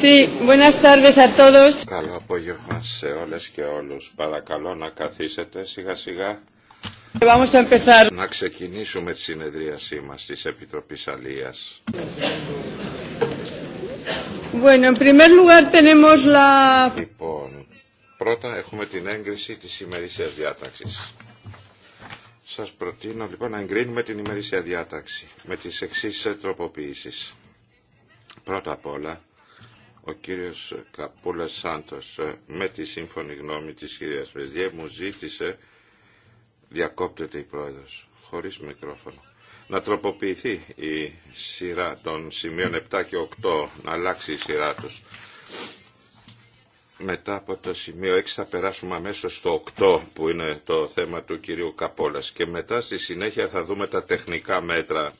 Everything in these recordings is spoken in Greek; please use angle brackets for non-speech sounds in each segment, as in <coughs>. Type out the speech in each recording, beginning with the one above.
Sí, buenas tardes a Καλό απόγευμα σε όλες και όλους. Παρακαλώ να καθίσετε σιγά σιγά. Vamos a Να ξεκινήσουμε τη συνεδρίασή μας της Επιτροπής Αλίας. Λοιπόν, πρώτα έχουμε την έγκριση της ημερήσιας διάταξης. Σας προτείνω λοιπόν να εγκρίνουμε την ημερήσια διάταξη με τις εξής τροποποιήσεις. Πρώτα απ' όλα, ο κύριος Καπούλα Σάντος ε, με τη σύμφωνη γνώμη της κυρίας Πρεσδιέ μου ζήτησε διακόπτεται η πρόεδρος χωρίς μικρόφωνο να τροποποιηθεί η σειρά των σημείων 7 και 8 να αλλάξει η σειρά τους μετά από το σημείο 6 θα περάσουμε αμέσως στο 8 που είναι το θέμα του κυρίου Καπόλας και μετά στη συνέχεια θα δούμε τα τεχνικά μέτρα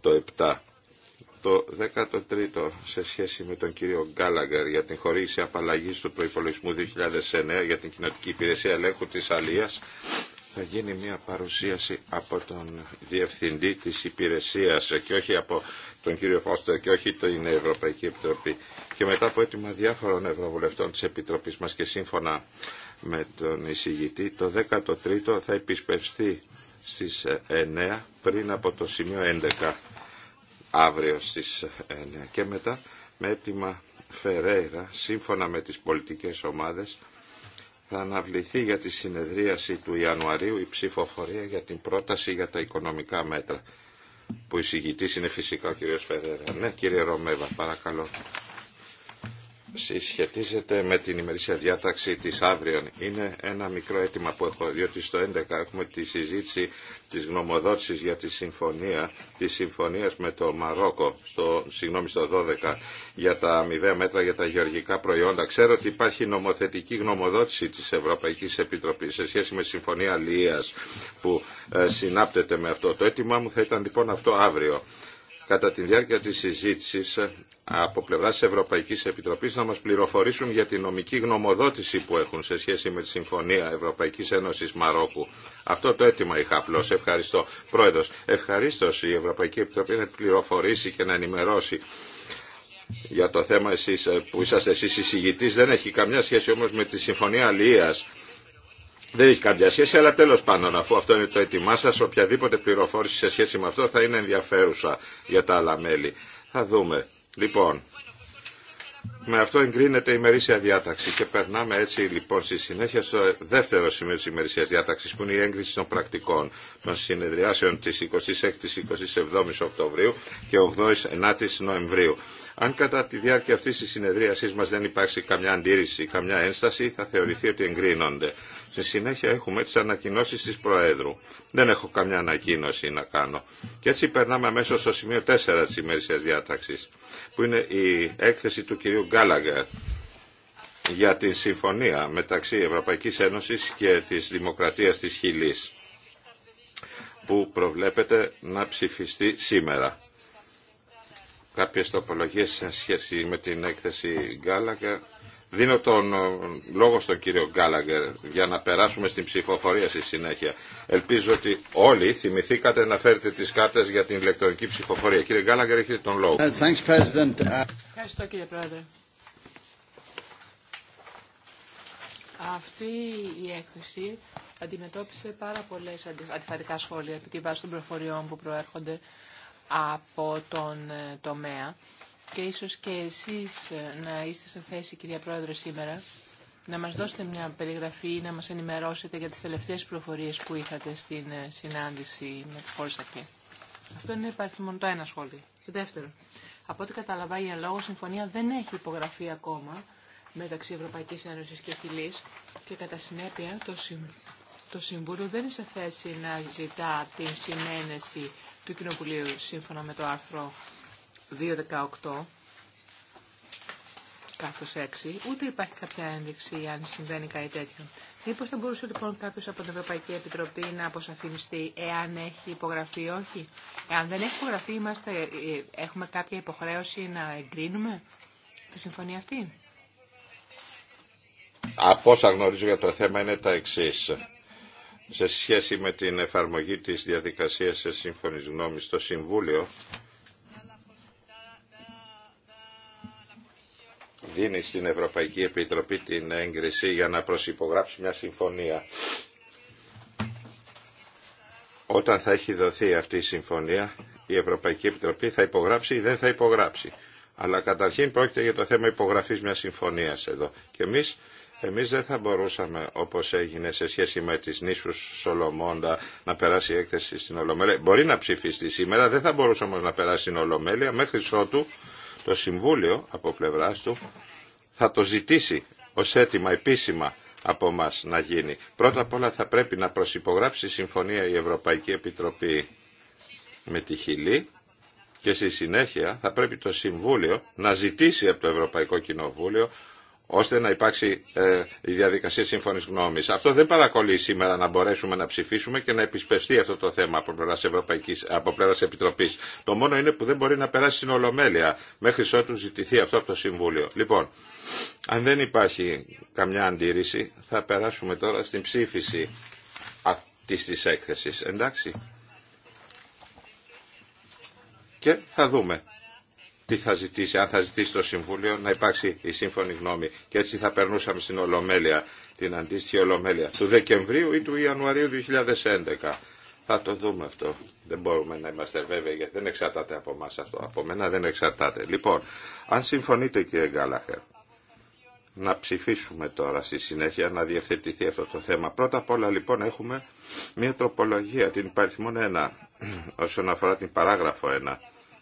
το 7 το 13ο σε σχέση με τον κύριο Γκάλαγκερ για την χωρίση απαλλαγή του προπολογισμού 2009 για την κοινοτική υπηρεσία ελέγχου της Αλίας θα γίνει μια παρουσίαση από τον Διευθυντή της Υπηρεσίας και όχι από τον κύριο Φώστερ και όχι την Ευρωπαϊκή Επιτροπή. Και μετά από έτοιμα διάφορων ευρωβουλευτών της Επιτροπής μας και σύμφωνα με τον εισηγητή, το 13ο θα επισπευστεί στις 9 πριν από το σημείο 11 αύριο στις 9 ε, ναι. και μετά με έτοιμα Φερέιρα σύμφωνα με τις πολιτικές ομάδες θα αναβληθεί για τη συνεδρίαση του Ιανουαρίου η ψηφοφορία για την πρόταση για τα οικονομικά μέτρα που εισηγητής είναι φυσικά ο κύριος Φερέιρα. Ναι κύριε Ρωμέβα παρακαλώ συσχετίζεται με την ημερήσια διάταξη της αύριο. Είναι ένα μικρό αίτημα που έχω, διότι στο 11 έχουμε τη συζήτηση της γνωμοδότησης για τη συμφωνία, τη συμφωνίας με το Μαρόκο, στο, συγγνώμη, στο 12, για τα αμοιβαία μέτρα για τα γεωργικά προϊόντα. Ξέρω ότι υπάρχει νομοθετική γνωμοδότηση της Ευρωπαϊκής Επιτροπής σε σχέση με συμφωνία Λίας που ε, συνάπτεται με αυτό. Το αίτημά μου θα ήταν λοιπόν αυτό αύριο κατά τη διάρκεια της συζήτησης ε, από πλευρά της Ευρωπαϊκής Επιτροπής να μας πληροφορήσουν για τη νομική γνωμοδότηση που έχουν σε σχέση με τη Συμφωνία Ευρωπαϊκής Ένωσης Μαρόκου. Αυτό το αίτημα είχα απλώ. Ευχαριστώ. Πρόεδρος, ευχαρίστω η Ευρωπαϊκή Επιτροπή να πληροφορήσει και να ενημερώσει για το θέμα εσείς, ε, που είσαστε εσείς εισηγητής. Δεν έχει καμιά σχέση όμως με τη Συμφωνία Αλίας δεν έχει κάποια σχέση, αλλά τέλος πάντων, αφού αυτό είναι το έτοιμά σας, οποιαδήποτε πληροφόρηση σε σχέση με αυτό θα είναι ενδιαφέρουσα για τα άλλα μέλη. Θα δούμε. Λοιπόν, με αυτό εγκρίνεται η ημερήσια διάταξη και περνάμε έτσι λοιπόν στη συνέχεια στο δεύτερο σημείο της ημερήσιας διάταξης που είναι η έγκριση των πρακτικών των συνεδριάσεων της 26ης-27ης Οκτωβρίου και 8ης-9ης Νοεμβρίου. Αν κατά τη διάρκεια αυτής της συνεδρίασής μας δεν υπάρξει καμιά αντίρρηση, καμιά ένσταση, θα θεωρηθεί ότι εγκρίνονται. Στη συνέχεια έχουμε τι ανακοινώσει τη Προέδρου. Δεν έχω καμιά ανακοίνωση να κάνω. Και έτσι περνάμε αμέσω στο σημείο 4 της ημέρησια διάταξης, που είναι η έκθεση του κυρίου Γκάλαγκερ για τη συμφωνία μεταξύ Ευρωπαϊκής Ένωσης και της Δημοκρατίας της Χιλής που προβλέπεται να ψηφιστεί σήμερα. Κάποιες τοπολογίες σε σχέση με την έκθεση Γκάλαγκερ Δίνω τον ε, λόγο στον κύριο Γκάλαγκερ για να περάσουμε στην ψηφοφορία στη συνέχεια. Ελπίζω ότι όλοι θυμηθήκατε να φέρετε τις κάρτες για την ηλεκτρονική ψηφοφορία. Κύριε Γκάλαγκερ, έχετε τον λόγο. Ε, ε, Ευχαριστώ κύριε Πρόεδρε. Αυτή η έκθεση αντιμετώπισε πάρα πολλές αντιφατικά σχόλια επειδή των προφοριών που προέρχονται από τον τομέα και ίσως και εσείς ε, να είστε σε θέση, κυρία Πρόεδρε, σήμερα να μας δώσετε μια περιγραφή ή να μας ενημερώσετε για τις τελευταίες προφορίες που είχατε στην ε, συνάντηση με τις χώρες ΑΚΕ. Αυτό είναι υπάρχει μόνο το ένα σχόλιο. Και δεύτερο, από ό,τι καταλαβαίνω η λόγω συμφωνία δεν έχει υπογραφεί ακόμα μεταξύ Ευρωπαϊκής Ένωσης και Φιλής και κατά συνέπεια το, Συμ... το Συμβούλιο δεν είναι σε θέση να ζητά την συνένεση του Κοινοβουλίου σύμφωνα με το άρθρο 2.18 κάθος 6, ούτε υπάρχει κάποια ένδειξη αν συμβαίνει κάτι τέτοιο. Μήπως θα μπορούσε λοιπόν κάποιος από την Ευρωπαϊκή Επιτροπή να αποσαφινιστεί εάν έχει υπογραφεί ή όχι. Εάν δεν έχει υπογραφεί είμαστε, ε, έχουμε κάποια υποχρέωση να εγκρίνουμε τη συμφωνία αυτή. Από όσα γνωρίζω για το θέμα είναι τα εξή. Σε σχέση με την εφαρμογή της διαδικασίας σε σύμφωνης γνώμη στο Συμβούλιο, δίνει στην Ευρωπαϊκή Επιτροπή την έγκριση για να προσυπογράψει μια συμφωνία. Όταν θα έχει δοθεί αυτή η συμφωνία, η Ευρωπαϊκή Επιτροπή θα υπογράψει ή δεν θα υπογράψει. Αλλά καταρχήν πρόκειται για το θέμα υπογραφής μιας συμφωνίας εδώ. Και εμείς εμείς δεν θα μπορούσαμε, όπως έγινε σε σχέση με τις νήσους Σολομώντα, να περάσει η έκθεση στην Ολομέλεια. Μπορεί να ψηφιστεί σήμερα, δεν θα μπορούσε όμως να περάσει στην Ολομέλεια μέχρι ότου το Συμβούλιο από πλευράς του θα το ζητήσει ως αίτημα επίσημα από μας να γίνει. Πρώτα απ' όλα θα πρέπει να προσυπογράψει συμφωνία η Ευρωπαϊκή Επιτροπή με τη Χιλή και στη συνέχεια θα πρέπει το Συμβούλιο να ζητήσει από το Ευρωπαϊκό Κοινοβούλιο ώστε να υπάρξει ε, η διαδικασία σύμφωνη γνώμη. Αυτό δεν παρακολεί σήμερα να μπορέσουμε να ψηφίσουμε και να επισπευστεί αυτό το θέμα από πλευρά Ευρωπαϊκής, από Επιτροπής. Το μόνο είναι που δεν μπορεί να περάσει στην Ολομέλεια μέχρι ότου ζητηθεί αυτό από το Συμβούλιο. Λοιπόν, αν δεν υπάρχει καμιά αντίρρηση, θα περάσουμε τώρα στην ψήφιση αυτή τη έκθεση. Εντάξει. Και θα δούμε θα ζητήσει, αν θα ζητήσει το Συμβούλιο να υπάρξει η σύμφωνη γνώμη. Και έτσι θα περνούσαμε στην Ολομέλεια, την αντίστοιχη Ολομέλεια του Δεκεμβρίου ή του Ιανουαρίου 2011. Θα το δούμε αυτό. Δεν μπορούμε να είμαστε βέβαιοι γιατί δεν εξαρτάται από εμά αυτό. Από μένα δεν εξαρτάται. Λοιπόν, αν συμφωνείτε κύριε Γκάλαχερ, να ψηφίσουμε τώρα στη συνέχεια να διευθετηθεί αυτό το θέμα. Πρώτα απ' όλα λοιπόν έχουμε μια τροπολογία, την υπαριθμόν 1, <clears throat> όσον αφορά την παράγραφο 1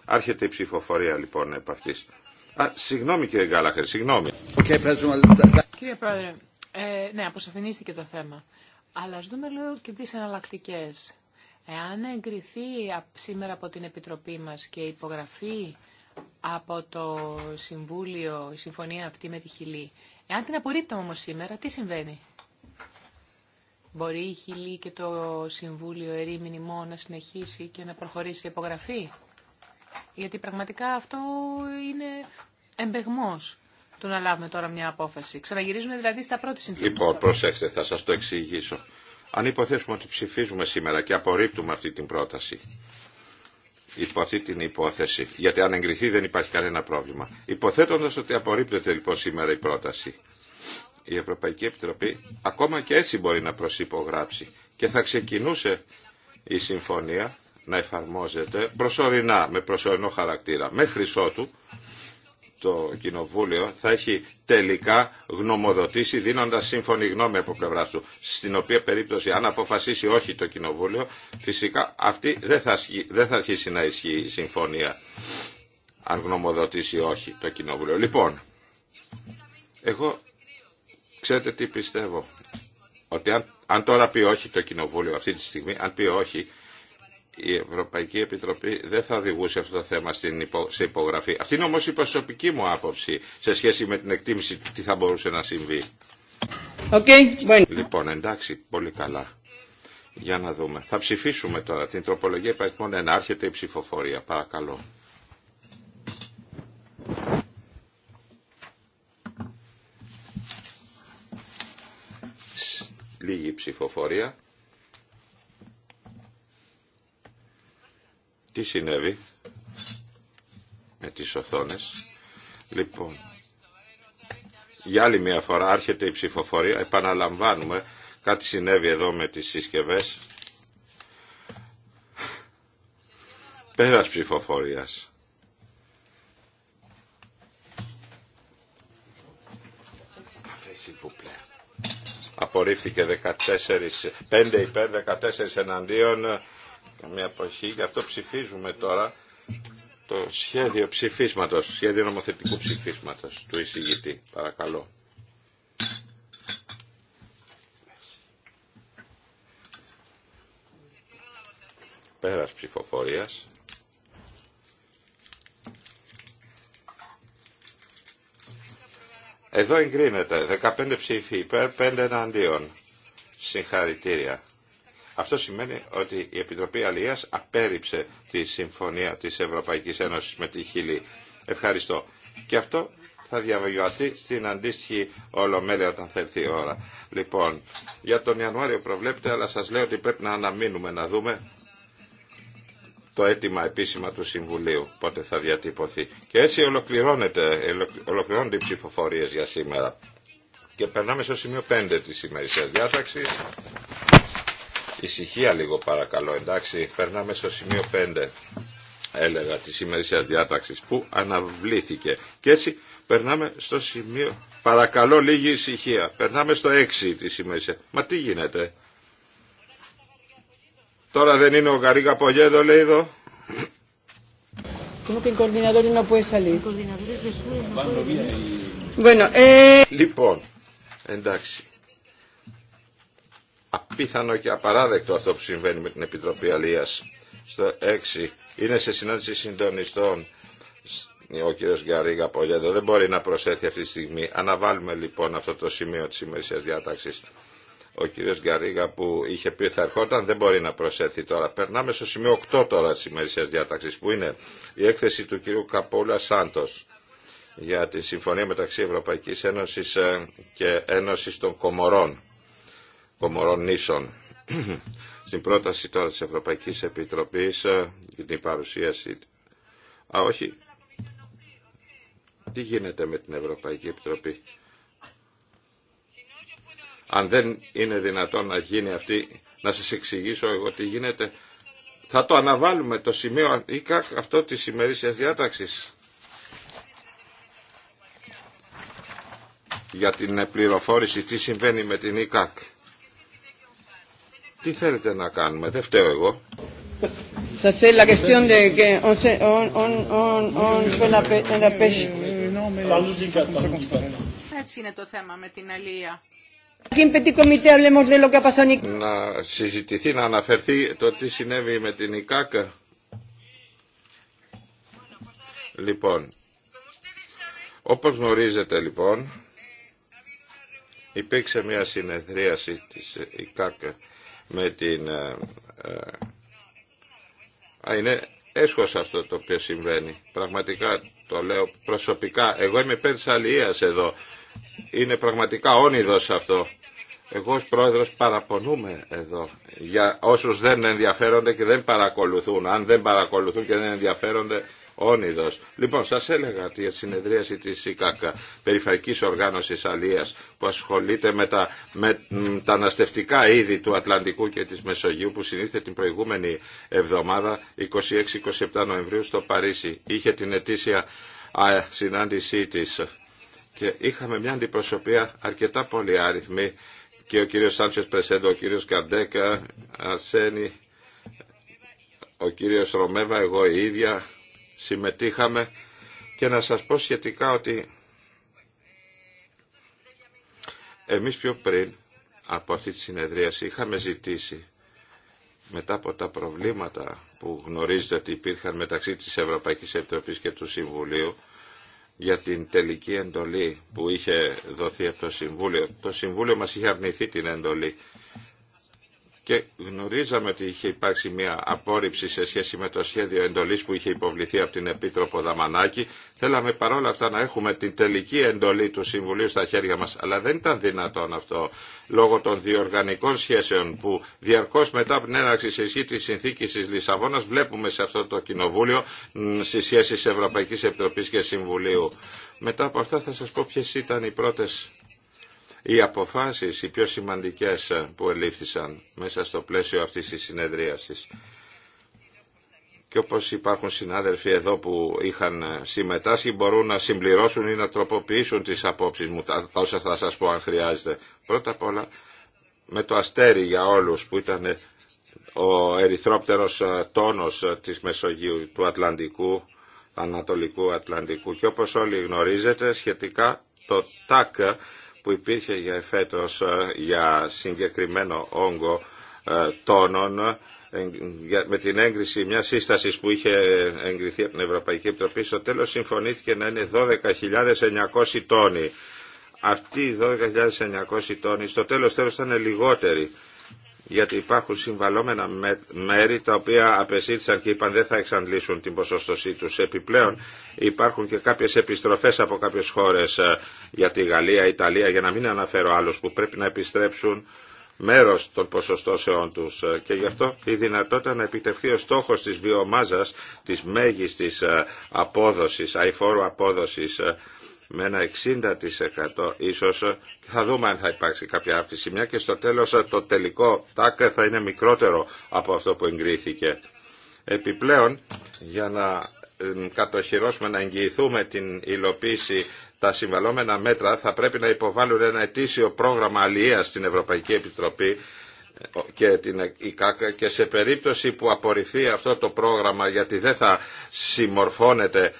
Άρχεται η ψηφοφορία λοιπόν επ' αυτής. Α, συγγνώμη κύριε Γκάλαχερ, συγγνώμη. Okay, κύριε Πρόεδρε, ε, ναι, αποσαφηνίστηκε το θέμα. Αλλά ας δούμε λίγο και τις εναλλακτικέ. Εάν εγκριθεί σήμερα από την Επιτροπή μας και υπογραφή από το Συμβούλιο η συμφωνία αυτή με τη Χιλή, εάν την απορρίπτουμε όμως σήμερα, τι συμβαίνει. Μπορεί η Χιλή και το Συμβούλιο ερήμηνη μόνο να συνεχίσει και να προχωρήσει η υπογραφή. Γιατί πραγματικά αυτό είναι εμπεγμός του να λάβουμε τώρα μια απόφαση. Ξαναγυρίζουμε δηλαδή στα πρώτη συνθήκη. Λοιπόν, προσέξτε, θα σας το εξηγήσω. Αν υποθέσουμε ότι ψηφίζουμε σήμερα και απορρίπτουμε αυτή την πρόταση, υπό αυτή την υπόθεση, γιατί αν εγκριθεί δεν υπάρχει κανένα πρόβλημα. Υποθέτοντας ότι απορρίπτεται λοιπόν σήμερα η πρόταση, η Ευρωπαϊκή Επιτροπή ακόμα και έτσι μπορεί να προσυπογράψει και θα ξεκινούσε η συμφωνία να εφαρμόζεται προσωρινά, με προσωρινό χαρακτήρα. Μέχρι ότου το Κοινοβούλιο θα έχει τελικά γνωμοδοτήσει δίνοντα σύμφωνη γνώμη από πλευρά του. Στην οποία περίπτωση, αν αποφασίσει όχι το Κοινοβούλιο, φυσικά αυτή δεν θα, δεν θα αρχίσει να ισχύει η συμφωνία. Αν γνωμοδοτήσει όχι το Κοινοβούλιο. Λοιπόν, εγώ ξέρετε τι πιστεύω. Ότι αν, αν τώρα πει όχι το Κοινοβούλιο αυτή τη στιγμή, αν πει όχι, η Ευρωπαϊκή Επιτροπή δεν θα οδηγούσε αυτό το θέμα στην σε υπογραφή. Αυτή είναι όμως η προσωπική μου άποψη σε σχέση με την εκτίμηση του τι θα μπορούσε να συμβεί. Okay. Λοιπόν, εντάξει, πολύ καλά. Για να δούμε. Θα ψηφίσουμε τώρα την τροπολογία υπαριθμών 1. Άρχεται η ψηφοφορία. Παρακαλώ. Λίγη ψηφοφορία. Τι συνέβη με τις οθόνες. Λοιπόν, για άλλη μια φορά άρχεται η ψηφοφορία. Επαναλαμβάνουμε. Κάτι συνέβη εδώ με τις συσκευές. Πέρας ψηφοφορίας. Απορρίφθηκε 14, 5 υπέρ, 14 εναντίον, μια εποχή Γι' αυτό ψηφίζουμε τώρα το σχέδιο ψηφίσματος, σχέδιο νομοθετικού ψηφίσματος του εισηγητή. Παρακαλώ. Πέρας ψηφοφορίας. Εδώ εγκρίνεται 15 ψήφοι υπέρ, 5 εναντίον. Συγχαρητήρια. Αυτό σημαίνει ότι η Επιτροπή Αλίας απέρριψε τη συμφωνία της Ευρωπαϊκής Ένωσης με τη Χιλή. Ευχαριστώ. Και αυτό θα διαβιβαστεί στην αντίστοιχη ολομέλεια όταν θα η ώρα. Λοιπόν, για τον Ιανουάριο προβλέπετε, αλλά σας λέω ότι πρέπει να αναμείνουμε να δούμε το αίτημα επίσημα του Συμβουλίου, πότε θα διατυπωθεί. Και έτσι ολοκληρώνεται, ολοκληρώνονται οι ψηφοφορίες για σήμερα. Και περνάμε στο σημείο 5 τη σημερινή διάταξης. Ησυχία λίγο παρακαλώ, εντάξει. Περνάμε στο σημείο 5, έλεγα, της ημερήσιας διάταξης που αναβλήθηκε. Και έτσι περνάμε στο σημείο... Παρακαλώ λίγη ησυχία. Περνάμε στο 6 της ημερήσιας. Μα τι γίνεται. Τώρα δεν είναι ο Γαρίγα Πογέδο, λέει εδώ. Eh, λοιπόν, εντάξει απίθανο και απαράδεκτο αυτό που συμβαίνει με την Επιτροπή Αλίας. Στο 6 είναι σε συνάντηση συντονιστών ο κύριος Γκαρίγα Πολιέδο. Δεν μπορεί να προσέθει αυτή τη στιγμή. Αναβάλουμε λοιπόν αυτό το σημείο της ημερησίας διάταξης. Ο κύριος Γκαρίγα που είχε πει θα ερχόταν δεν μπορεί να προσέθει τώρα. Περνάμε στο σημείο 8 τώρα της ημερησίας διάταξης που είναι η έκθεση του κύριου Καπούλα Σάντος για τη συμφωνία μεταξύ Ευρωπαϊκής Ένωσης ε, και Ένωσης των Κομορών. Κομορών Νήσων. <clears throat> Στην πρόταση τώρα της Ευρωπαϊκής Επιτροπής ε, για την παρουσίαση... Α, όχι. Τι γίνεται με την Ευρωπαϊκή Επιτροπή. Αν δεν είναι δυνατόν να γίνει αυτή, να σας εξηγήσω εγώ τι γίνεται, θα το αναβάλουμε το σημείο κακ αυτό της ημερήσια διάταξης. για την πληροφόρηση τι συμβαίνει με την ΙΚΑΚ. Τι θέλετε να κάνουμε, δεν φταίω εγώ. Έτσι είναι το θέμα με την αλία. Να συζητηθεί, να αναφερθεί το τι συνέβη με την ΙΚΑΚΑ. Λοιπόν, όπως γνωρίζετε λοιπόν, υπήρξε μια συνεδρίαση της ΙΚΑΚΑ με την... Ε, ε, είναι έσχος αυτό το οποίο συμβαίνει. Πραγματικά το λέω προσωπικά. Εγώ είμαι υπέρ της αλληλείας εδώ. Είναι πραγματικά όνειδος αυτό. Εγώ ως πρόεδρος παραπονούμε εδώ για όσους δεν ενδιαφέρονται και δεν παρακολουθούν. Αν δεν παρακολουθούν και δεν ενδιαφέρονται Λοιπόν, σας έλεγα ότι η συνεδρίαση της ΙΚΑΚΑ, Περιφερειακή Οργάνωσης Αλίας, που ασχολείται με τα αναστευτικά είδη του Ατλαντικού και της Μεσογείου, που συνήθιε την προηγούμενη εβδομάδα, 26-27 Νοεμβρίου, στο Παρίσι. Είχε την ετήσια συνάντησή της και είχαμε μια αντιπροσωπεία αρκετά πολύ άριθμη και ο κύριος Σάντσιος Πρεσέντο, ο κύριος Καντέκα, Αρσένη, ο κύριος Ρωμέβα, εγώ η ίδια, συμμετείχαμε και να σας πω σχετικά ότι εμείς πιο πριν από αυτή τη συνεδρίαση είχαμε ζητήσει μετά από τα προβλήματα που γνωρίζετε ότι υπήρχαν μεταξύ της Ευρωπαϊκής Επιτροπής και του Συμβουλίου για την τελική εντολή που είχε δοθεί από το Συμβούλιο. Το Συμβούλιο μας είχε αρνηθεί την εντολή και γνωρίζαμε ότι είχε υπάρξει μια απόρριψη σε σχέση με το σχέδιο εντολής που είχε υποβληθεί από την Επίτροπο Δαμανάκη. Θέλαμε παρόλα αυτά να έχουμε την τελική εντολή του Συμβουλίου στα χέρια μας, αλλά δεν ήταν δυνατόν αυτό λόγω των διοργανικών σχέσεων που διαρκώς μετά από την έναρξη σε ισχύ της συνθήκης της Λισαβόνας βλέπουμε σε αυτό το κοινοβούλιο στι σχέσεις Ευρωπαϊκής Επιτροπής και Συμβουλίου. Μετά από αυτά θα σα πω ποιε ήταν οι πρώτες οι αποφάσεις οι πιο σημαντικές που ελήφθησαν μέσα στο πλαίσιο αυτής της συνεδρίασης και όπως υπάρχουν συνάδελφοι εδώ που είχαν συμμετάσχει μπορούν να συμπληρώσουν ή να τροποποιήσουν τις απόψεις μου, τα όσα θα σας πω αν χρειάζεται. Πρώτα απ' όλα με το αστέρι για όλους που ήταν ο ερυθρόπτερος τόνος της Μεσογείου, του Ατλαντικού, Ανατολικού Ατλαντικού και όπως όλοι γνωρίζετε σχετικά το ΤΑΚ που υπήρχε για εφέτος ε, για συγκεκριμένο όγκο ε, τόνων ε, με την έγκριση μια σύσταση που είχε εγκριθεί από την Ευρωπαϊκή Επιτροπή στο τέλος συμφωνήθηκε να είναι 12.900 τόνοι. Αυτοί οι 12.900 τόνοι στο τέλος τέλος ήταν λιγότεροι γιατί υπάρχουν συμβαλόμενα μέρη τα οποία απεσύρθησαν και είπαν δεν θα εξαντλήσουν την ποσοστοσή τους. Επιπλέον υπάρχουν και κάποιες επιστροφές από κάποιες χώρες ε, για τη Γαλλία, Ιταλία, για να μην αναφέρω άλλους που πρέπει να επιστρέψουν μέρος των ποσοστώσεών τους ε, και γι' αυτό η δυνατότητα να επιτευχθεί ο στόχος της βιομάζας της μέγιστης ε, απόδοσης, αηφόρου απόδοσης με ένα 60% ίσως και θα δούμε αν θα υπάρξει κάποια αύξηση μια και στο τέλος ε, το τελικό τάκ θα είναι μικρότερο από αυτό που εγκρίθηκε. Επιπλέον για να ε, κατοχυρώσουμε, να εγγυηθούμε την υλοποίηση τα συμβαλόμενα μέτρα θα πρέπει να υποβάλουν ένα ετήσιο πρόγραμμα αλληλεία στην Ευρωπαϊκή Επιτροπή ε, και την και σε περίπτωση που απορριφθεί αυτό το πρόγραμμα γιατί δεν θα συμμορφώνεται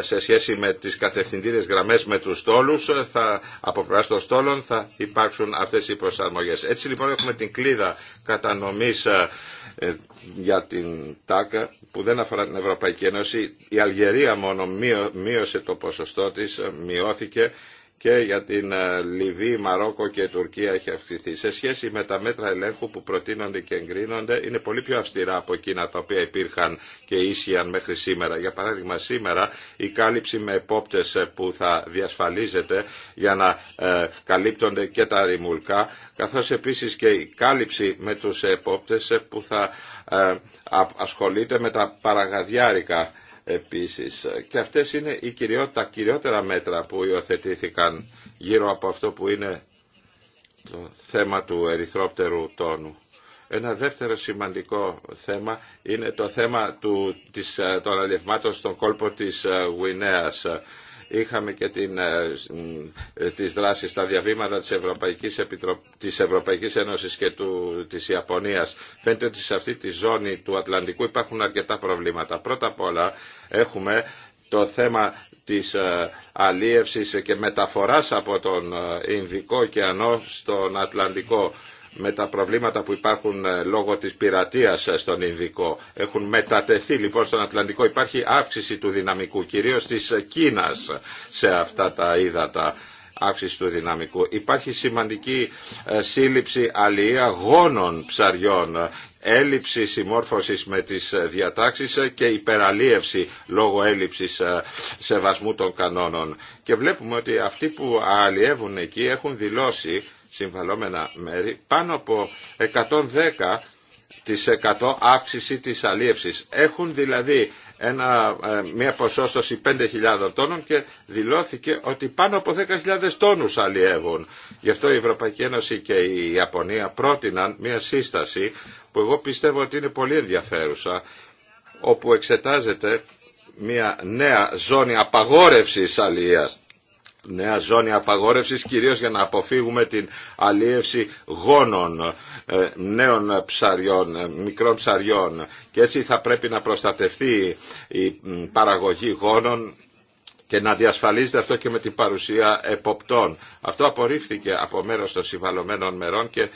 σε σχέση με τις κατευθυντήριες γραμμές με τους στόλους ε, θα, από πλευράς στόλων θα υπάρξουν αυτές οι προσαρμογές. Έτσι λοιπόν έχουμε την κλίδα κατανομής ε, ε, για την ΤΑΚΑ που δεν αφορά την Ευρωπαϊκή Ένωση. Η Αλγερία μόνο μείωσε το ποσοστό της, μειώθηκε και για την ε, Λιβύη, Μαρόκο και Τουρκία έχει αυξηθεί. Σε σχέση με τα μέτρα ελέγχου που προτείνονται και εγκρίνονται, είναι πολύ πιο αυστηρά από εκείνα τα οποία υπήρχαν και ίσιαν μέχρι σήμερα. Για παράδειγμα, σήμερα η κάλυψη με επόπτε ε, που θα διασφαλίζεται για να ε, καλύπτονται και τα ρημουλκά, καθώ επίση και η κάλυψη με του επόπτε που θα ασχολείται με τα παραγαδιάρικα επίσης. Και αυτές είναι οι κυριότερα μέτρα που υιοθετήθηκαν γύρω από αυτό που είναι το θέμα του ερυθρόπτερου τόνου. Ένα δεύτερο σημαντικό θέμα είναι το θέμα του, της, των αλευμάτων στον κόλπο της ε, Γουινέας. Είχαμε και την, ε, ε, τις δράσεις στα διαβήματα της Ευρωπαϊκής, Ένωση της Ευρωπαϊκής Ένωσης και του... της Ιαπωνίας. Φαίνεται ότι σε αυτή τη ζώνη του Ατλαντικού υπάρχουν αρκετά προβλήματα. Πρώτα απ' όλα έχουμε το θέμα της ε, αλίευσης και μεταφοράς από τον Ινδικό ωκεανό στον Ατλαντικό με τα προβλήματα που υπάρχουν ε, λόγω της πειρατείας ε, στον Ινδικό. Έχουν μετατεθεί λοιπόν στον Ατλαντικό. Υπάρχει αύξηση του δυναμικού, κυρίως της Κίνας σε αυτά τα ύδατα αύξηση του δυναμικού. Υπάρχει σημαντική ε, σύλληψη αλληλεία γόνων ψαριών έλλειψη συμμόρφωσης με τις διατάξεις και υπεραλίευση λόγω έλλειψης σεβασμού των κανόνων. Και βλέπουμε ότι αυτοί που αλλιεύουν εκεί έχουν δηλώσει συμβαλόμενα μέρη πάνω από 110 αύξηση της αλίευσης. Έχουν δηλαδή ένα, ε, μια ποσόστοση 5.000 τόνων και δηλώθηκε ότι πάνω από 10.000 τόνους αλλιεύουν. Γι' αυτό η Ευρωπαϊκή Ένωση και η Ιαπωνία πρότειναν μια σύσταση που εγώ πιστεύω ότι είναι πολύ ενδιαφέρουσα όπου εξετάζεται μια νέα ζώνη απαγόρευσης αλλιείας νέα ζώνη απαγόρευσης κυρίως για να αποφύγουμε την αλίευση γόνων ε, νέων ψαριών, ε, μικρών ψαριών και έτσι θα πρέπει να προστατευτεί η παραγωγή γόνων και να διασφαλίζεται αυτό και με την παρουσία εποπτών. Αυτό απορρίφθηκε από μέρος των συμβαλωμένων μερών και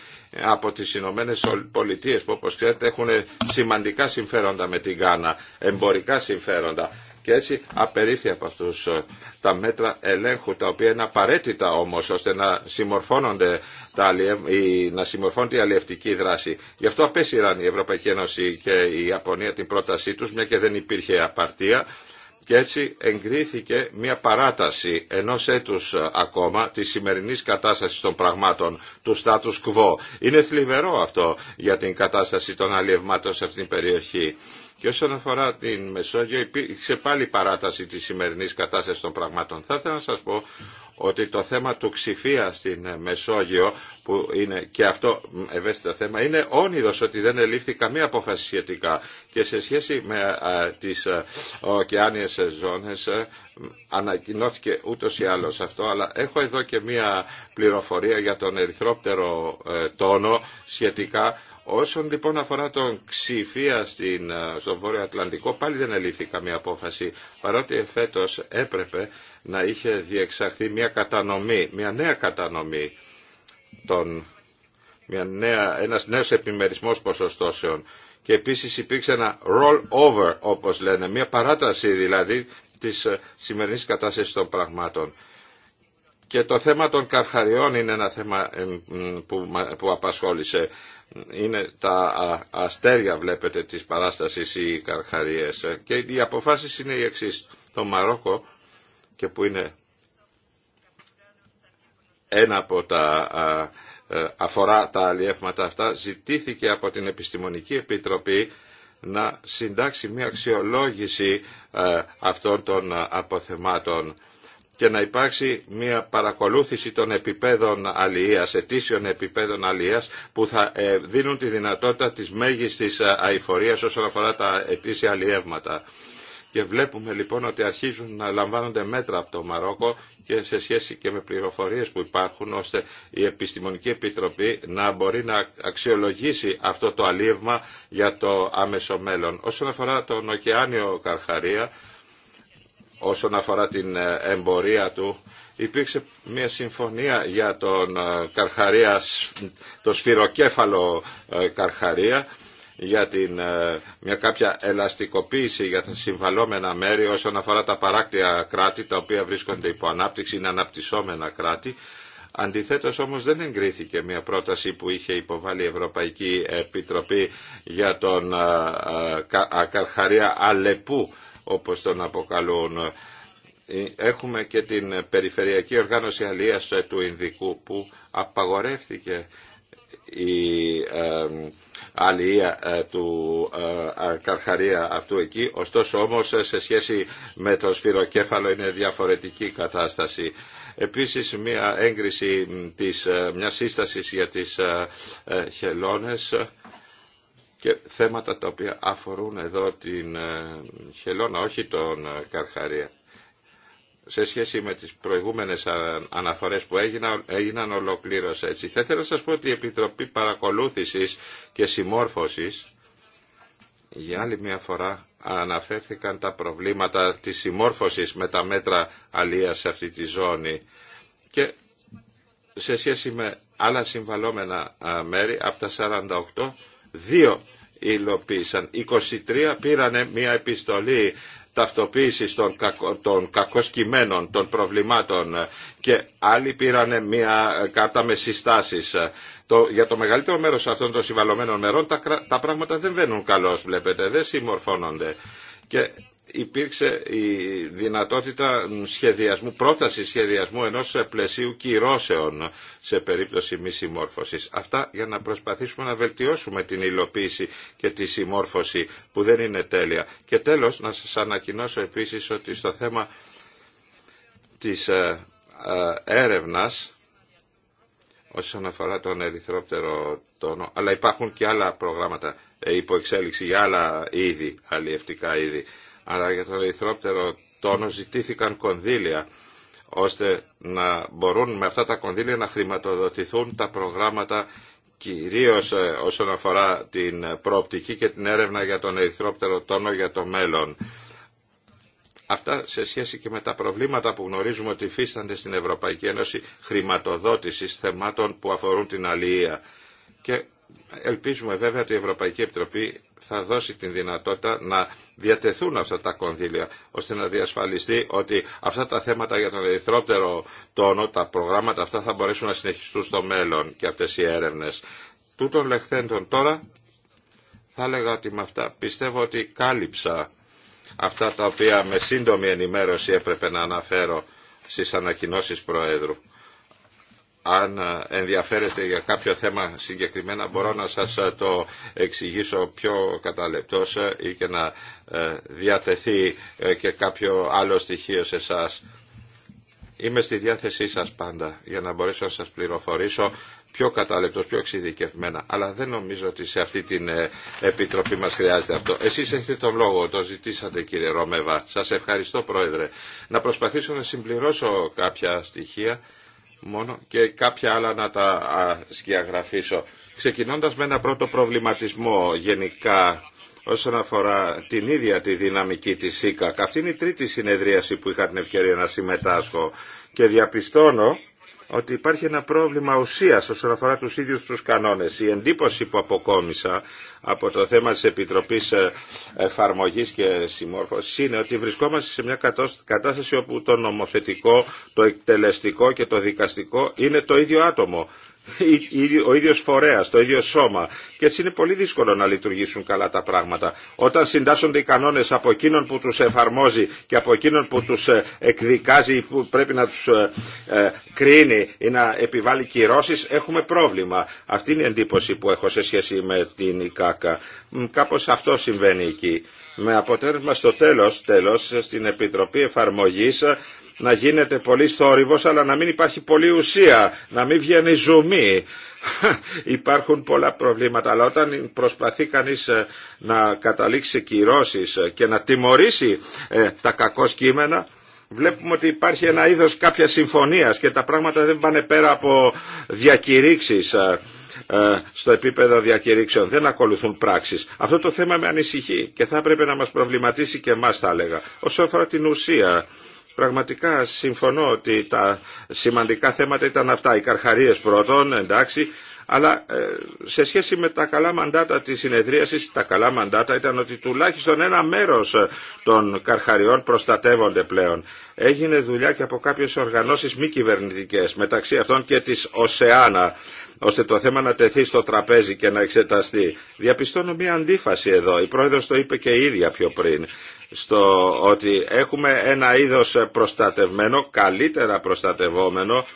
από τις Ηνωμένε Πολιτείες που όπως ξέρετε έχουν σημαντικά συμφέροντα με την Γάνα, εμπορικά συμφέροντα και έτσι απερίφθη από αυτού ε, τα μέτρα ελέγχου τα οποία είναι απαραίτητα όμω, ώστε να συμμορφώνονται τα να συμμορφώνεται η αλλιευτική δράση. Γι' αυτό απέσυραν η Ευρωπαϊκή Ένωση και η Ιαπωνία την πρότασή του μια και δεν υπήρχε απαρτία και έτσι εγκρίθηκε μια παράταση ενός έτους ε, ακόμα της σημερινής κατάστασης των πραγμάτων του status quo. Είναι θλιβερό αυτό για την κατάσταση των αλλιευμάτων σε αυτήν την περιοχή. Και όσον αφορά την Μεσόγειο υπήρξε πάλι παράταση της σημερινής κατάστασης των πραγμάτων. Θα ήθελα να σας πω ότι το θέμα του ξηφία στην Μεσόγειο, που είναι και αυτό ευαίσθητο θέμα, είναι όνειδος ότι δεν ελήφθη καμία απόφαση σχετικά. Και σε σχέση με τις ωκεάνιες ζώνες ανακοινώθηκε ούτως ή άλλως αυτό, αλλά έχω εδώ και μία πληροφορία για τον ερυθρόπτερο ε, τόνο σχετικά Όσον λοιπόν αφορά τον ξηφία στην, στον Βόρειο Ατλαντικό, πάλι δεν ελήφθη καμία απόφαση, παρότι εφέτος έπρεπε να είχε διεξαχθεί μια κατανομή, μια νέα κατανομή των μια νέα, ένας νέος επιμερισμός ποσοστώσεων και επίσης υπήρξε ένα roll over όπως λένε, μια παράταση δηλαδή της σημερινής κατάστασης των πραγμάτων. Και το θέμα των καρχαριών είναι ένα θέμα που απασχόλησε είναι τα αστέρια βλέπετε της παράστασης οι καρχαρίες και οι αποφάσεις είναι οι εξή Το Μαρόκο και που είναι ένα από τα ε, αφορά τα αλλιεύματα αυτά ζητήθηκε από την Επιστημονική Επιτροπή να συντάξει μια αξιολόγηση ε, αυτών των αποθεμάτων και να υπάρξει μια παρακολούθηση των επιπέδων αλληλείας, ετήσιων επιπέδων αλληλείας που θα ε, δίνουν τη δυνατότητα της μέγιστης ε, αηφορίας όσον αφορά τα ετήσια αλλιεύματα. Και βλέπουμε λοιπόν ότι αρχίζουν να λαμβάνονται μέτρα από το Μαρόκο και σε σχέση και με πληροφορίες που υπάρχουν ώστε η Επιστημονική Επιτροπή να μπορεί να αξιολογήσει αυτό το αλίευμα για το άμεσο μέλλον. Όσον αφορά τον ωκεάνιο Καρχαρία, όσον αφορά την ε, εμπορία του υπήρξε μια συμφωνία για τον ε, Καρχαρία, το σφυροκέφαλο ε, Καρχαρία για την, μια κάποια ελαστικοποίηση για τα συμβαλόμενα μέρη όσον αφορά τα παράκτια κράτη τα οποία βρίσκονται υπό ανάπτυξη, είναι αναπτυσσόμενα κράτη. Αντιθέτως όμως δεν εγκρίθηκε μια πρόταση που είχε υποβάλει η Ευρωπαϊκή Επιτροπή για τον Καρχαρία Αλεπού όπως τον αποκαλούν. Ε, έχουμε και την Περιφερειακή Οργάνωση Αλίας ε, του Ινδικού που απαγορεύτηκε η ε, ε του καρχαρία αυτού εκεί. Ωστόσο όμως σε σχέση με το σφυροκέφαλο είναι διαφορετική κατάσταση. Επίσης μια έγκριση της, μια σύσταση για τις χελώνες και θέματα τα οποία αφορούν εδώ την ε, χελώνα, όχι τον ε, Καρχαρία. Σε σχέση με τις προηγούμενες αναφορές που έγιναν, έγιναν ολοκλήρωσε. έτσι. Θα ήθελα να σας πω ότι η Επιτροπή Παρακολούθησης και Συμμόρφωσης για άλλη μια φορά αναφέρθηκαν τα προβλήματα της συμμόρφωσης με τα μέτρα αλίας σε αυτή τη ζώνη και σε σχέση με άλλα συμβαλόμενα μέρη από τα 48 δύο υλοποίησαν. 23 πήρανε μια επιστολή ταυτοποίησης των, κακο, των κακοσκημένων, των προβλημάτων και άλλοι πήρανε μια κάρτα με συστάσεις. Το, για το μεγαλύτερο μέρος αυτών των συμβαλωμένων μερών τα, πράγματα δεν βαίνουν καλώς, βλέπετε, δεν συμμορφώνονται. Και υπήρξε η δυνατότητα σχεδιασμού, πρόταση σχεδιασμού ενός πλαισίου κυρώσεων σε περίπτωση μη συμμόρφωσης. Αυτά για να προσπαθήσουμε να βελτιώσουμε την υλοποίηση και τη συμμόρφωση που δεν είναι τέλεια. Και τέλος να σας ανακοινώσω επίσης ότι στο θέμα της ε, ε, έρευνας όσον αφορά τον ερυθρόπτερο τόνο, αλλά υπάρχουν και άλλα προγράμματα ε, υποεξέλιξη για άλλα είδη, αλλιευτικά είδη αλλά για τον ερυθρόπτερο τόνο ζητήθηκαν κονδύλια ώστε να μπορούν με αυτά τα κονδύλια να χρηματοδοτηθούν τα προγράμματα κυρίως ε, όσον αφορά την προοπτική και την έρευνα για τον ερυθρόπτερο τόνο για το μέλλον. Αυτά σε σχέση και με τα προβλήματα που γνωρίζουμε ότι υφίστανται στην Ευρωπαϊκή Ένωση χρηματοδότησης θεμάτων που αφορούν την αλληλεία ελπίζουμε βέβαια ότι η Ευρωπαϊκή Επιτροπή θα δώσει την δυνατότητα να διατεθούν αυτά τα κονδύλια ώστε να διασφαλιστεί ότι αυτά τα θέματα για τον ερυθρότερο τόνο, τα προγράμματα αυτά θα μπορέσουν να συνεχιστούν στο μέλλον και αυτές οι έρευνες. Τούτων λεχθέντων τώρα θα έλεγα ότι με αυτά πιστεύω ότι κάλυψα αυτά τα οποία με σύντομη ενημέρωση έπρεπε να αναφέρω στις ανακοινώσεις Προέδρου αν ενδιαφέρεστε για κάποιο θέμα συγκεκριμένα μπορώ να σας ε, το εξηγήσω πιο καταλεπτός ε, ή και να ε, διατεθεί και κάποιο άλλο στοιχείο σε εσά. Είμαι στη διάθεσή σας πάντα για να μπορέσω να σας πληροφορήσω πιο καταλεπτός, πιο εξειδικευμένα. Αλλά δεν νομίζω ότι σε αυτή την επιτροπή μας χρειάζεται αυτό. Εσείς έχετε τον λόγο, το ζητήσατε κύριε Ρωμέβα. Σας ευχαριστώ πρόεδρε. Να προσπαθήσω να συμπληρώσω κάποια στοιχεία μόνο και κάποια άλλα να τα σκιαγραφίσω. Ξεκινώντας με ένα πρώτο προβληματισμό γενικά όσον αφορά την ίδια τη δυναμική της ΣΥΚΑΚ. Αυτή είναι η τρίτη συνεδρίαση που είχα την ευκαιρία να συμμετάσχω και διαπιστώνω ότι υπάρχει ένα πρόβλημα ουσίας όσον αφορά τους ίδιους τους κανόνες. Η εντύπωση που αποκόμισα από το θέμα της Επιτροπής ε, Εφαρμογής και Συμμόρφωσης είναι ότι βρισκόμαστε σε μια κατάσταση όπου το νομοθετικό, το εκτελεστικό και το δικαστικό είναι το ίδιο άτομο ο ίδιο φορέας, το ίδιο σώμα. Και έτσι είναι πολύ δύσκολο να λειτουργήσουν καλά τα πράγματα. Όταν συντάσσονται οι κανόνες από εκείνον που τους εφαρμόζει και από εκείνον που τους ε, εκδικάζει ή που πρέπει να τους ε, ε, κρίνει ή να επιβάλλει κυρώσεις, έχουμε πρόβλημα. Αυτή είναι η να επιβαλλει κυρώσει, εχουμε προβλημα αυτη ειναι η εντυπωση που έχω σε σχέση με την ΙΚΑΚΑ. Κάπως αυτό συμβαίνει εκεί. Με αποτέλεσμα στο τέλο, στην Επιτροπή εφαρμογή να γίνεται πολύ θόρυβος αλλά να μην υπάρχει πολλή ουσία, να μην βγαίνει ζουμί. <laughs> Υπάρχουν πολλά προβλήματα, αλλά όταν προσπαθεί κανείς ε, να καταλήξει κυρώσεις και να τιμωρήσει ε, τα κακό κείμενα, βλέπουμε ότι υπάρχει ένα είδος κάποια συμφωνίας και τα πράγματα δεν πάνε πέρα από διακηρύξεις ε, στο επίπεδο διακηρύξεων. Δεν ακολουθούν πράξεις. Αυτό το θέμα με ανησυχεί και θα έπρεπε να μας προβληματίσει και εμάς θα έλεγα. Όσο αφορά την ουσία, Πραγματικά συμφωνώ ότι τα σημαντικά θέματα ήταν αυτά. Οι καρχαρίες πρώτον, εντάξει, αλλά ε, σε σχέση με τα καλά μαντάτα της συνεδρίασης, τα καλά μαντάτα ήταν ότι τουλάχιστον ένα μέρος ε, των καρχαριών προστατεύονται πλέον. Έγινε δουλειά και από κάποιες οργανώσεις μη κυβερνητικές, μεταξύ αυτών και της ΟΣΕΑΝΑ, ώστε το θέμα να τεθεί στο τραπέζι και να εξεταστεί. Διαπιστώνω μια αντίφαση εδώ. Η πρόεδρος το είπε και η ίδια πιο πριν στο ότι έχουμε ένα είδος προστατευμένο, καλύτερα προστατευόμενο,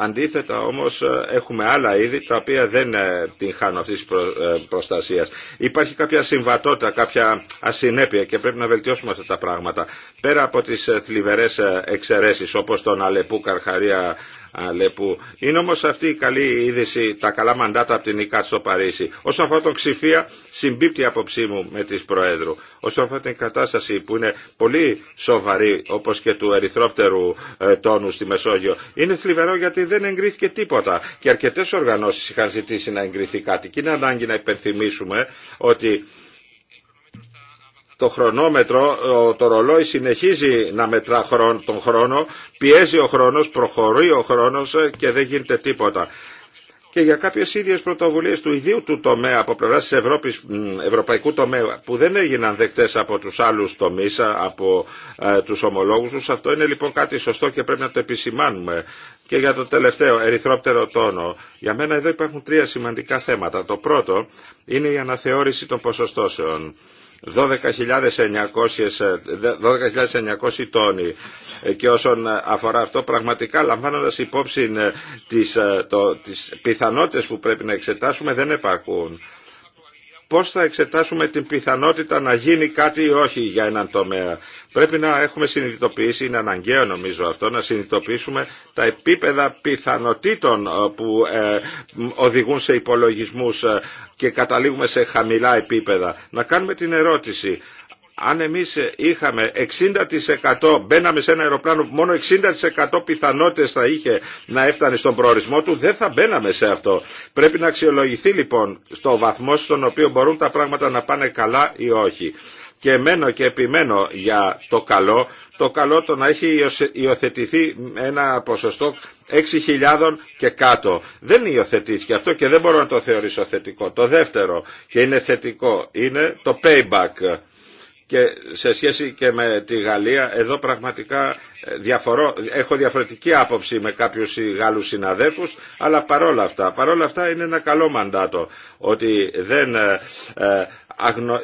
Αντίθετα όμως έχουμε άλλα είδη τα οποία δεν ε, την χάνουν αυτής της ε, προστασίας. Υπάρχει κάποια συμβατότητα, κάποια ασυνέπεια και πρέπει να βελτιώσουμε αυτά τα πράγματα. Πέρα από τις θλιβερές ε, εξαιρέσεις όπως τον Αλεπού Καρχαρία Αλέπου. Είναι όμω αυτή η καλή είδηση, τα καλά μαντάτα από την ΙΚΑΤ στο Παρίσι. Όσον αφορά τον Ξηφία, συμπίπτει η άποψή μου με τη Προέδρου. Όσον αφορά την κατάσταση που είναι πολύ σοβαρή, όπως και του ερυθρόπτερου ε, τόνου στη Μεσόγειο, είναι θλιβερό γιατί δεν εγκρίθηκε τίποτα. Και αρκετέ οργανώσει είχαν ζητήσει να εγκριθεί κάτι. Και είναι ανάγκη να υπενθυμίσουμε ότι το χρονόμετρο, το ρολόι συνεχίζει να μετρά τον χρόνο, πιέζει ο χρόνος, προχωρεί ο χρόνος ε, και δεν γίνεται τίποτα και για κάποιε ίδιε πρωτοβουλίε του ιδίου του τομέα από πλευρά τη ευρωπαϊκού τομέα που δεν έγιναν δεκτέ από του άλλου τομεί, ε, από ε, του ομολόγου του. Αυτό είναι λοιπόν κάτι σωστό και πρέπει να το επισημάνουμε. Και για το τελευταίο, ερυθρόπτερο τόνο. Για μένα εδώ υπάρχουν τρία σημαντικά θέματα. Το πρώτο είναι η αναθεώρηση των ποσοστώσεων. 12.900 ε, τόνοι ε, και όσον αφορά αυτό πραγματικά λαμβάνοντας υπόψη ε, τις, το, τις πιθανότητες που πρέπει να εξετάσουμε δεν υπάρχουν πώς θα εξετάσουμε την πιθανότητα να γίνει κάτι ή όχι για έναν τομέα. Πρέπει να έχουμε συνειδητοποιήσει, είναι αναγκαίο νομίζω αυτό, να συνειδητοποιήσουμε τα επίπεδα πιθανοτήτων ε, που ε, οδηγούν σε υπολογισμούς ε, και καταλήγουμε σε χαμηλά επίπεδα. Να κάνουμε την ερώτηση, αν εμείς είχαμε 60% μπαίναμε σε ένα αεροπλάνο που μόνο 60% πιθανότητες θα είχε να έφτανε στον προορισμό του, δεν θα μπαίναμε σε αυτό. Πρέπει να αξιολογηθεί λοιπόν στο βαθμό στον οποίο μπορούν τα πράγματα να πάνε καλά ή όχι. Και μένω και επιμένω για το καλό, το καλό το να έχει υιοθετηθεί ένα ποσοστό 6.000 και κάτω. Δεν υιοθετήθηκε αυτό και δεν μπορώ να το θεωρήσω θετικό. Το δεύτερο και είναι θετικό είναι το payback και σε σχέση και με τη Γαλλία εδώ πραγματικά ε, διαφορώ, έχω διαφορετική άποψη με κάποιους Γάλλους συναδέλφους αλλά παρόλα αυτά, παρόλα αυτά είναι ένα καλό μαντάτο ότι δεν, ε, ε,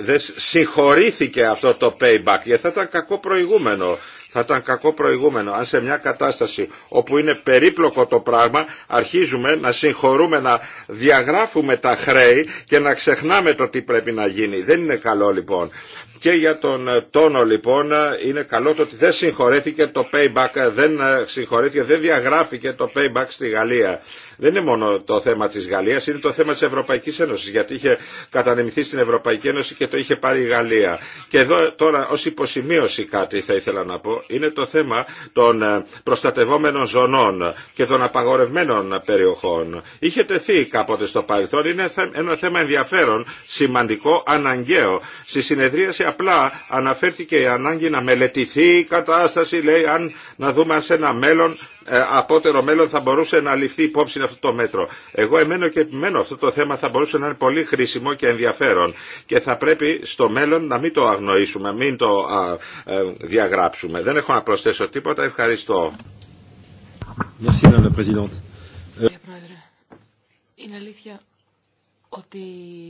δεν συγχωρήθηκε αυτό το payback γιατί θα ήταν κακό προηγούμενο θα ήταν κακό προηγούμενο. Αν σε μια κατάσταση όπου είναι περίπλοκο το πράγμα, αρχίζουμε να συγχωρούμε, να διαγράφουμε τα χρέη και να ξεχνάμε το τι πρέπει να γίνει. Δεν είναι καλό λοιπόν. Και για τον ε, τόνο λοιπόν ε, είναι καλό το ότι δεν συγχωρέθηκε το payback, ε, δεν συγχωρέθηκε, δεν διαγράφηκε το payback στη Γαλλία δεν είναι μόνο το θέμα της Γαλλίας, είναι το θέμα της Ευρωπαϊκής Ένωσης, γιατί είχε κατανεμηθεί στην Ευρωπαϊκή Ένωση και το είχε πάρει η Γαλλία. Και εδώ τώρα ως υποσημείωση κάτι θα ήθελα να πω, είναι το θέμα των ε, προστατευόμενων ζωνών και των απαγορευμένων περιοχών. Είχε τεθεί κάποτε στο παρελθόν, είναι ένα θέμα ενδιαφέρον, σημαντικό, αναγκαίο. Στη συνεδρίαση απλά αναφέρθηκε η ανάγκη να μελετηθεί η κατάσταση, λέει, αν, να δούμε αν σε ένα μέλλον ε, απότερο μέλλον θα μπορούσε να ληφθεί υπόψη αυτό το μέτρο. Εγώ εμένω και επιμένω αυτό το θέμα θα μπορούσε να είναι πολύ χρήσιμο και ενδιαφέρον και θα πρέπει στο μέλλον να μην το αγνοήσουμε, μην το ε, διαγράψουμε. Δεν έχω να προσθέσω τίποτα. Ευχαριστώ. Merci, ε, Κύριε Πρόεδρε, είναι αλήθεια ότι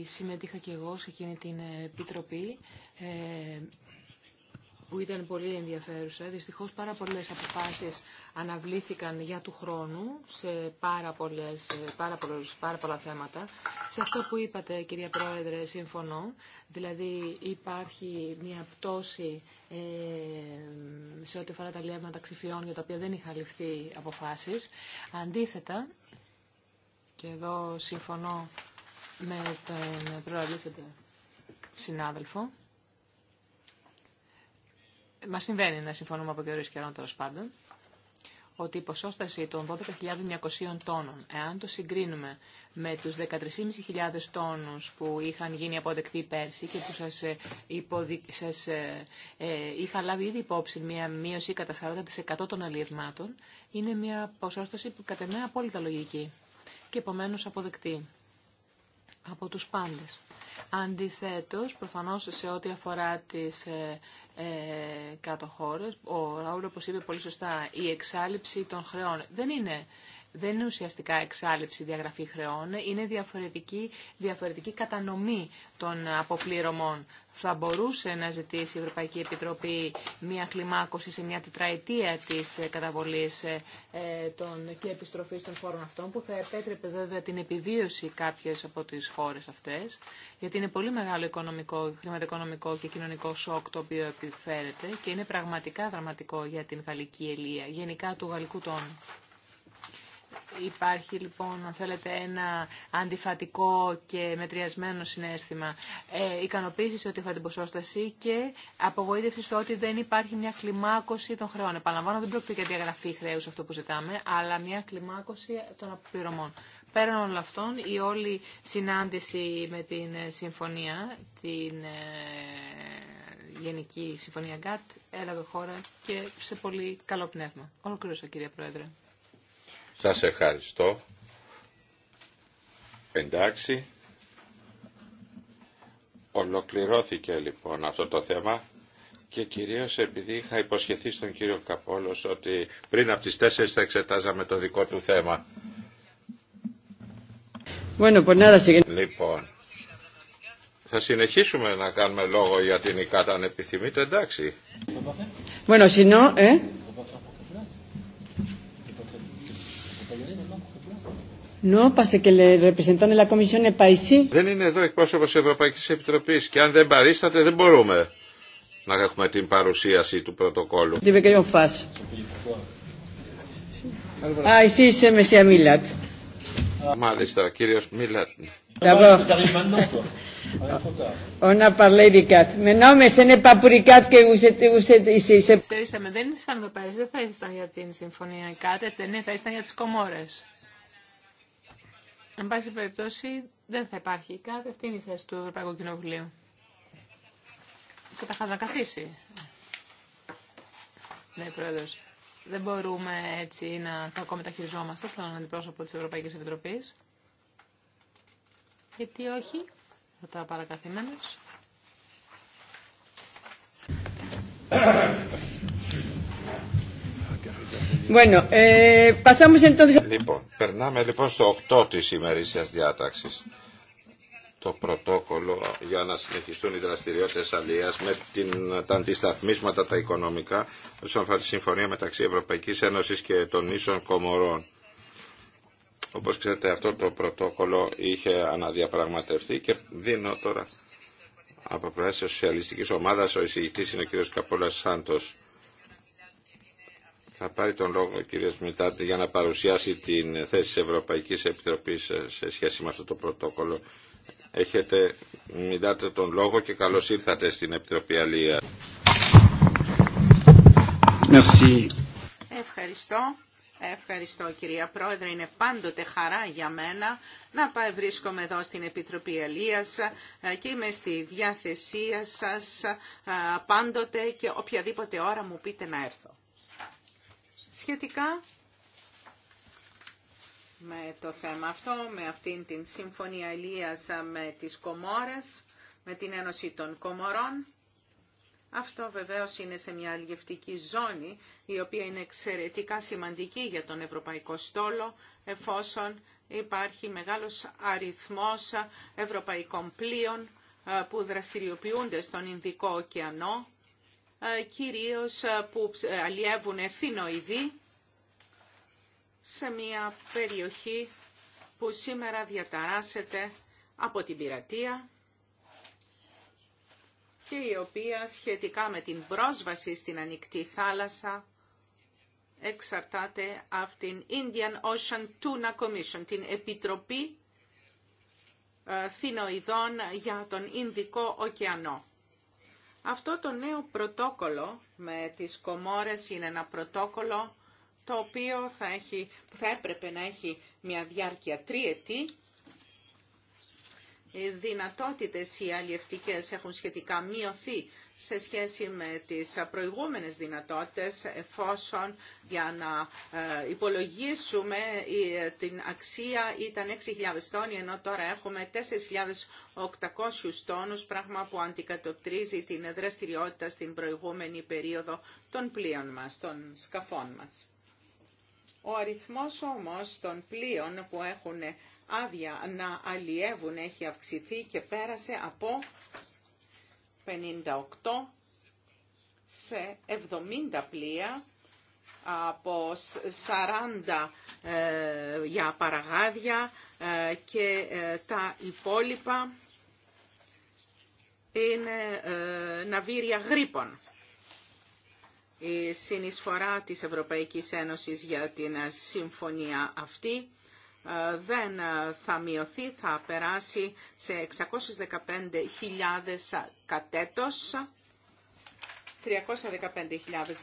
συμμετείχα και εγώ σε εκείνη την επιτροπή ε, που ήταν πολύ ενδιαφέρουσα. Δυστυχώς πάρα πολλές αποφάσεις αναβλήθηκαν για του χρόνου σε πάρα, πολλές, πάρα, πολλές, πάρα πολλά θέματα. Σε αυτό που είπατε, κυρία Πρόεδρε, συμφωνώ. Δηλαδή υπάρχει μια πτώση ε, σε ό,τι αφορά τα λεύματα ξυφιών για τα οποία δεν είχα ληφθεί αποφάσεις. Αντίθετα, και εδώ συμφωνώ με τον προαλήσαντα συνάδελφο, Μα συμβαίνει να συμφωνούμε από και καιρό τέλο πάντων ότι η ποσόσταση των 12.900 τόνων, εάν το συγκρίνουμε με τους 13.500 τόνους που είχαν γίνει αποδεκτοί πέρσι και που σας, ε, υποδι... σας ε, ε, είχα λάβει ήδη υπόψη μια μείωση κατά 40% των αλλιευμάτων, είναι μια ποσόσταση που κατά απόλυτα λογική και επομένως αποδεκτή από τους πάντες. Αντιθέτως, προφανώς σε ό,τι αφορά τις ε, ε κάτω χώρες, ο Ραούλ, όπως είπε πολύ σωστά, η εξάλληψη των χρεών δεν είναι δεν είναι ουσιαστικά εξάλληψη διαγραφή χρεών, είναι διαφορετική, διαφορετική κατανομή των αποπληρωμών. Θα μπορούσε να ζητήσει η Ευρωπαϊκή Επιτροπή μια κλιμάκωση σε μια τετραετία της ε, καταβολής ε, ε, των, και επιστροφής των φόρων αυτών, που θα επέτρεπε βέβαια την επιβίωση κάποιες από τις χώρες αυτές, γιατί είναι πολύ μεγάλο οικονομικό, χρηματοοικονομικό και κοινωνικό σοκ το οποίο επιφέρεται και είναι πραγματικά δραματικό για την γαλλική ελία, γενικά του γαλλικού τόνου. Υπάρχει λοιπόν, αν θέλετε, ένα αντιφατικό και μετριασμένο συνέστημα ε, ικανοποίηση σε ό,τι αφορά την ποσόσταση και απογοήτευση στο ότι δεν υπάρχει μια κλιμάκωση των χρεών. Επαναλαμβάνω, δεν πρόκειται για διαγραφή χρέου αυτό που ζητάμε, αλλά μια κλιμάκωση των αποπληρωμών. Πέραν όλων αυτών, η όλη συνάντηση με την ε, συμφωνία, την ε, Γενική Συμφωνία ΓΚΑΤ, έλαβε χώρα και σε πολύ καλό πνεύμα. Ολοκλήρωσα, κύριε Πρόεδρε. Σας ευχαριστώ. Εντάξει. Ολοκληρώθηκε λοιπόν αυτό το θέμα και κυρίως επειδή είχα υποσχεθεί στον κύριο Καπόλος ότι πριν από τις 4 θα εξετάζαμε το δικό του θέμα. Λοιπόν, θα συνεχίσουμε να κάνουμε λόγο για την ΙΚΑΤ αν επιθυμείτε, εντάξει. Bueno, si no, eh? Δεν είναι εδώ εκπρόσωπος της Ευρωπαϊκής Επιτροπής και αν δεν παρίσταται δεν μπορούμε να έχουμε την παρουσίαση του πρωτοκόλου. Α, εσύ είσαι μεσία Μίλατ. Μάλιστα, κύριος Μίλατ. <laughs> On a parlé du Mais non, mais ce n'est pas pour que δεν ήσασταν εδώ δεν θα ήσασταν για την συμφωνία 4, δεν είναι, θα ήσταν για τις Κομόρες. Εν πάση περιπτώσει, δεν θα υπάρχει κάτι. Αυτή είναι η θέση του Ευρωπαϊκού Κοινοβουλίου. να καθίσει. Ναι, πρόεδρος. Δεν μπορούμε έτσι να τα μεταχειριζόμαστε τον αντιπρόσωπο της Ευρωπαϊκής Επιτροπής. Γιατί όχι, ρωτάω παρακαθημένος. Eh, λοιπόν, περνάμε λοιπόν στο 8 της ημερήσιας διάταξης. Το πρωτόκολλο για να συνεχιστούν οι δραστηριότητες αλλίας με την, τα αντισταθμίσματα τα οικονομικά όσον αφορά τη συμφωνία μεταξύ Ευρωπαϊκής Ένωσης και των ίσων Κομορών. Όπως ξέρετε αυτό το πρωτόκολλο είχε αναδιαπραγματευτεί και δίνω τώρα από πλευρά τη Σοσιαλιστικής Ομάδας ο εισηγητής είναι ο κ. Καπόλας θα πάρει τον λόγο ο κύριος για να παρουσιάσει την θέση της Ευρωπαϊκής Επιτροπής σε σχέση με αυτό το πρωτόκολλο. Έχετε, μητάτε τον λόγο και καλώς ήρθατε στην Επιτροπή Αλία. Ευχαριστώ. Ευχαριστώ κυρία Πρόεδρε. Είναι πάντοτε χαρά για μένα να πάει βρίσκομαι εδώ στην Επιτροπή Ελίας ε, και είμαι στη διαθεσία σας ε, πάντοτε και οποιαδήποτε ώρα μου πείτε να έρθω σχετικά με το θέμα αυτό, με αυτήν την Συμφωνία Ηλίας με τις Κομόρες, με την Ένωση των Κομορών. Αυτό βεβαίως είναι σε μια αλληλευτική ζώνη, η οποία είναι εξαιρετικά σημαντική για τον Ευρωπαϊκό Στόλο, εφόσον υπάρχει μεγάλος αριθμός ευρωπαϊκών πλοίων ε, που δραστηριοποιούνται στον Ινδικό Ωκεανό ε, κυρίως ε, που αλλιεύουν ευθύνοειδή σε μια περιοχή που σήμερα διαταράσσεται από την πειρατεία και η οποία σχετικά με την πρόσβαση στην ανοιχτή θάλασσα εξαρτάται από την Indian Ocean Tuna Commission, την Επιτροπή ε, Θηνοειδών για τον Ινδικό Ωκεανό. Αυτό το νέο πρωτόκολλο με τις κομόρες είναι ένα πρωτόκολλο το οποίο θα, έχει, θα έπρεπε να έχει μια διάρκεια τριετή οι ε, δυνατότητες οι αλλιευτικές έχουν σχετικά μειωθεί σε σχέση με τις προηγούμενες δυνατότητες εφόσον για να ε, υπολογίσουμε ε, την αξία ήταν 6.000 τόνοι ενώ τώρα έχουμε 4.800 τόνους πράγμα που αντικατοπτρίζει την δραστηριότητα στην προηγούμενη περίοδο των πλοίων μας, των σκαφών μας. Ο αριθμός όμως των πλοίων που έχουν άδεια να αλλιεύουν έχει αυξηθεί και πέρασε από 58 σε 70 πλοία από 40 ε, για παραγάδια ε, και ε, τα υπόλοιπα είναι ναυύρια γρήπων η συνεισφορά της Ευρωπαϊκής Ένωσης για την συμφωνία αυτή ε, δεν θα μειωθεί, θα περάσει σε 615.000 κατέτος, 315.000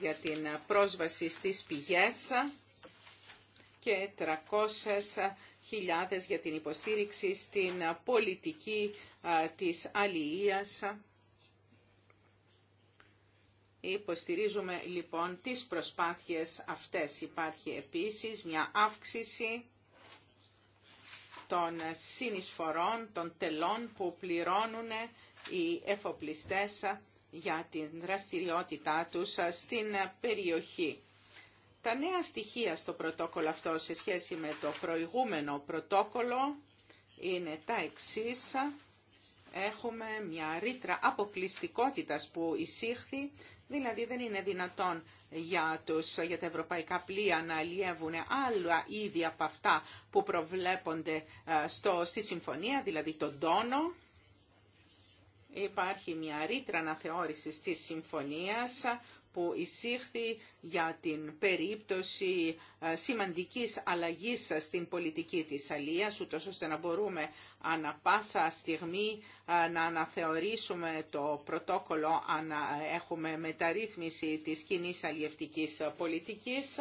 για την πρόσβαση στις πηγές και 300.000 για την υποστήριξη στην πολιτική ε, της αλληλείας Υποστηρίζουμε λοιπόν τις προσπάθειες αυτές. Υπάρχει επίσης μια αύξηση των συνεισφορών, των τελών που πληρώνουν οι εφοπλιστές για την δραστηριότητά τους στην περιοχή. Τα νέα στοιχεία στο πρωτόκολλο αυτό σε σχέση με το προηγούμενο πρωτόκολλο είναι τα εξής. Έχουμε μια ρήτρα αποκλειστικότητας που εισήχθη Δηλαδή δεν είναι δυνατόν για, τους, για τα ευρωπαϊκά πλοία να αλλιεύουν άλλα είδη από αυτά που προβλέπονται ε, στο, στη συμφωνία, δηλαδή τον τόνο. Υπάρχει μια ρήτρα αναθεώρησης της συμφωνίας που εισήχθη για την περίπτωση ε, σημαντικής αλλαγής στην πολιτική της αλίας, ούτως ώστε να μπορούμε ανα πάσα στιγμή ε, να αναθεωρήσουμε το πρωτόκολλο αν ε, έχουμε μεταρρύθμιση της κοινή αλλιευτικής πολιτικής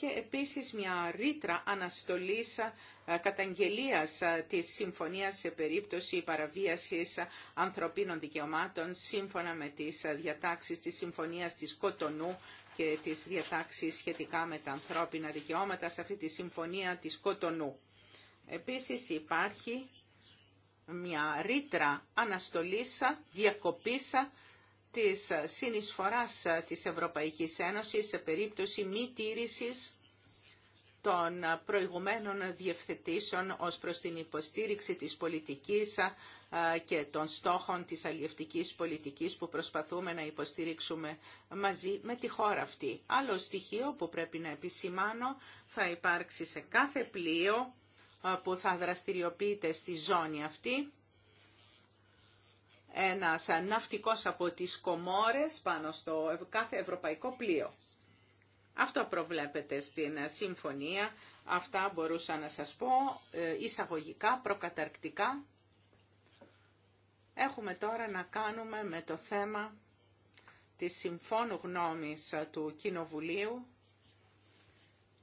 και επίσης μια ρήτρα αναστολής ε, καταγγελίας ε, της συμφωνίας σε περίπτωση παραβίασης ανθρωπίνων δικαιωμάτων σύμφωνα με τις ε, διατάξεις της συμφωνίας της Κοτονού και τις διατάξεις σχετικά με τα ανθρώπινα δικαιώματα σε αυτή τη συμφωνία της Κοτονού. Επίσης υπάρχει μια ρήτρα αναστολής, διακοπής της συνεισφοράς της Ευρωπαϊκής Ένωσης σε περίπτωση μη τήρησης των προηγουμένων διευθετήσεων ως προς την υποστήριξη της πολιτικής και των στόχων της αλλιευτικής πολιτικής που προσπαθούμε να υποστήριξουμε μαζί με τη χώρα αυτή. Άλλο στοιχείο που πρέπει να επισημάνω θα υπάρξει σε κάθε πλοίο που θα δραστηριοποιείται στη ζώνη αυτή ένας ναυτικός από τις Κομόρες πάνω στο κάθε ευρωπαϊκό πλοίο. Αυτό προβλέπεται στην συμφωνία. Αυτά μπορούσα να σας πω ε, εισαγωγικά, προκαταρκτικά. Έχουμε τώρα να κάνουμε με το θέμα της συμφώνου γνώμης του Κοινοβουλίου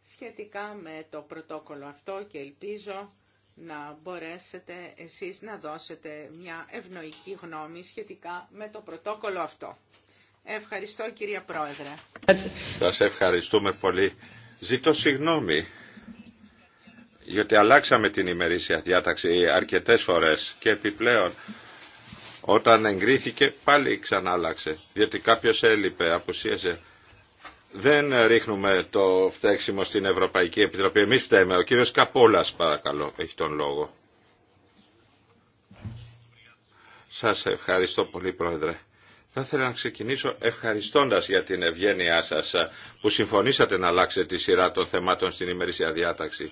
σχετικά με το πρωτόκολλο αυτό και ελπίζω να μπορέσετε εσείς να δώσετε μια ευνοϊκή γνώμη σχετικά με το πρωτόκολλο αυτό. Ευχαριστώ κυρία Πρόεδρε. Σας ευχαριστούμε πολύ. Ζητώ συγγνώμη γιατί αλλάξαμε την ημερήσια διάταξη αρκετές φορές και επιπλέον όταν εγκρίθηκε πάλι αλλάξε, γιατί κάποιος έλειπε, απουσίαζε. Δεν ρίχνουμε το φταίξιμο στην Ευρωπαϊκή Επιτροπή. Εμεί φταίμε. Ο κύριος Καπόλας παρακαλώ έχει τον λόγο. Σας ευχαριστώ πολύ πρόεδρε. Θα ήθελα να ξεκινήσω ευχαριστώντας για την ευγένειά σας ε, που συμφωνήσατε να αλλάξετε τη σειρά των θεμάτων στην ημερήσια διάταξη.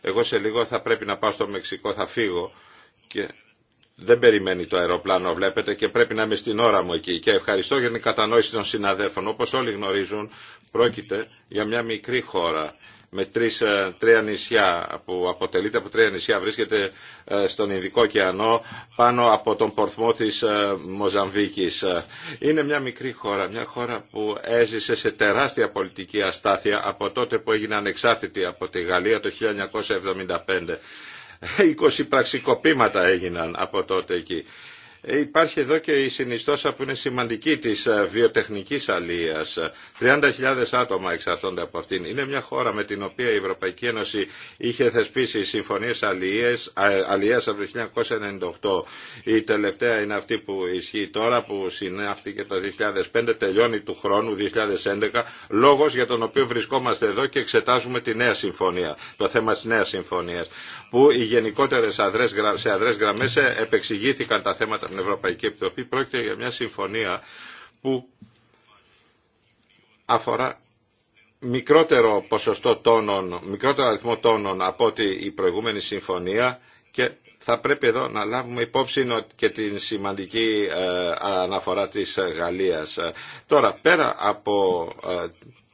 Εγώ σε λίγο θα πρέπει να πάω στο Μεξικό, θα φύγω και δεν περιμένει το αεροπλάνο, βλέπετε, και πρέπει να είμαι στην ώρα μου εκεί. Και ευχαριστώ για την κατανόηση των συναδέλφων. Όπως όλοι γνωρίζουν, πρόκειται για μια μικρή χώρα με τρεις, ε, τρία νησιά που αποτελείται από τρία νησιά βρίσκεται ε, στον Ινδικό ωκεανό πάνω από τον πορθμό της ε, Μοζαμβίκης. Είναι μια μικρή χώρα, μια χώρα που έζησε σε τεράστια πολιτική αστάθεια από τότε που έγινε ανεξάρτητη από τη Γαλλία το 1975. 20 πραξικοπήματα έγιναν από τότε εκεί. Υπάρχει εδώ και η συνιστόσα που είναι σημαντική της ε, βιοτεχνικής αλίας. 30.000 άτομα εξαρτώνται από αυτήν. Είναι μια χώρα με την οποία η Ευρωπαϊκή Ένωση είχε θεσπίσει συμφωνίες αλίας από το 1998. Η τελευταία είναι αυτή που ισχύει τώρα που συνέφθηκε το 2005, τελειώνει του χρόνου 2011, λόγος για τον οποίο βρισκόμαστε εδώ και εξετάζουμε τη νέα συμφωνία, το θέμα της νέας συμφωνίας, που οι γενικότερες σε αδρές γραμμές ε, επεξηγήθηκαν τα θέματα την Ευρωπαϊκή Επιτροπή πρόκειται για μια συμφωνία που αφορά μικρότερο ποσοστό τόνων, μικρότερο αριθμό τόνων από ότι η προηγούμενη συμφωνία και θα πρέπει εδώ να λάβουμε υπόψη και την σημαντική ε, αναφορά της Γαλλίας. Ε, τώρα, πέρα από ε,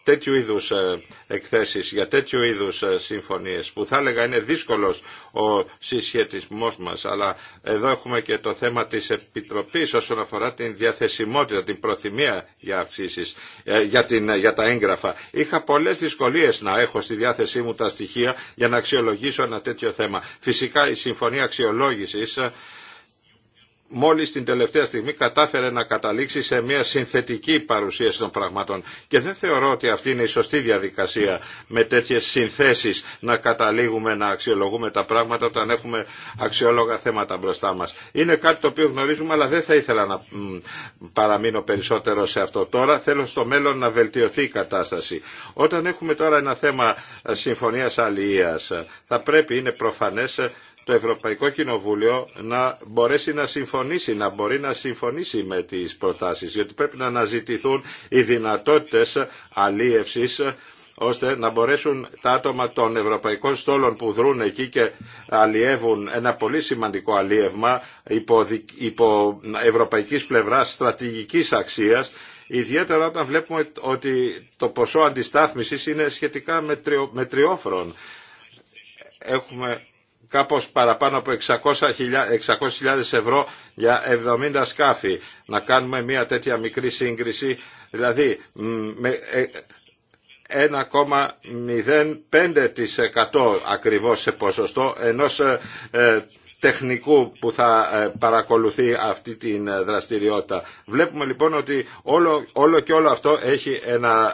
τέτοιου είδους ε, εκθέσεις, για τέτοιου είδους ε, συμφωνίες που θα έλεγα είναι δύσκολος ο συσχετισμός μας αλλά εδώ έχουμε και το θέμα της Επιτροπής όσον αφορά την διαθεσιμότητα, την προθυμία για αυξήσεις, ε, για, για τα έγγραφα. Είχα πολλές δυσκολίες να έχω στη διάθεσή μου τα στοιχεία για να αξιολογήσω ένα τέτοιο θέμα. Φυσικά η συμφωνία αξιολόγησης μόλις την τελευταία στιγμή κατάφερε να καταλήξει σε μια συνθετική παρουσίαση των πραγμάτων. Και δεν θεωρώ ότι αυτή είναι η σωστή διαδικασία με τέτοιες συνθέσεις να καταλήγουμε να αξιολογούμε τα πράγματα όταν έχουμε αξιόλογα θέματα μπροστά μας. Είναι κάτι το οποίο γνωρίζουμε αλλά δεν θα ήθελα να παραμείνω περισσότερο σε αυτό τώρα. Θέλω στο μέλλον να βελτιωθεί η κατάσταση. Όταν έχουμε τώρα ένα θέμα ε, συμφωνίας αλληλείας ε, θα πρέπει είναι προφανές ε, το Ευρωπαϊκό Κοινοβούλιο να μπορέσει να συμφωνήσει, να μπορεί να συμφωνήσει με τις προτάσεις, διότι πρέπει να αναζητηθούν οι δυνατότητες αλίευσης ώστε να μπορέσουν τα άτομα των ευρωπαϊκών στόλων που δρούν εκεί και αλλιεύουν ένα πολύ σημαντικό αλλιεύμα υπό, υπό ευρωπαϊκής πλευράς στρατηγικής αξίας ιδιαίτερα όταν βλέπουμε ότι το ποσό αντιστάθμισης είναι σχετικά με, Έχουμε κάπως παραπάνω από 600.000 ευρώ για 70 σκάφη. Να κάνουμε μια τέτοια μικρή σύγκριση, δηλαδή με 1,05% ε, ακριβώς σε ποσοστό ενός ε, ε, τεχνικού που θα παρακολουθεί αυτή την δραστηριότητα. Βλέπουμε λοιπόν ότι όλο, όλο και όλο αυτό έχει ένα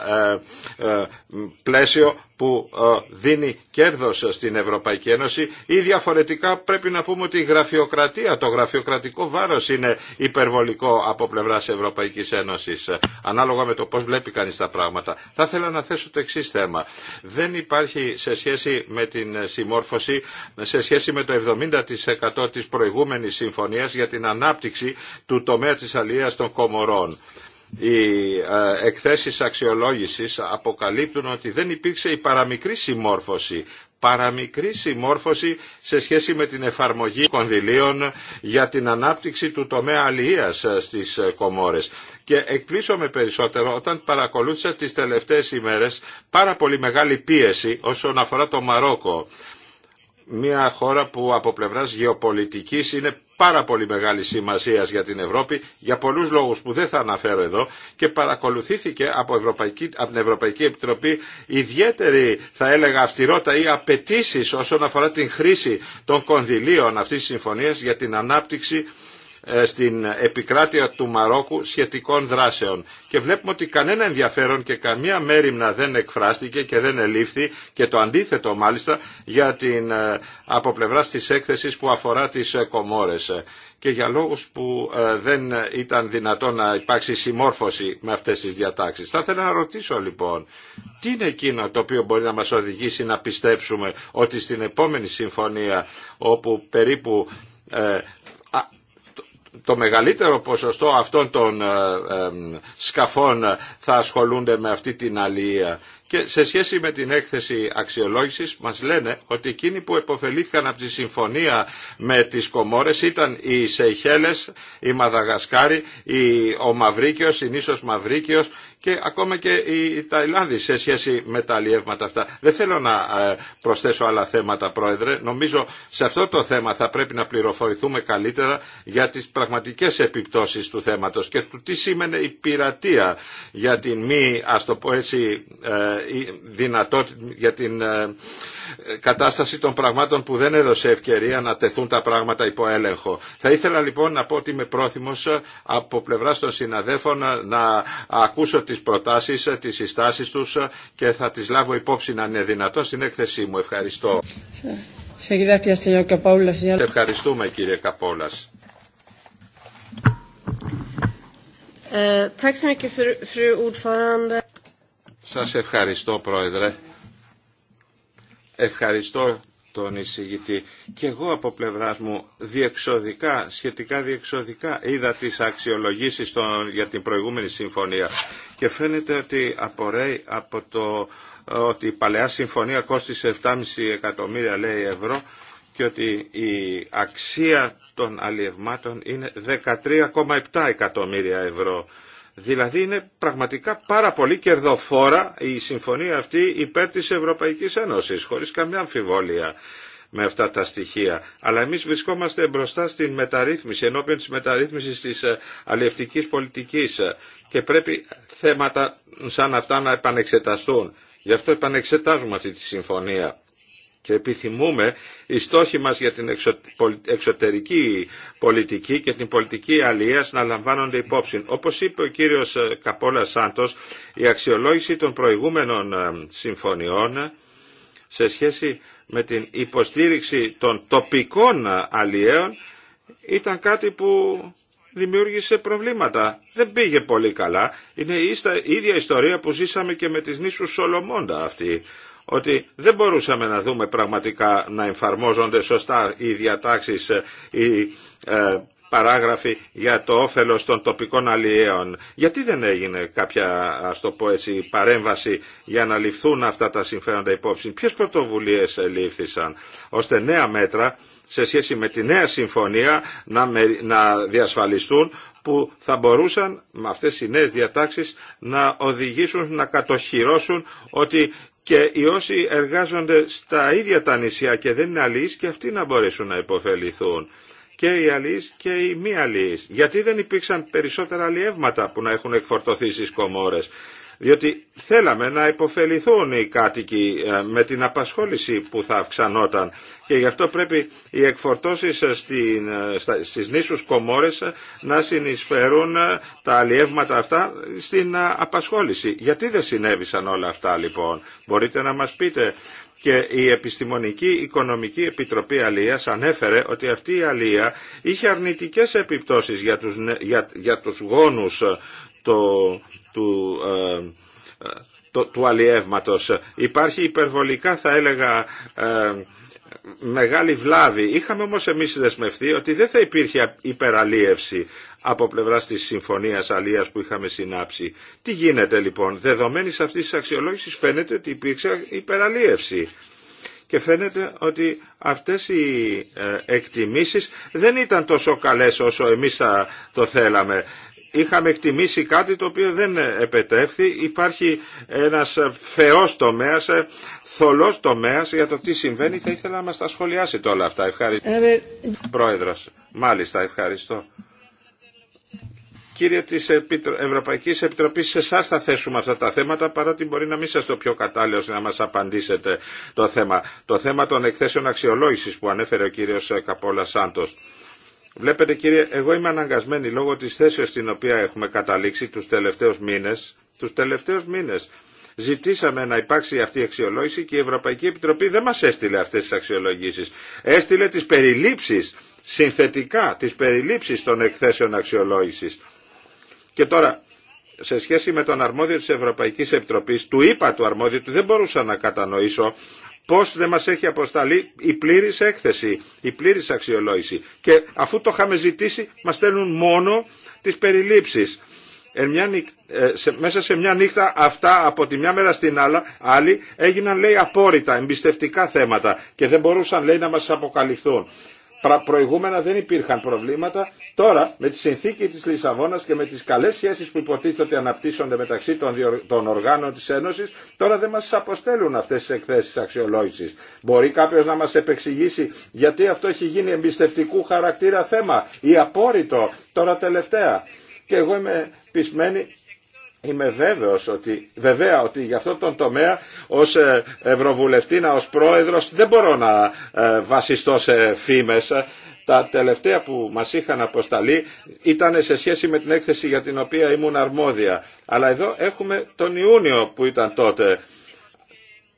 πλαίσιο που ε, δίνει κέρδος στην Ευρωπαϊκή Ένωση ή διαφορετικά πρέπει να πούμε ότι η γραφειοκρατία, το γραφειοκρατικό βάρος είναι υπερβολικό από πλευράς Ευρωπαϊκής Ένωσης ε, ανάλογα με το πώς βλέπει κανείς τα πράγματα. Θα ήθελα να θέσω το εξή θέμα. Δεν υπάρχει σε σχέση με την ε, συμμόρφωση, σε σχέση με το 70% της προηγούμενης συμφωνίας για την ανάπτυξη του τομέα της αλληλείας των Κομορών οι ε, εκθέσεις αξιολόγησης αποκαλύπτουν ότι δεν υπήρξε η παραμικρή συμμόρφωση παραμικρή συμμόρφωση σε σχέση με την εφαρμογή κονδυλίων για την ανάπτυξη του τομέα αλληλείας ε, στις ε, Κομόρες. Και εκπλήσωμε περισσότερο όταν παρακολούθησα τις τελευταίες ημέρες πάρα πολύ μεγάλη πίεση όσον αφορά το Μαρόκο μια χώρα που από πλευράς γεωπολιτικής είναι πάρα πολύ μεγάλη σημασία για την Ευρώπη για πολλούς λόγους που δεν θα αναφέρω εδώ και παρακολουθήθηκε από, Ευρωπαϊκή, από την Ευρωπαϊκή Επιτροπή ιδιαίτερη θα έλεγα αυστηρότητα ή απαιτήσει όσον αφορά την χρήση των κονδυλίων αυτής της συμφωνίας για την ανάπτυξη ε, στην επικράτεια του Μαρόκου σχετικών δράσεων. Και βλέπουμε ότι κανένα ενδιαφέρον και καμία μέρημνα δεν εκφράστηκε και δεν ελήφθη και το αντίθετο μάλιστα για την ε, από πλευρά της έκθεσης που αφορά τις ε, Κομόρες και για λόγους που δεν ήταν δυνατό να υπάρξει συμμόρφωση με αυτές τις διατάξεις. Θα ήθελα να ρωτήσω λοιπόν, τι είναι εκείνο το οποίο μπορεί να μας οδηγήσει να πιστέψουμε ότι στην επόμενη συμφωνία όπου περίπου το μεγαλύτερο ποσοστό αυτών των ε, σκαφών ε, θα ασχολούνται με αυτή την αλληλεία. Και σε σχέση με την έκθεση αξιολόγησης μας λένε ότι εκείνοι που επωφελήθηκαν από τη συμφωνία με τις Κομόρες ήταν οι Σεϊχέλες, η Μαδαγασκάρη, ο Μαυρίκιος, η Νήσος Μαυρίκιος, και ακόμα και η Ταϊλάνδη σε σχέση με τα αλλιεύματα αυτά. Δεν θέλω να ε, προσθέσω άλλα θέματα, Πρόεδρε. Νομίζω σε αυτό το θέμα θα πρέπει να πληροφορηθούμε καλύτερα για τις πραγματικές επιπτώσεις του θέματος και του τι σήμαινε η πειρατεία για την μη, ας το πω έτσι, ε, δυνατότητα, για την ε, κατάσταση των πραγμάτων που δεν έδωσε ευκαιρία να τεθούν τα πράγματα υπό έλεγχο. Θα ήθελα λοιπόν να πω ότι είμαι πρόθυμος από πλευρά των συναδέφων να ακούσω τις προτάσεις, τις συστάσεις τους και θα τις λάβω υπόψη να είναι δυνατό στην έκθεσή μου. Ευχαριστώ. Ευχαριστούμε κύριε Καπόλας. Ε, Σας ευχαριστώ πρόεδρε. Ευχαριστώ τον εισηγητή. Και εγώ από πλευρά μου διεξοδικά, σχετικά διεξοδικά είδα τις αξιολογήσεις για την προηγούμενη συμφωνία και φαίνεται ότι απορρέει από το ότι η παλαιά συμφωνία κόστισε 7,5 εκατομμύρια λέει ευρώ και ότι η αξία των αλλιευμάτων είναι 13,7 εκατομμύρια ευρώ Δηλαδή είναι πραγματικά πάρα πολύ κερδοφόρα η συμφωνία αυτή υπέρ της Ευρωπαϊκής Ένωσης, χωρίς καμιά αμφιβόλια με αυτά τα στοιχεία. Αλλά εμείς βρισκόμαστε μπροστά στην μεταρρύθμιση, ενώπιον της μεταρρύθμισης της ε, αλληλευτικής πολιτικής ε, και πρέπει θέματα σαν αυτά να επανεξεταστούν. Γι' αυτό επανεξετάζουμε αυτή τη συμφωνία και επιθυμούμε οι στόχοι μας για την εξωτερική πολιτική και την πολιτική αλλίας να λαμβάνονται υπόψη. Όπως είπε ο κύριος ε, Καπόλα Σάντος, η αξιολόγηση των προηγούμενων ε, συμφωνιών ε, σε σχέση με την υποστήριξη των τοπικών αλλιέων ήταν κάτι που δημιούργησε προβλήματα. Δεν πήγε πολύ καλά. Είναι η ίδια ιστορία που ζήσαμε και με τις νήσους Σολομώντα αυτή ότι δεν μπορούσαμε να δούμε πραγματικά να εμφαρμόζονται σωστά οι διατάξεις, ε, οι ε, παράγραφοι για το όφελος των τοπικών αλλιέων. Γιατί δεν έγινε κάποια, ας το πω παρέμβαση για να ληφθούν αυτά τα συμφέροντα υπόψη. Ποιες πρωτοβουλίες λήφθησαν, ώστε νέα μέτρα σε σχέση με τη νέα συμφωνία να, να διασφαλιστούν που θα μπορούσαν με αυτές οι νέες διατάξεις να οδηγήσουν, να κατοχυρώσουν ότι και οι όσοι εργάζονται στα ίδια τα νησιά και δεν είναι αλληλείς και αυτοί να μπορέσουν να υποφεληθούν και οι αλληλείς και οι μη αλληλείς. Γιατί δεν υπήρξαν περισσότερα αλλιεύματα που να έχουν εκφορτωθεί στις κομόρες διότι θέλαμε να υποφεληθούν οι κάτοικοι ε, με την απασχόληση που θα αυξανόταν και γι' αυτό πρέπει οι εκφορτώσεις ε, ε, στις νήσους Κομόρες να συνεισφέρουν τα αλλιεύματα αυτά στην απασχόληση. Γιατί δεν συνέβησαν όλα αυτά λοιπόν, μπορείτε να μας πείτε. Και η Επιστημονική Οικονομική Επιτροπή Αλίας ανέφερε ότι αυτή η αλία είχε αρνητικές επιπτώσεις για τους, για, για τους γόνους το, του, ε, το, του αλλιεύματος. Υπάρχει υπερβολικά θα έλεγα ε, μεγάλη βλάβη. Είχαμε όμως εμείς δεσμευτεί ότι δεν θα υπήρχε υπεραλίευση από πλευρά τη συμφωνία αλίας που είχαμε συνάψει. Τι γίνεται λοιπόν, δεδομένη αυτή τη αξιολόγηση φαίνεται ότι υπήρξε υπεραλίευση. Και φαίνεται ότι αυτές οι ε, εκτιμήσεις δεν ήταν τόσο καλές όσο εμείς θα το θέλαμε είχαμε εκτιμήσει κάτι το οποίο δεν επετεύθη. Υπάρχει ένας θεός τομέας, θολός τομέας για το τι συμβαίνει. Θα ήθελα να μας τα σχολιάσει όλα αυτά. Ευχαριστώ. Ε, Πρόεδρος, μάλιστα ευχαριστώ. Κύριε της Ευρωπαϊκής Επιτροπής, σε εσά θα θέσουμε αυτά τα θέματα, παρότι μπορεί να μην είστε το πιο κατάλληλο να μας απαντήσετε το θέμα. Το θέμα των εκθέσεων αξιολόγησης που ανέφερε ο κύριος Καπόλα Σάντος. Βλέπετε κύριε, εγώ είμαι αναγκασμένη λόγω της θέσεως στην οποία έχουμε καταλήξει τους τελευταίους μήνες, τους τελευταίους μήνες ζητήσαμε να υπάρξει αυτή η αξιολόγηση και η Ευρωπαϊκή Επιτροπή δεν μας έστειλε αυτές τις αξιολογήσεις. Έστειλε τις περιλήψεις, συνθετικά τις περιλήψεις των εκθέσεων αξιολόγησης. Και τώρα, σε σχέση με τον αρμόδιο της Ευρωπαϊκής Επιτροπής, του είπα του αρμόδιου δεν μπορούσα να κατανοήσω πώς δεν μας έχει αποσταλεί η πλήρης έκθεση, η πλήρης αξιολόγηση. Και αφού το είχαμε ζητήσει, μας στέλνουν μόνο τις περιλήψεις. Ε, σε, μέσα σε μια νύχτα αυτά από τη μια μέρα στην άλλα, άλλη έγιναν λέει απόρριτα, εμπιστευτικά θέματα και δεν μπορούσαν λέει να μας αποκαλυφθούν προηγούμενα δεν υπήρχαν προβλήματα. Τώρα με τη συνθήκη της Λισαβόνας και με τις καλές σχέσεις που υποτίθεται ότι αναπτύσσονται μεταξύ των, οργάνων της Ένωσης, τώρα δεν μας αποστέλουν αυτές τις εκθέσεις αξιολόγησης. Μπορεί κάποιος να μας επεξηγήσει γιατί αυτό έχει γίνει εμπιστευτικού χαρακτήρα θέμα ή απόρριτο τώρα τελευταία. Και εγώ είμαι πεισμένη Είμαι βέβαιος ότι, βεβαία ότι για αυτόν τον τομέα ως ε, Ευρωβουλευτήνα, ως Πρόεδρος δεν μπορώ να ε, βασιστώ σε φήμες. Τα τελευταία που μας είχαν αποσταλεί ήταν σε σχέση με την έκθεση για την οποία ήμουν αρμόδια. Αλλά εδώ έχουμε τον Ιούνιο που ήταν τότε.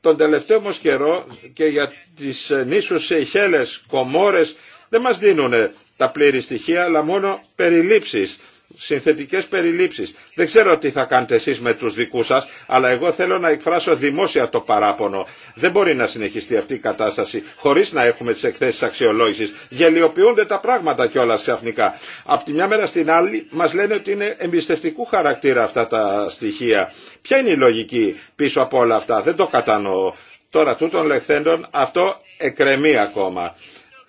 Τον τελευταίο όμως καιρό και για τις νήσους Σεϊχέλες, Κομόρες δεν μας δίνουν τα πλήρη στοιχεία αλλά μόνο περιλήψεις. Συνθετικέ περιλήψει. Δεν ξέρω τι θα κάνετε εσεί με του δικού σα, αλλά εγώ θέλω να εκφράσω δημόσια το παράπονο. Δεν μπορεί να συνεχιστεί αυτή η κατάσταση χωρί να έχουμε τι εκθέσει αξιολόγηση, Γελιοποιούνται τα πράγματα κιόλα ξαφνικά. Από τη μια μέρα στην άλλη μα λένε ότι είναι εμπιστευτικού χαρακτήρα αυτά τα στοιχεία. Ποια είναι η λογική πίσω από όλα αυτά. Δεν το κατανοώ. Τώρα τούτων λεχθέντων αυτό εκρεμεί ακόμα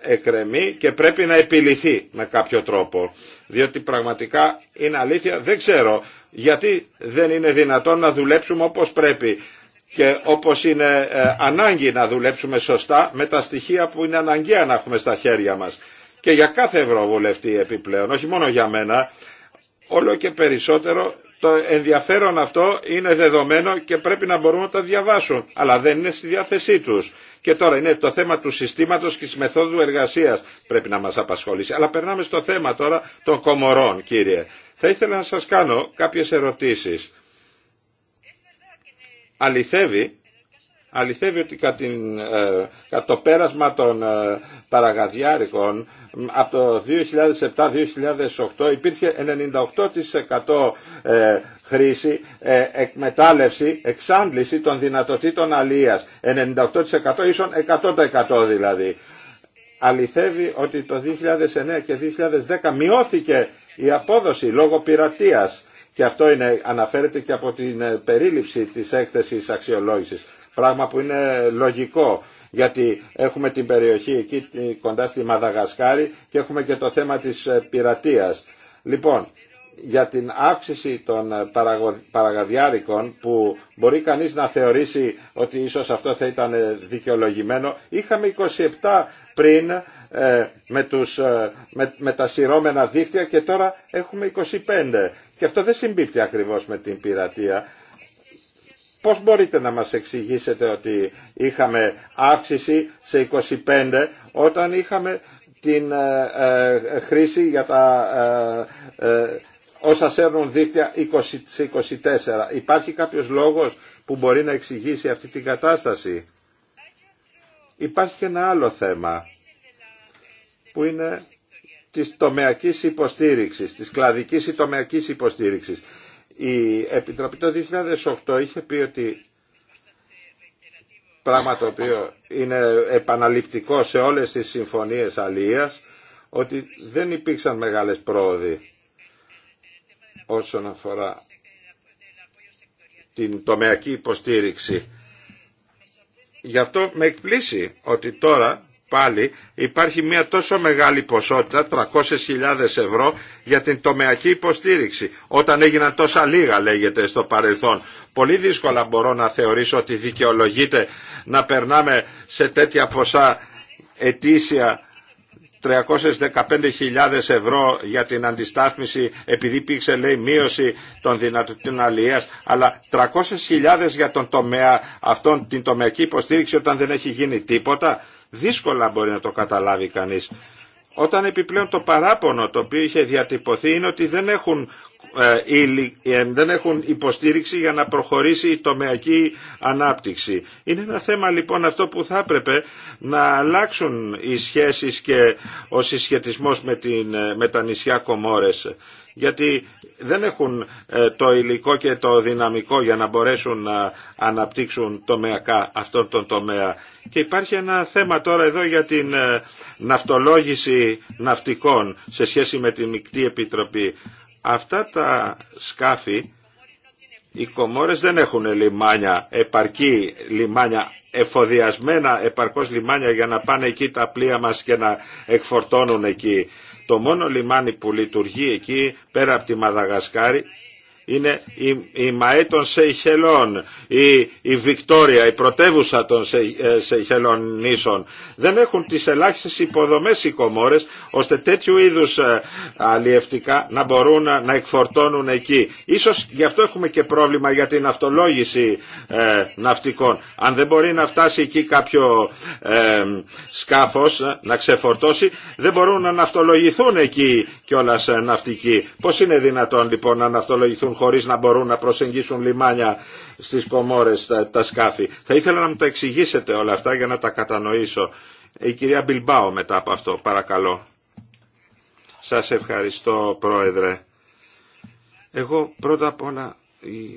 εκρεμεί και πρέπει να επιληθεί με κάποιο τρόπο. Διότι πραγματικά είναι αλήθεια, δεν ξέρω γιατί δεν είναι δυνατόν να δουλέψουμε όπως πρέπει και όπως είναι ε, ανάγκη να δουλέψουμε σωστά με τα στοιχεία που είναι αναγκαία να έχουμε στα χέρια μας. Και για κάθε ευρωβουλευτή επιπλέον, όχι μόνο για μένα, όλο και περισσότερο το ενδιαφέρον αυτό είναι δεδομένο και πρέπει να μπορούν να τα διαβάσουν, αλλά δεν είναι στη διάθεσή τους. Και τώρα είναι το θέμα του συστήματος και τη μεθόδου εργασίας πρέπει να μας απασχολήσει. Αλλά περνάμε στο θέμα τώρα των κομορών, κύριε. Θα ήθελα να σας κάνω κάποιες ερωτήσεις. Αληθεύει αληθεύει ότι κατά, ε, το πέρασμα των ε, παραγαδιάρικων από το 2007-2008 υπήρχε 98% ε, χρήση, εκμετάλλευση, εξάντληση των δυνατοτήτων αλίας. 98% ίσον 100% δηλαδή. Αληθεύει ότι το 2009 και 2010 μειώθηκε η απόδοση λόγω πειρατείας και αυτό είναι, αναφέρεται και από την περίληψη της έκθεσης αξιολόγησης. Πράγμα που είναι λογικό γιατί έχουμε την περιοχή εκεί κοντά στη Μαδαγασκάρη και έχουμε και το θέμα της ε, πειρατείας. Λοιπόν, για την αύξηση των ε, παραγαδιάρικων που μπορεί κανείς να θεωρήσει ότι ίσως αυτό θα ήταν ε, δικαιολογημένο, είχαμε 27 πριν με, τους, με, τα σειρώμενα δίκτυα και τώρα έχουμε 25. Και αυτό δεν συμπίπτει ακριβώς με την πειρατεία. Πώς μπορείτε να μας εξηγήσετε ότι είχαμε αύξηση σε 25 όταν είχαμε την ε, ε, χρήση για τα ε, όσα σέρνουν δίκτυα σε 24. Υπάρχει κάποιος λόγος που μπορεί να εξηγήσει αυτή την κατάσταση. Υπάρχει και ένα άλλο θέμα που είναι της τομεακής υποστήριξης, της κλαδικής ή τομεακής υποστήριξης. Η Επιτροπή το 2008 είχε πει ότι πράγμα το οποίο είναι επαναληπτικό σε όλες τις συμφωνίες αλίας ότι δεν υπήρξαν μεγάλες πρόοδοι όσον αφορά την τομεακή υποστήριξη. Γι' αυτό με εκπλήσει ότι τώρα πάλι υπάρχει μια τόσο μεγάλη ποσότητα, 300.000 ευρώ, για την τομεακή υποστήριξη. Όταν έγιναν τόσα λίγα λέγεται στο παρελθόν. Πολύ δύσκολα μπορώ να θεωρήσω ότι δικαιολογείται να περνάμε σε τέτοια ποσά ετήσια 315.000 ευρώ για την αντιστάθμιση επειδή υπήρξε λέει μείωση των δυνατοτήτων αλληλείας αλλά 300.000 για τον τομέα αυτόν την τομεακή υποστήριξη όταν δεν έχει γίνει τίποτα δύσκολα μπορεί να το καταλάβει κανείς. Όταν επιπλέον το παράπονο το οποίο είχε διατυπωθεί είναι ότι δεν έχουν ε, ε, δεν έχουν υποστήριξη για να προχωρήσει η τομεακή ανάπτυξη. Είναι ένα θέμα λοιπόν αυτό που θα έπρεπε να αλλάξουν οι σχέσεις και ο συσχετισμός με, την, ε, με τα νησιά Κομόρες γιατί δεν έχουν ε, το υλικό και το δυναμικό για να μπορέσουν να αναπτύξουν τομεακά αυτόν τον τομέα. Και υπάρχει ένα θέμα τώρα εδώ για την ε, ναυτολόγηση ναυτικών σε σχέση με την Μικτή Επιτροπή. Αυτά τα σκάφη, οι Κομόρες δεν έχουν λιμάνια, επαρκή λιμάνια, εφοδιασμένα επαρκώς λιμάνια για να πάνε εκεί τα πλοία μας και να εκφορτώνουν εκεί. Το μόνο λιμάνι που λειτουργεί εκεί πέρα από τη Μαδαγασκάρη είναι η, η ΜΑΕ των Σεϊχελών, η, η Βικτόρια, η πρωτεύουσα των Σε, ε, Σεϊχελών νήσων. Δεν έχουν τις ελάχιστες υποδομές οι κομόρες, ώστε τέτοιου είδους ε, αλλιευτικά να μπορούν να, να εκφορτώνουν εκεί. Ίσως γι' αυτό έχουμε και πρόβλημα για την αυτολόγηση ε, ναυτικών. Αν δεν μπορεί να φτάσει εκεί κάποιο ε, σκάφος ε, να ξεφορτώσει, δεν μπορούν να ναυτολογηθούν εκεί κιόλας ναυτικοί. Πώς είναι δυνατόν λοιπόν να ναυτολογηθούν χωρίς να μπορούν να προσεγγίσουν λιμάνια στις Κομόρες τα, σκάφη. Θα ήθελα να μου τα εξηγήσετε όλα αυτά για να τα κατανοήσω. Η κυρία Μπιλμπάο μετά από αυτό, παρακαλώ. Σας ευχαριστώ πρόεδρε. Εγώ πρώτα απ' όλα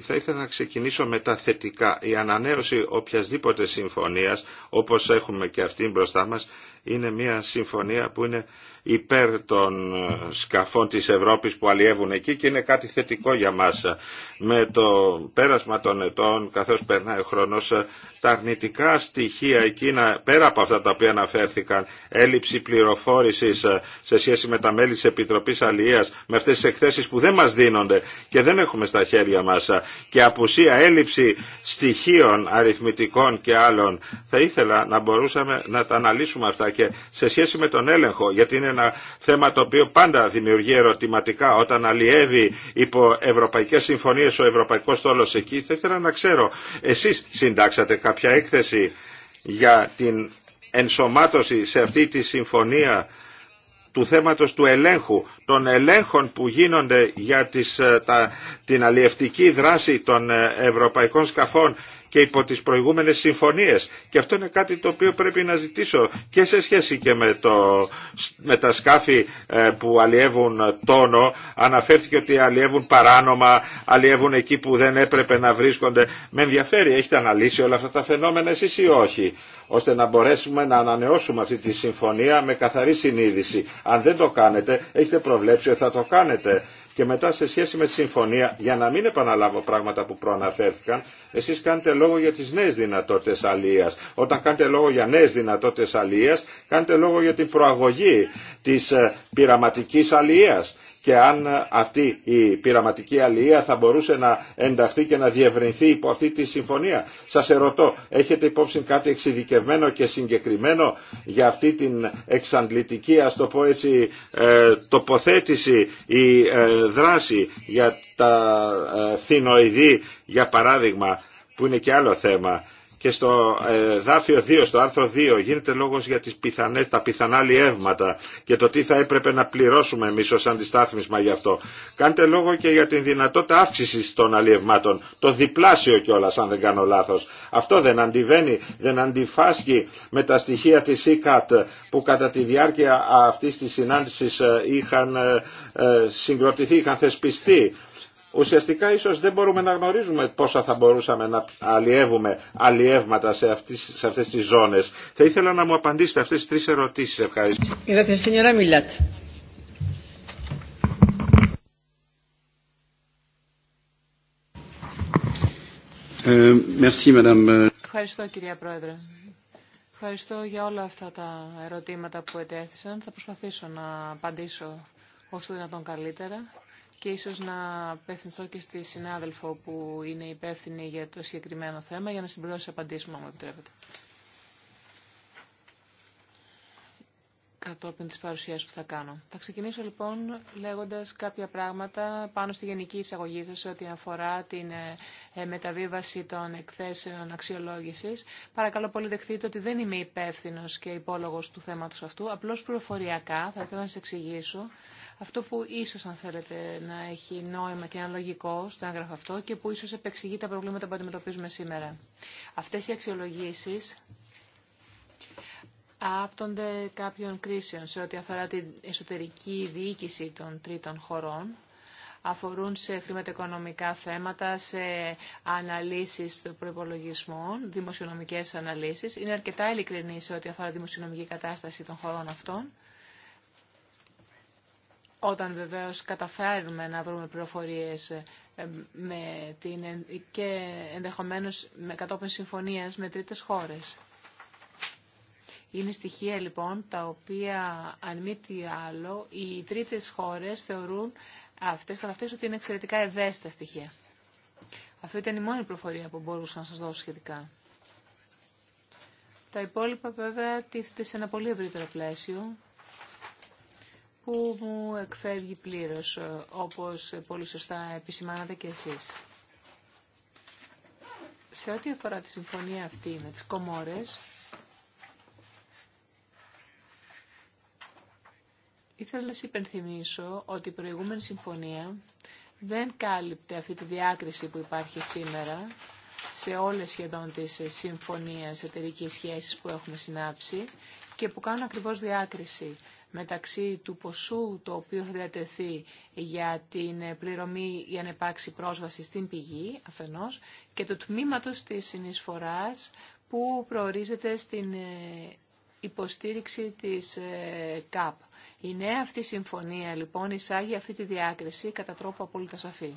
θα ήθελα να ξεκινήσω με τα θετικά. Η ανανέωση οποιασδήποτε συμφωνίας, όπως έχουμε και αυτή μπροστά μας, είναι μια συμφωνία που είναι υπέρ των ε, σκαφών της Ευρώπης που αλλιεύουν εκεί και είναι κάτι θετικό για μας. Με το πέρασμα των ετών, καθώς περνάει ο χρόνος, τα αρνητικά στοιχεία εκείνα πέρα από αυτά τα οποία αναφέρθηκαν, έλλειψη πληροφόρησης ε, σε σχέση με τα μέλη της Επιτροπής Αλληλείας, με αυτές τις εκθέσεις που δεν μας δίνονται και δεν έχουμε στα χέρια μας ε, και απουσία έλλειψη στοιχείων αριθμητικών και άλλων, θα ήθελα να μπορούσαμε να τα αναλύσουμε αυτά και σε σχέση με τον έλεγχο, γιατί είναι ένα θέμα το οποίο πάντα δημιουργεί ερωτηματικά όταν αλλιεύει υπό ευρωπαϊκές συμφωνίες ο Ευρωπαϊκός Τόλο εκεί, θα ήθελα να ξέρω, εσείς συντάξατε κάποια έκθεση για την ενσωμάτωση σε αυτή τη συμφωνία του θέματος του ελέγχου, των ελέγχων που γίνονται για τις, ε, την αλλιευτική δράση των ε, ευρωπαϊκών σκαφών και υπό τις προηγούμενες συμφωνίες. Και αυτό είναι κάτι το οποίο πρέπει να ζητήσω και σε σχέση και με, το, με τα σκάφη ε, που αλλιεύουν τόνο. Αναφέρθηκε ότι αλλιεύουν παράνομα, αλλιεύουν εκεί που δεν έπρεπε να βρίσκονται. Με ενδιαφέρει, έχετε αναλύσει όλα αυτά τα φαινόμενα εσείς ή όχι ώστε να μπορέσουμε να ανανεώσουμε αυτή τη συμφωνία με καθαρή συνείδηση. Αν δεν το κάνετε, έχετε προβλέψει ότι θα το κάνετε και μετά σε σχέση με τη συμφωνία, για να μην επαναλάβω πράγματα που προαναφέρθηκαν, εσείς κάνετε λόγο για τις νέε δυνατότητε αλληλεία. Όταν κάνετε λόγο για νέε δυνατότητε αλληλεία, κάνετε λόγο για την προαγωγή της ε, πειραματικής αλίας και αν αυτή η πειραματική αλληλεία θα μπορούσε να ενταχθεί και να διευρυνθεί υπό αυτή τη συμφωνία. Σας ερωτώ, έχετε υπόψη κάτι εξειδικευμένο και συγκεκριμένο για αυτή την εξαντλητική, ας το πω έτσι, ε, τοποθέτηση ή ε, δράση για τα ε, θηνοειδή, για παράδειγμα, που είναι και άλλο θέμα και στο ε, δάφιο 2, στο άρθρο 2, γίνεται λόγος για τις πιθανές, τα πιθανά λιεύματα και το τι θα έπρεπε να πληρώσουμε εμείς ως αντιστάθμισμα γι' αυτό. Κάντε λόγο και για την δυνατότητα αύξησης των αλλιευμάτων, το διπλάσιο κιόλα αν δεν κάνω λάθος. Αυτό δεν αντιβαίνει, δεν αντιφάσκει με τα στοιχεία της ΕΚΑΤ που κατά τη διάρκεια αυτής της συνάντησης ε, είχαν ε, συγκροτηθεί, είχαν θεσπιστεί ουσιαστικά ίσως δεν μπορούμε να γνωρίζουμε πόσα θα μπορούσαμε να αλλιεύουμε αλλιεύματα σε, αυτές, σε αυτές τις ζώνες. Θα ήθελα να μου απαντήσετε αυτές τις τρεις ερωτήσεις. Ευχαριστώ. Ε, Ευχαριστώ κυρία Πρόεδρε. Ευχαριστώ για όλα αυτά τα ερωτήματα που ετέθησαν. Θα προσπαθήσω να απαντήσω όσο δυνατόν καλύτερα και ίσως να απευθυνθώ και στη συνάδελφο που είναι υπεύθυνη για το συγκεκριμένο θέμα για να συμπληρώσει απαντήσουμε, αν μου επιτρέπετε. κατόπιν της παρουσίας που θα κάνω. Θα ξεκινήσω λοιπόν λέγοντας κάποια πράγματα πάνω στη γενική εισαγωγή σας ό,τι αφορά την ε, ε, μεταβίβαση των εκθέσεων αξιολόγησης. Παρακαλώ πολύ δεχτείτε ότι δεν είμαι υπεύθυνο και υπόλογος του θέματος αυτού. Απλώς πληροφοριακά θα ήθελα να σα εξηγήσω αυτό που ίσω αν θέλετε να έχει νόημα και ένα λογικό στο έγγραφο αυτό και που ίσω επεξηγεί τα προβλήματα που αντιμετωπίζουμε σήμερα. Αυτέ οι αξιολογήσει άπτονται κάποιων κρίσεων σε ό,τι αφορά την εσωτερική διοίκηση των τρίτων χωρών αφορούν σε χρηματοοικονομικά θέματα, σε αναλύσεις προπολογισμών, δημοσιονομικές αναλύσεις. Είναι αρκετά ειλικρινή σε ό,τι αφορά τη δημοσιονομική κατάσταση των χωρών αυτών όταν βεβαίως καταφέρουμε να βρούμε πληροφορίες ε, με την, και ενδεχομένως με κατόπιν συμφωνίας με τρίτες χώρες. Είναι στοιχεία λοιπόν τα οποία αν μη τι άλλο οι τρίτες χώρες θεωρούν αυτές κατά αυτές ότι είναι εξαιρετικά ευαίσθητα στοιχεία. Αυτή ήταν η μόνη πληροφορία που μπορούσα να σας δώσω σχετικά. Τα υπόλοιπα βέβαια τίθεται σε ένα πολύ ευρύτερο πλαίσιο που μου εκφεύγει πλήρως, ε, όπως πολύ σωστά επισημάνατε και εσείς. Σε ό,τι αφορά τη συμφωνία αυτή με τις Κομόρες, ήθελα να σας υπενθυμίσω ότι η προηγούμενη συμφωνία δεν κάλυπτε αυτή τη διάκριση που υπάρχει σήμερα σε όλες σχεδόν τις συμφωνίες εταιρικής σχέσης που έχουμε συνάψει και που κάνουν ακριβώς διάκριση μεταξύ του ποσού το οποίο θα διατεθεί για την πληρωμή για να υπάρξει πρόσβαση στην πηγή αφενός και του τμήματος της συνεισφοράς που προορίζεται στην ε, υποστήριξη της ε, ΚΑΠ. Η νέα αυτή συμφωνία λοιπόν εισάγει αυτή τη διάκριση κατά τρόπο απόλυτα σαφή.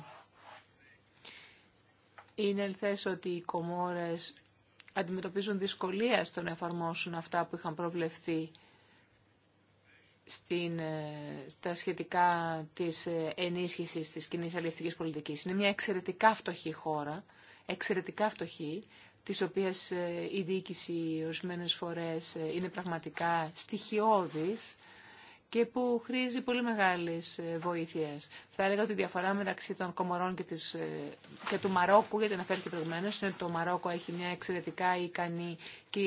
Είναι ελθές ότι οι κομόρες αντιμετωπίζουν δυσκολία στο να εφαρμόσουν αυτά που είχαν προβλεφθεί στην, ε, στα σχετικά της ε, ενίσχυσης της κοινή αλληλευτικής πολιτικής. Είναι μια εξαιρετικά φτωχή χώρα, εξαιρετικά φτωχή, της οποίας ε, η διοίκηση ορισμένε φορές είναι πραγματικά στοιχειώδης και που χρήζει πολύ μεγάλες ε, βοήθειες. Θα έλεγα ότι η διαφορά μεταξύ των Κομορών και, ε, του Μαρόκου, γιατί αναφέρθηκε προηγουμένω, είναι ότι το Μαρόκο έχει μια εξαιρετικά ικανή και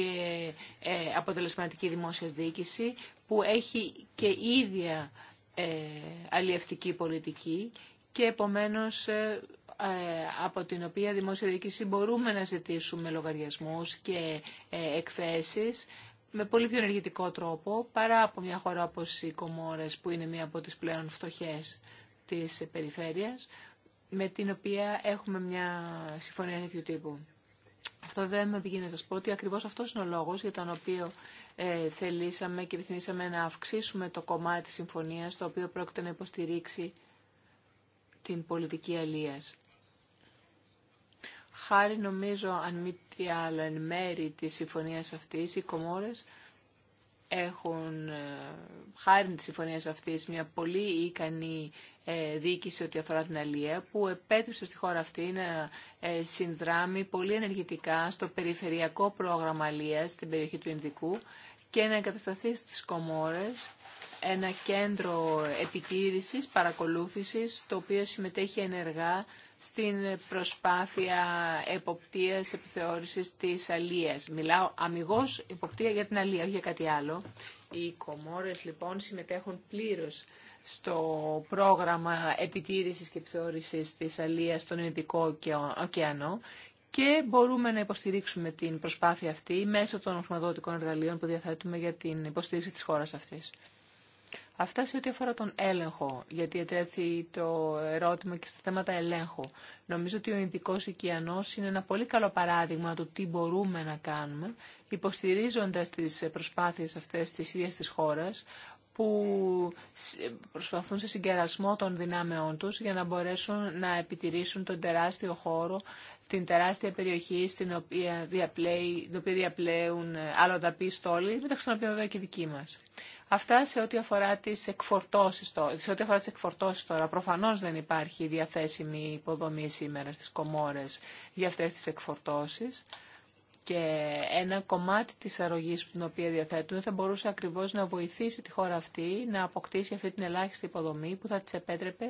ε, αποτελεσματική δημόσια διοίκηση, που έχει και ίδια αλλιευτική πολιτική και επομένως από την οποία δημόσια διοίκηση μπορούμε να ζητήσουμε λογαριασμούς και εκθέσεις με πολύ πιο ενεργητικό τρόπο παρά από μια χώρα όπως οι Κομόρες που είναι μια από τις πλέον φτωχές της περιφέρειας με την οποία έχουμε μια συμφωνία τέτοιου τύπου. Αυτό δεν με οδηγεί να σας πω ότι ακριβώς αυτό είναι ο λόγος για τον οποίο ε, θελήσαμε και επιθυμήσαμε να αυξήσουμε το κομμάτι της συμφωνίας το οποίο πρόκειται να υποστηρίξει την πολιτική αλίας χάρη νομίζω αν μη τι άλλο εν μέρη της συμφωνίας αυτής οι Κομόρες έχουν ε, χάρη της συμφωνίας αυτής μια πολύ ικανή ε, διοίκηση ό,τι αφορά την Αλία που επέτρεψε στη χώρα αυτή να ε, συνδράμει πολύ ενεργητικά στο περιφερειακό πρόγραμμα Αλίας στην περιοχή του Ινδικού και να εγκατασταθεί στις Κομόρες ένα κέντρο επιτήρησης, παρακολούθησης, το οποίο συμμετέχει ενεργά στην προσπάθεια εποπτείας επιθεώρησης της αλίας. Μιλάω αμυγός εποπτεία για την αλία, για κάτι άλλο. Οι κομόρες λοιπόν συμμετέχουν πλήρως στο πρόγραμμα επιτήρησης και επιθεώρησης της αλίας στον Ινδικό ωκεανό και μπορούμε να υποστηρίξουμε την προσπάθεια αυτή μέσω των χρηματοδοτικών εργαλείων που διαθέτουμε για την υποστήριξη της χώρας αυτής. Αυτά σε ό,τι αφορά τον έλεγχο, γιατί ετέθη το ερώτημα και στα θέματα ελέγχου. Νομίζω ότι ο ειδικό Οικιανό είναι ένα πολύ καλό παράδειγμα του τι μπορούμε να κάνουμε, υποστηρίζοντα τι προσπάθειε αυτέ τη ίδια τη χώρα, που προσπαθούν σε συγκερασμό των δυνάμεών του για να μπορέσουν να επιτηρήσουν τον τεράστιο χώρο, την τεράστια περιοχή στην οποία, διαπλέουν την οποία διαπλέουν ε, πει στόλοι, μεταξύ των οποίων και δική μα. Αυτά σε ό,τι αφορά τις εκφορτώσεις, σε ό,τι αφορά τις εκφορτώσεις τώρα. Προφανώς δεν υπάρχει διαθέσιμη υποδομή σήμερα στις κομόρες για αυτές τις εκφορτώσεις. Και ένα κομμάτι της αρρωγής που την οποία διαθέτουν θα μπορούσε ακριβώς να βοηθήσει τη χώρα αυτή να αποκτήσει αυτή την ελάχιστη υποδομή που θα της επέτρεπε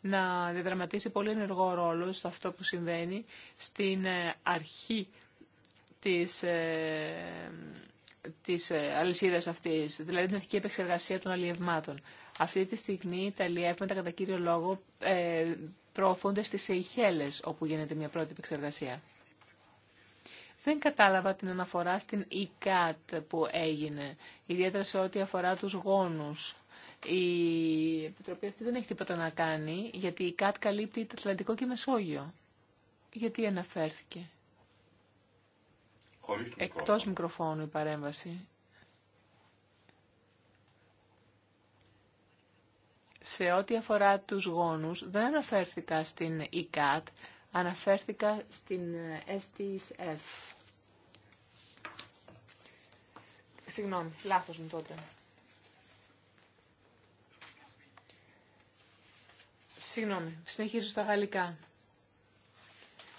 να διαδραματίσει πολύ ενεργό ρόλο σε αυτό που συμβαίνει στην ε, αρχή της ε, Τη ε, αλυσίδα αυτής, δηλαδή την αρχική επεξεργασία των αλλιευμάτων. Αυτή τη στιγμή τα αλλιεύματα κατά κύριο λόγο ε, προωθούνται στις Σεϊχέλε, όπου γίνεται μια πρώτη επεξεργασία. Δεν κατάλαβα την αναφορά στην ΙΚΑΤ που έγινε, ιδιαίτερα σε ό,τι αφορά τους γόνους. Η Επιτροπή αυτή δεν έχει τίποτα να κάνει, γιατί η ΚΑΤ καλύπτει το Ατλαντικό και Μεσόγειο. Γιατί αναφέρθηκε. Εκτός μικροφώνου η παρέμβαση. Σε ό,τι αφορά τους γόνους, δεν αναφέρθηκα στην ΕΚΑΤ, αναφέρθηκα στην ε, STSF. Συγγνώμη, λάθος μου τότε. Συγγνώμη, συνεχίζω στα γαλλικά.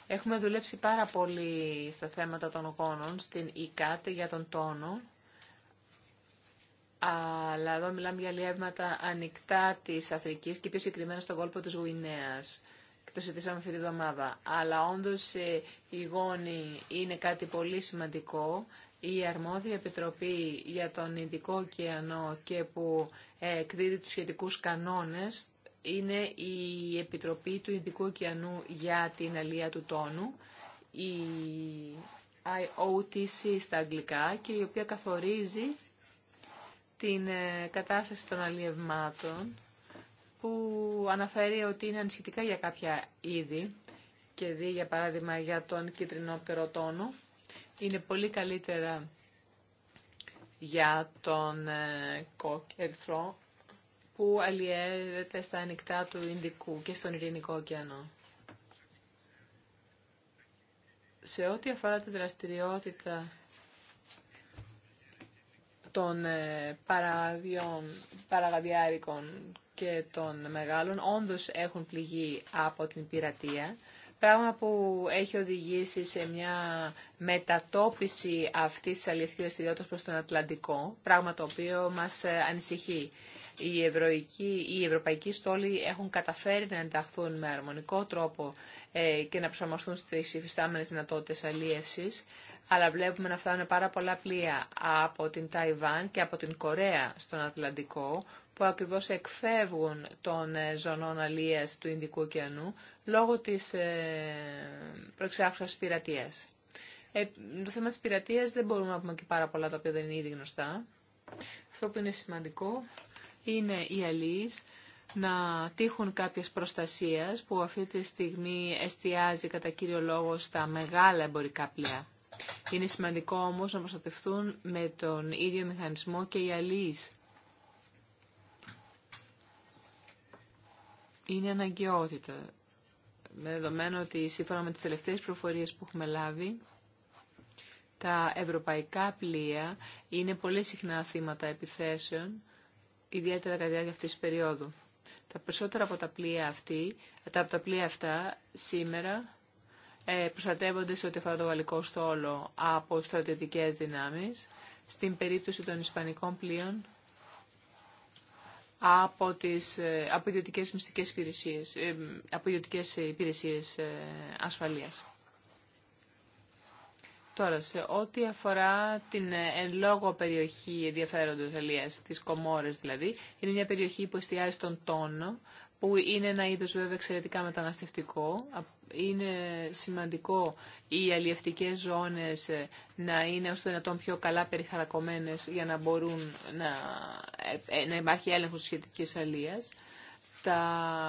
Έχουμε δουλέψει πάρα πολύ στα θέματα των γόνων, στην ΙΚΑΤ για τον τόνο, αλλά εδώ μιλάμε για λιεύματα ανοιχτά τη Αφρική και πιο συγκεκριμένα στον κόλπο τη Γουινέα. Και το συζητήσαμε αυτή τη βδομάδα. Αλλά όντως η ε, γόνοι είναι κάτι πολύ σημαντικό. Η αρμόδια επιτροπή για τον Ειδικό ωκεανό και που ε, εκδίδει τους σχετικού κανόνε είναι η Επιτροπή του Ειδικού Ωκεανού για την Αλία του Τόνου, η IOTC στα αγγλικά και η οποία καθορίζει την ε, κατάσταση των αλλιευμάτων που αναφέρει ότι είναι ανησυχητικά για κάποια είδη και δει για παράδειγμα για τον κίτρινόπτερο τόνο είναι πολύ καλύτερα για τον ε, ερθρό που αλλιεύεται στα ανοιχτά του Ινδικού και στον Ειρηνικό ωκεανό. Σε ό,τι αφορά τη δραστηριότητα των ε, παραδιών, παραγαδιάρικων και των μεγάλων, όντως έχουν πληγεί από την πειρατεία, πράγμα που έχει οδηγήσει σε μια μετατόπιση αυτής της αλληλευτικής δραστηριότητας προς τον Ατλαντικό, πράγμα το οποίο μας ε, ανησυχεί οι, οι ευρωπαϊκοί στόλοι έχουν καταφέρει να ενταχθούν με αρμονικό τρόπο ε, και να προσαρμοστούν στις υφιστάμενες δυνατότητες αλίευσης, αλλά βλέπουμε να φτάνουν πάρα πολλά πλοία από την Ταϊβάν και από την Κορέα στον Ατλαντικό, που ακριβώς εκφεύγουν των ε, ζωνών αλίας του Ινδικού ωκεανού λόγω της ε, προεξάχουσας πειρατείας. Ε, το θέμα της πειρατείας δεν μπορούμε να πούμε και πάρα πολλά τα οποία δεν είναι ήδη γνωστά. Αυτό που είναι σημαντικό είναι οι αλλοίς να τύχουν κάποιες προστασίες που αυτή τη στιγμή εστιάζει κατά κύριο λόγο στα μεγάλα εμπορικά πλοία. Είναι σημαντικό όμως να προστατευτούν με τον ίδιο μηχανισμό και οι αλλοίς. Είναι αναγκαιότητα. Με δεδομένο ότι σύμφωνα με τις τελευταίες προφορίες που έχουμε λάβει, τα ευρωπαϊκά πλοία είναι πολύ συχνά θύματα επιθέσεων ιδιαίτερα κατά τη διάρκεια αυτής της περίοδου. Τα περισσότερα από τα πλοία, αυτή, τα, από τα πλοία αυτά σήμερα ε, προστατεύονται σε ό,τι το γαλλικό στόλο από στρατιωτικές δυνάμεις. Στην περίπτωση των ισπανικών πλοίων από, τις, ε, από ιδιωτικές μυστικές υπηρεσίες, ε, από ιδιωτικές υπηρεσίες ασφαλείας. Τώρα, σε ό,τι αφορά την ε, εν λόγω περιοχή ενδιαφέροντος αλλία, τις Κομόρες δηλαδή, είναι μια περιοχή που εστιάζει στον τόνο, που είναι ένα είδος βέβαια εξαιρετικά μεταναστευτικό. Είναι σημαντικό οι αλλιευτικές ζώνες ε, να είναι ως το δυνατόν πιο καλά περιχαρακωμένες για να μπορούν να, ε, να υπάρχει έλεγχος σχετικής αλίας. Τα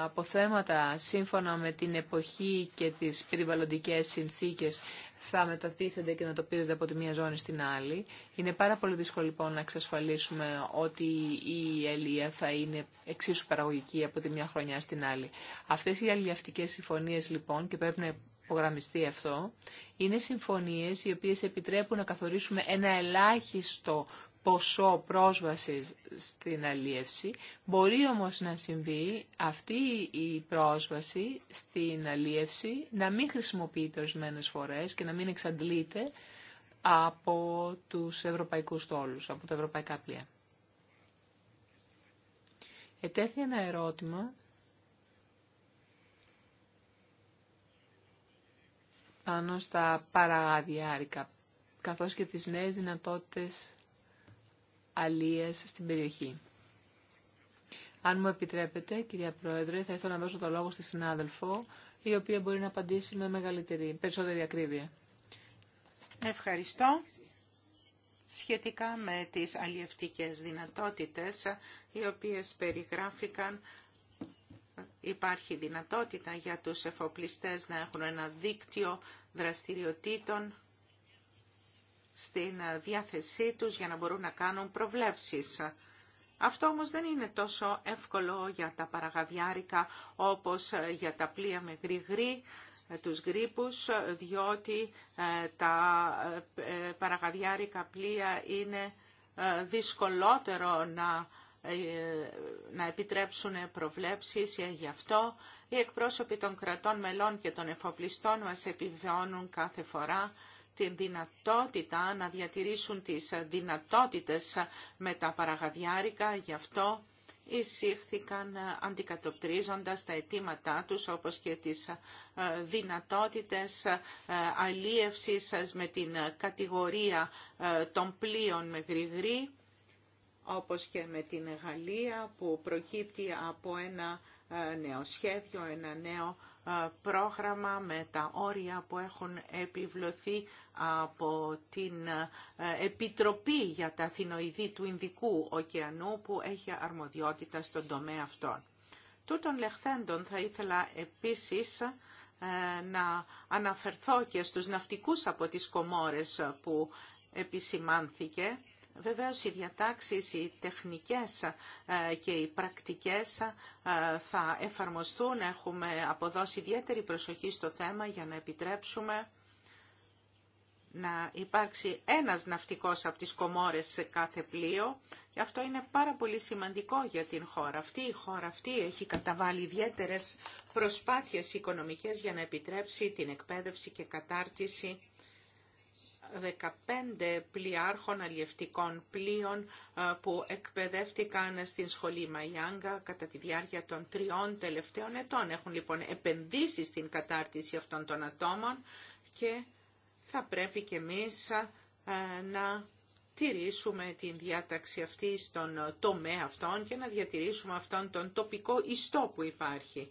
αποθέματα σύμφωνα με την εποχή και τις περιβαλλοντικές συνθήκες θα μετατίθενται και να το πείτε από τη μία ζώνη στην άλλη. Είναι πάρα πολύ δύσκολο λοιπόν να εξασφαλίσουμε ότι η ελία θα είναι εξίσου παραγωγική από τη μία χρονιά στην άλλη. Αυτές οι αλληλευτικές συμφωνίες λοιπόν, και πρέπει να υπογραμμιστεί αυτό, είναι συμφωνίες οι οποίες επιτρέπουν να καθορίσουμε ένα ελάχιστο ποσό πρόσβασης στην αλίευση. Μπορεί όμως να συμβεί αυτή η πρόσβαση στην αλίευση να μην χρησιμοποιείται ορισμένε φορές και να μην εξαντλείται από τους ευρωπαϊκούς τόλους, από τα ευρωπαϊκά πλοία. Ετέθη ένα ερώτημα πάνω στα παραδιάρικα, καθώς και τις νέες δυνατότητες αλίες στην περιοχή. Αν μου επιτρέπετε, κυρία Πρόεδρε, θα ήθελα να δώσω το λόγο στη συνάδελφο, η οποία μπορεί να απαντήσει με μεγαλύτερη, περισσότερη ακρίβεια. Ευχαριστώ. Σχετικά με τις αλλιευτικές δυνατότητες, οι οποίες περιγράφηκαν, υπάρχει δυνατότητα για τους εφοπλιστές να έχουν ένα δίκτυο δραστηριοτήτων στην ε, διάθεσή τους για να μπορούν να κάνουν προβλέψεις. Αυτό όμως δεν είναι τόσο εύκολο για τα παραγαδιάρικα όπως ε, για τα πλοία με γρηγρή, ε, τους γρήπους, διότι τα παραγαδιάρικα πλοία είναι δυσκολότερο να να επιτρέψουν προβλέψεις. Γι' αυτό οι εκπρόσωποι των κρατών μελών και των εφοπλιστών μας επιβιώνουν κάθε φορά την δυνατότητα να διατηρήσουν τις δυνατότητες με τα παραγαδιάρικα, γι' αυτό εισήχθηκαν ε, αντικατοπτρίζοντας τα αιτήματά τους όπως και τις ε, δυνατότητες ε, αλίευσης με την κατηγορία των πλοίων με γρηγρή όπως και με την Γαλλία που προκύπτει από ένα νέο σχέδιο, ένα νέο ε, πρόγραμμα με τα όρια που έχουν επιβλωθεί από την ε, Επιτροπή για τα Αθηνοειδή του Ινδικού Ωκεανού που έχει αρμοδιότητα στον τομέα αυτών. Τούτων λεχθέντων θα ήθελα επίσης ε, να αναφερθώ και στους ναυτικούς από τις Κομόρες που επισημάνθηκε Βεβαίως οι διατάξεις, οι τεχνικές ε, και οι πρακτικές ε, θα εφαρμοστούν. Έχουμε αποδώσει ιδιαίτερη προσοχή στο θέμα για να επιτρέψουμε να υπάρξει ένας ναυτικός από τις Κομόρες σε κάθε πλοίο και αυτό είναι πάρα πολύ σημαντικό για την χώρα αυτή. Η χώρα αυτή έχει καταβάλει ιδιαίτερες προσπάθειες οικονομικές για να επιτρέψει την εκπαίδευση και κατάρτιση 15 πλοιάρχων αλλιευτικών πλοίων ε, που εκπαιδεύτηκαν στην σχολή Μαϊάγκα κατά τη διάρκεια των τριών τελευταίων ετών. Έχουν λοιπόν επενδύσει στην κατάρτιση αυτών των ατόμων και θα πρέπει και εμείς ε, να τηρήσουμε την διάταξη αυτή στον τομέα αυτών και να διατηρήσουμε αυτόν τον τοπικό ιστό που υπάρχει.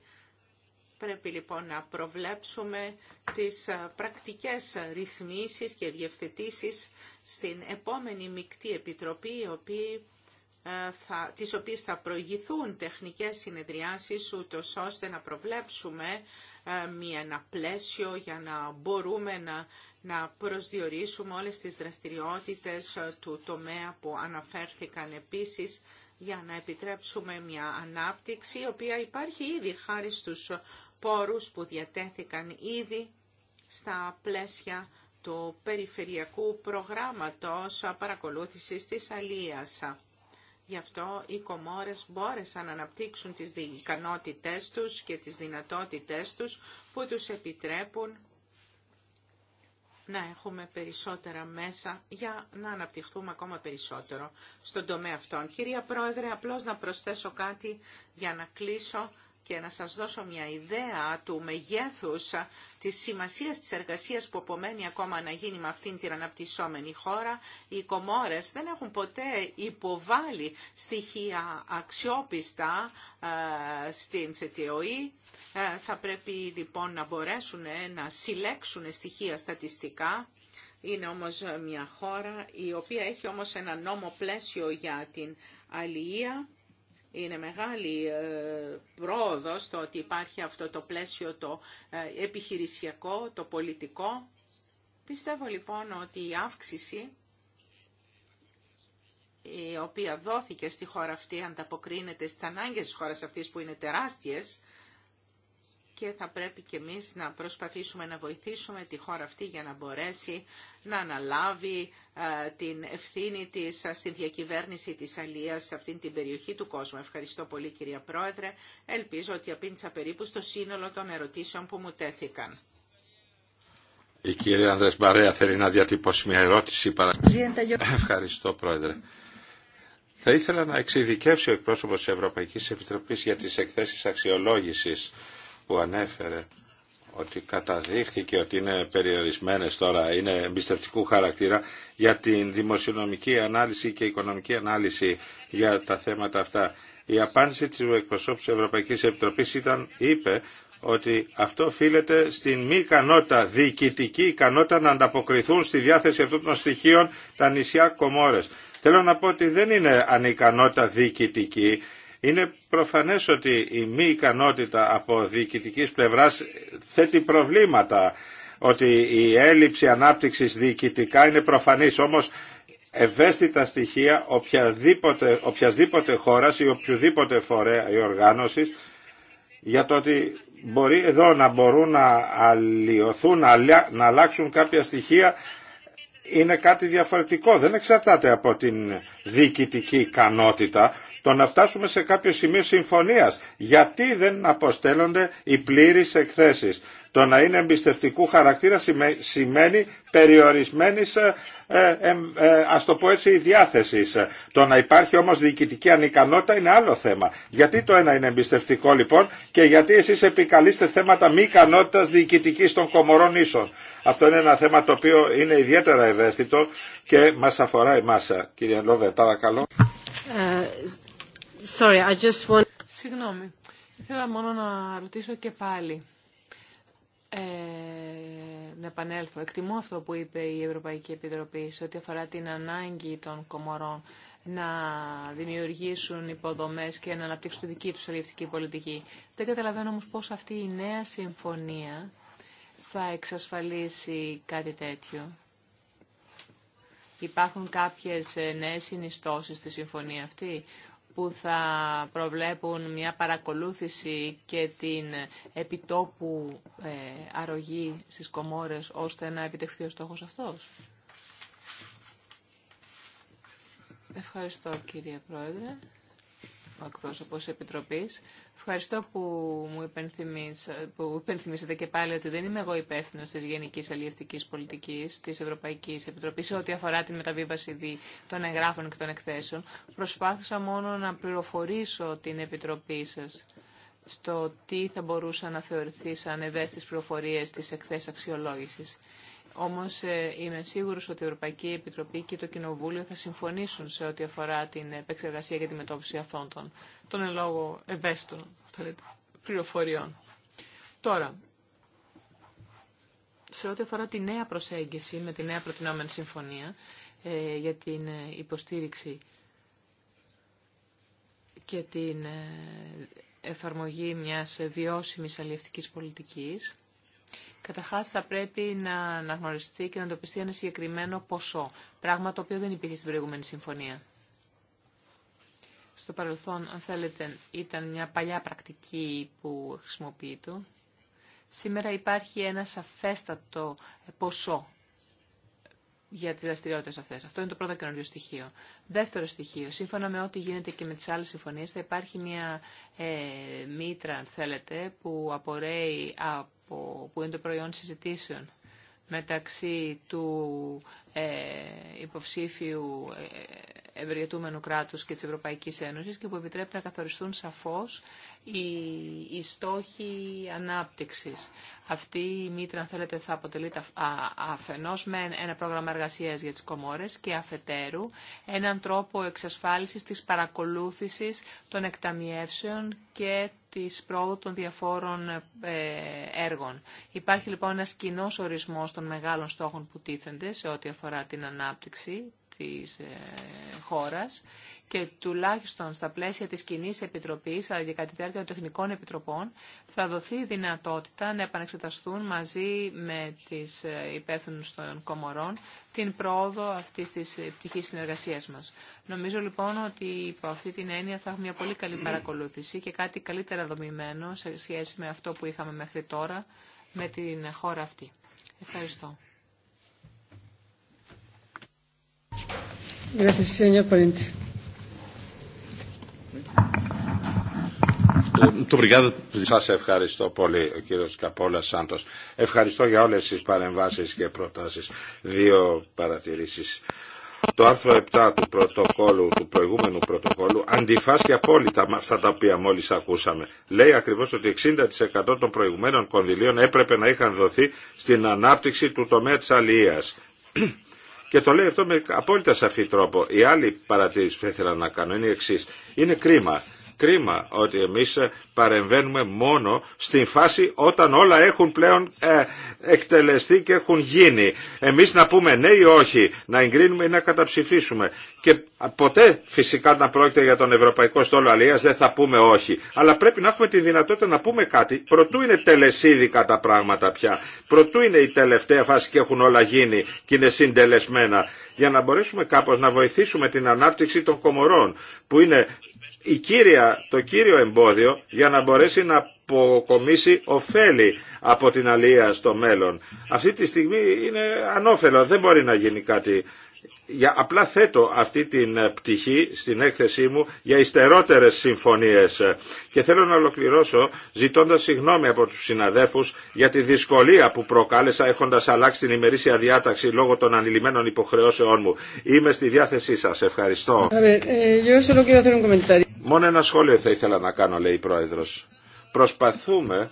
Πρέπει λοιπόν να προβλέψουμε τις πρακτικές ρυθμίσεις και διευθετήσεις στην επόμενη μικτή επιτροπή, οι οποίοι θα, τις οποίες θα προηγηθούν τεχνικές συνεδριάσεις, ούτως ώστε να προβλέψουμε μια, ένα πλαίσιο για να μπορούμε να, να προσδιορίσουμε όλες τις δραστηριότητες του τομέα που αναφέρθηκαν επίσης για να επιτρέψουμε μια ανάπτυξη, η οποία υπάρχει ήδη χάρη στους πόρους που διατέθηκαν ήδη στα πλαίσια του Περιφερειακού Προγράμματος Παρακολούθησης της Αλίας. Γι' αυτό οι κομόρες μπόρεσαν να αναπτύξουν τις ικανότητές τους και τις δυνατότητές τους που τους επιτρέπουν να έχουμε περισσότερα μέσα για να αναπτυχθούμε ακόμα περισσότερο στον τομέα αυτών. Κυρία Πρόεδρε, απλώς να προσθέσω κάτι για να κλείσω και να σας δώσω μια ιδέα του μεγέθους της σημασίας της εργασίας που απομένει ακόμα να γίνει με αυτήν την αναπτυσσόμενη χώρα. Οι κομόρες δεν έχουν ποτέ υποβάλει στοιχεία αξιόπιστα ε, στην CTOE. Ε, θα πρέπει λοιπόν να μπορέσουν ε, να συλλέξουν στοιχεία στατιστικά. Είναι όμως μια χώρα η οποία έχει όμως ένα νόμο πλαίσιο για την αλληλεία είναι μεγάλη ε, πρόοδο το ότι υπάρχει αυτό το πλαίσιο το ε, επιχειρησιακό, το πολιτικό. Πιστεύω λοιπόν ότι η αύξηση η οποία δόθηκε στη χώρα αυτή ανταποκρίνεται στις ανάγκες της χώρας αυτής που είναι τεράστιες και θα πρέπει και εμείς να προσπαθήσουμε να βοηθήσουμε τη χώρα αυτή για να μπορέσει να αναλάβει ε, την ευθύνη της ε, στην διακυβέρνηση της Αλίας σε αυτήν την περιοχή του κόσμου. Ευχαριστώ πολύ κυρία Πρόεδρε. Ελπίζω ότι απήντησα περίπου στο σύνολο των ερωτήσεων που μου τέθηκαν. Η κυρία Ανδρές Μπαρέα θέλει να διατυπώσει μια ερώτηση. Ευχαριστώ Πρόεδρε. Θα ήθελα να εξειδικεύσει ο εκπρόσωπος της Ευρωπαϊκής Επιτροπής για τις εκθέσεις αξιολόγησης που ανέφερε ότι καταδείχθηκε ότι είναι περιορισμένες τώρα, είναι εμπιστευτικού χαρακτήρα για την δημοσιονομική ανάλυση και οικονομική ανάλυση για τα θέματα αυτά. Η απάντηση της εκπροσώπου της Ευρωπαϊκής Επιτροπής ήταν, είπε ότι αυτό οφείλεται στην μη ικανότητα, διοικητική ικανότητα να ανταποκριθούν στη διάθεση αυτών των στοιχείων τα νησιά Κομόρες. Θέλω να πω ότι δεν είναι ανικανότητα διοικητική, είναι προφανές ότι η μη ικανότητα από διοικητικής πλευράς θέτει προβλήματα, ότι η έλλειψη ανάπτυξης διοικητικά είναι προφανής, όμως ευαίσθητα στοιχεία οποιασδήποτε, οποιασδήποτε χώρας ή οποιοδήποτε φορέα ή οργάνωσης για το ότι μπορεί εδώ να μπορούν να αλλοιωθούν, να αλλάξουν κάποια στοιχεία είναι κάτι διαφορετικό. Δεν εξαρτάται από την διοικητική ικανότητα, το να φτάσουμε σε κάποιο σημείο συμφωνίας. Γιατί δεν αποστέλλονται οι πλήρεις εκθέσεις. Το να είναι εμπιστευτικού χαρακτήρα σημαίνει περιορισμένη ε, ε, ε το πω έτσι, η διάθεση. Το να υπάρχει όμως διοικητική ανικανότητα είναι άλλο θέμα. Γιατί το ένα είναι εμπιστευτικό λοιπόν και γιατί εσείς επικαλείστε θέματα μη ικανότητα διοικητικής των κομωρών ίσων. Αυτό είναι ένα θέμα το οποίο είναι ιδιαίτερα ευαίσθητο και μας αφορά εμάς. Ε, κύριε Λόβε, παρακαλώ. Sorry, I Συγγνώμη. Ήθελα μόνο να ρωτήσω και πάλι. Ε, να επανέλθω. Εκτιμώ αυτό που είπε η Ευρωπαϊκή Επιτροπή σε ό,τι αφορά την ανάγκη των κομωρών να δημιουργήσουν υποδομές και να αναπτύξουν τη δική τους αλληλευτική πολιτική. Δεν καταλαβαίνω όμως πώς αυτή η νέα συμφωνία θα εξασφαλίσει κάτι τέτοιο. Υπάρχουν κάποιες ε, νέες συνιστώσεις στη συμφωνία αυτή, που θα προβλέπουν μια παρακολούθηση και την επιτόπου ε, αρρωγή στις κομόρες ώστε να επιτευχθεί ο στόχος αυτός. Ευχαριστώ κύριε Πρόεδρε, ο εκπρόσωπος Επιτροπής. Ευχαριστώ που μου υπενθυμίσατε, και πάλι ότι δεν είμαι εγώ υπεύθυνο τη Γενική Αλλιευτική Πολιτική τη Ευρωπαϊκή Επιτροπή σε ό,τι αφορά τη μεταβίβαση των εγγράφων και των εκθέσεων. Προσπάθησα μόνο να πληροφορήσω την Επιτροπή σα στο τι θα μπορούσε να θεωρηθεί σαν ευαίσθητε πληροφορίε τη εκθέση αξιολόγηση. Όμως ε, είμαι σίγουρος ότι η Ευρωπαϊκή Επιτροπή και το Κοινοβούλιο θα συμφωνήσουν σε ό,τι αφορά την επεξεργασία και τη μετώπιση αυτών των, των εβέστων, λόγω ευαίσθητων πληροφοριών. Τώρα, σε ό,τι αφορά τη νέα προσέγγιση με τη νέα προτινόμενη συμφωνία ε, για την ε, υποστήριξη και την εφαρμογή μιας βιώσιμης αλληλευτικής πολιτικής, Καταρχά, θα πρέπει να αναγνωριστεί και να εντοπιστεί ένα συγκεκριμένο ποσό, πράγμα το οποίο δεν υπήρχε στην προηγούμενη συμφωνία. Στο παρελθόν, αν θέλετε, ήταν μια παλιά πρακτική που χρησιμοποιείται. Σήμερα υπάρχει ένα σαφέστατο ποσό για τι δραστηριότητε αυτέ. Αυτό είναι το πρώτο καινούριο στοιχείο. Δεύτερο στοιχείο, σύμφωνα με ό,τι γίνεται και με τι άλλε συμφωνίε, θα υπάρχει μια ε, μήτρα, αν θέλετε, που απορρέει από που είναι το προϊόν συζητήσεων μεταξύ του ε, υποψήφιου ε, ευεργετούμενου κράτους και της Ευρωπαϊκής Ένωσης και που επιτρέπει να καθοριστούν σαφώς οι, στόχοι ανάπτυξης. Αυτή η μήτρα, θέλετε, θα αποτελεί αφενός με ένα πρόγραμμα εργασίας για τις κομόρες και αφετέρου έναν τρόπο εξασφάλισης της παρακολούθησης των εκταμιεύσεων και της πρόοδου των διαφόρων ε, έργων. Υπάρχει λοιπόν ένας κοινός ορισμός των μεγάλων στόχων που τίθενται σε ό,τι αφορά την ανάπτυξη της ε, χώρας και τουλάχιστον στα πλαίσια της κοινή Επιτροπής, αλλά και κατά τη διάρκεια των τεχνικών επιτροπών, θα δοθεί δυνατότητα να επανεξεταστούν μαζί με τις ε, υπεύθυνου των κομορών την πρόοδο αυτή της ε, πτυχής συνεργασίας μας. Νομίζω λοιπόν ότι υπό αυτή την έννοια θα έχουμε μια πολύ καλή παρακολούθηση και κάτι καλύτερα δομημένο σε σχέση με αυτό που είχαμε μέχρι τώρα με την χώρα αυτή. Ευχαριστώ. Gracias, señor ponente. Ε, σας ευχαριστώ πολύ ο κύριος Καπόλα Σάντος. Ευχαριστώ για όλες τις παρεμβάσεις και προτάσεις. Δύο παρατηρήσεις. Το άρθρο 7 του πρωτοκόλου, του προηγούμενου πρωτοκόλου, αντιφάσκει απόλυτα με αυτά τα οποία μόλις ακούσαμε. Λέει ακριβώς ότι 60% των προηγουμένων κονδυλίων έπρεπε να είχαν δοθεί στην ανάπτυξη του τομέα της αλληλείας. Και το λέει αυτό με απόλυτα σαφή τρόπο. Η άλλη παρατήρηση που θα ήθελα να κάνω είναι η εξή. Είναι κρίμα κρίμα ότι εμείς ε, παρεμβαίνουμε μόνο στην φάση όταν όλα έχουν πλέον ε, εκτελεστεί και έχουν γίνει. Εμείς να πούμε ναι ή όχι, να εγκρίνουμε ή να καταψηφίσουμε. Και ποτέ φυσικά να πρόκειται για τον Ευρωπαϊκό Στόλο Αλίας δεν θα πούμε όχι. Αλλά πρέπει να έχουμε τη δυνατότητα να πούμε κάτι. Προτού είναι τελεσίδικα τα πράγματα πια. Προτού είναι η τελευταία φάση και έχουν όλα γίνει και είναι συντελεσμένα. Για να μπορέσουμε κάπως να βοηθήσουμε την ανάπτυξη των κομορών που είναι η κύρια, το κύριο εμπόδιο για να μπορέσει να αποκομίσει ωφέλη από την αλία στο μέλλον. Αυτή τη στιγμή είναι ανώφελο, δεν μπορεί να γίνει κάτι για, απλά θέτω αυτή την ε, πτυχή στην έκθεσή μου για ιστερότερες συμφωνίες και θέλω να ολοκληρώσω ζητώντας συγγνώμη από τους συναδέφους για τη δυσκολία που προκάλεσα έχοντας αλλάξει την ημερήσια διάταξη λόγω των ανηλυμένων υποχρεώσεών μου. Είμαι στη διάθεσή σας. Ευχαριστώ. Eh, Μόνο ένα σχόλιο θα ήθελα να κάνω λέει η Πρόεδρος. Προσπαθούμε